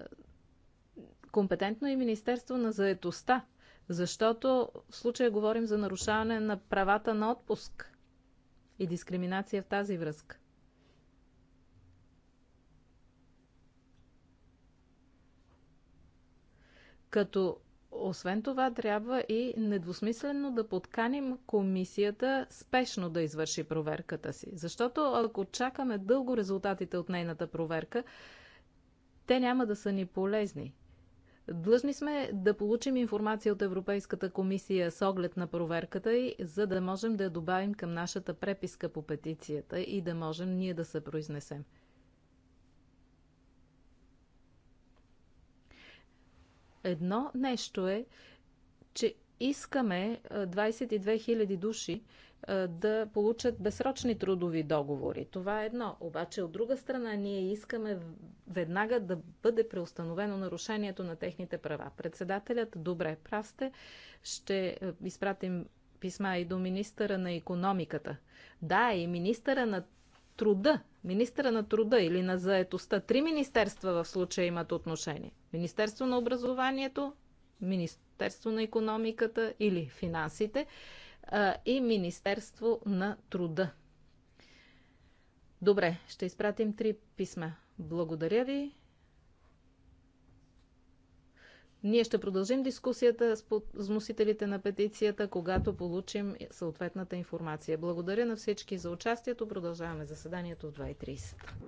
компетентно е Министерство на заетостта, защото в случая говорим за нарушаване на правата на отпуск и дискриминация в тази връзка. Като освен това, трябва и недвусмислено да подканим комисията спешно да извърши проверката си. Защото ако чакаме дълго резултатите от нейната проверка, те няма да са ни полезни. Длъжни сме да получим информация от Европейската комисия с оглед на проверката и за да можем да я добавим към нашата преписка по петицията и да можем ние да се произнесем. Едно нещо е, че искаме 22 000 души да получат безсрочни трудови договори. Това е едно. Обаче от друга страна ние искаме веднага да бъде преустановено нарушението на техните права. Председателят, добре, прав сте, ще изпратим писма и до министъра на економиката. Да, и министъра на труда, министра на труда или на заетостта. Три министерства в случая имат отношение. Министерство на образованието, Министерство на економиката или финансите и Министерство на труда. Добре, ще изпратим три писма. Благодаря ви. Ние ще продължим дискусията с вносителите на петицията, когато получим съответната информация. Благодаря на всички за участието. Продължаваме заседанието в 2.30.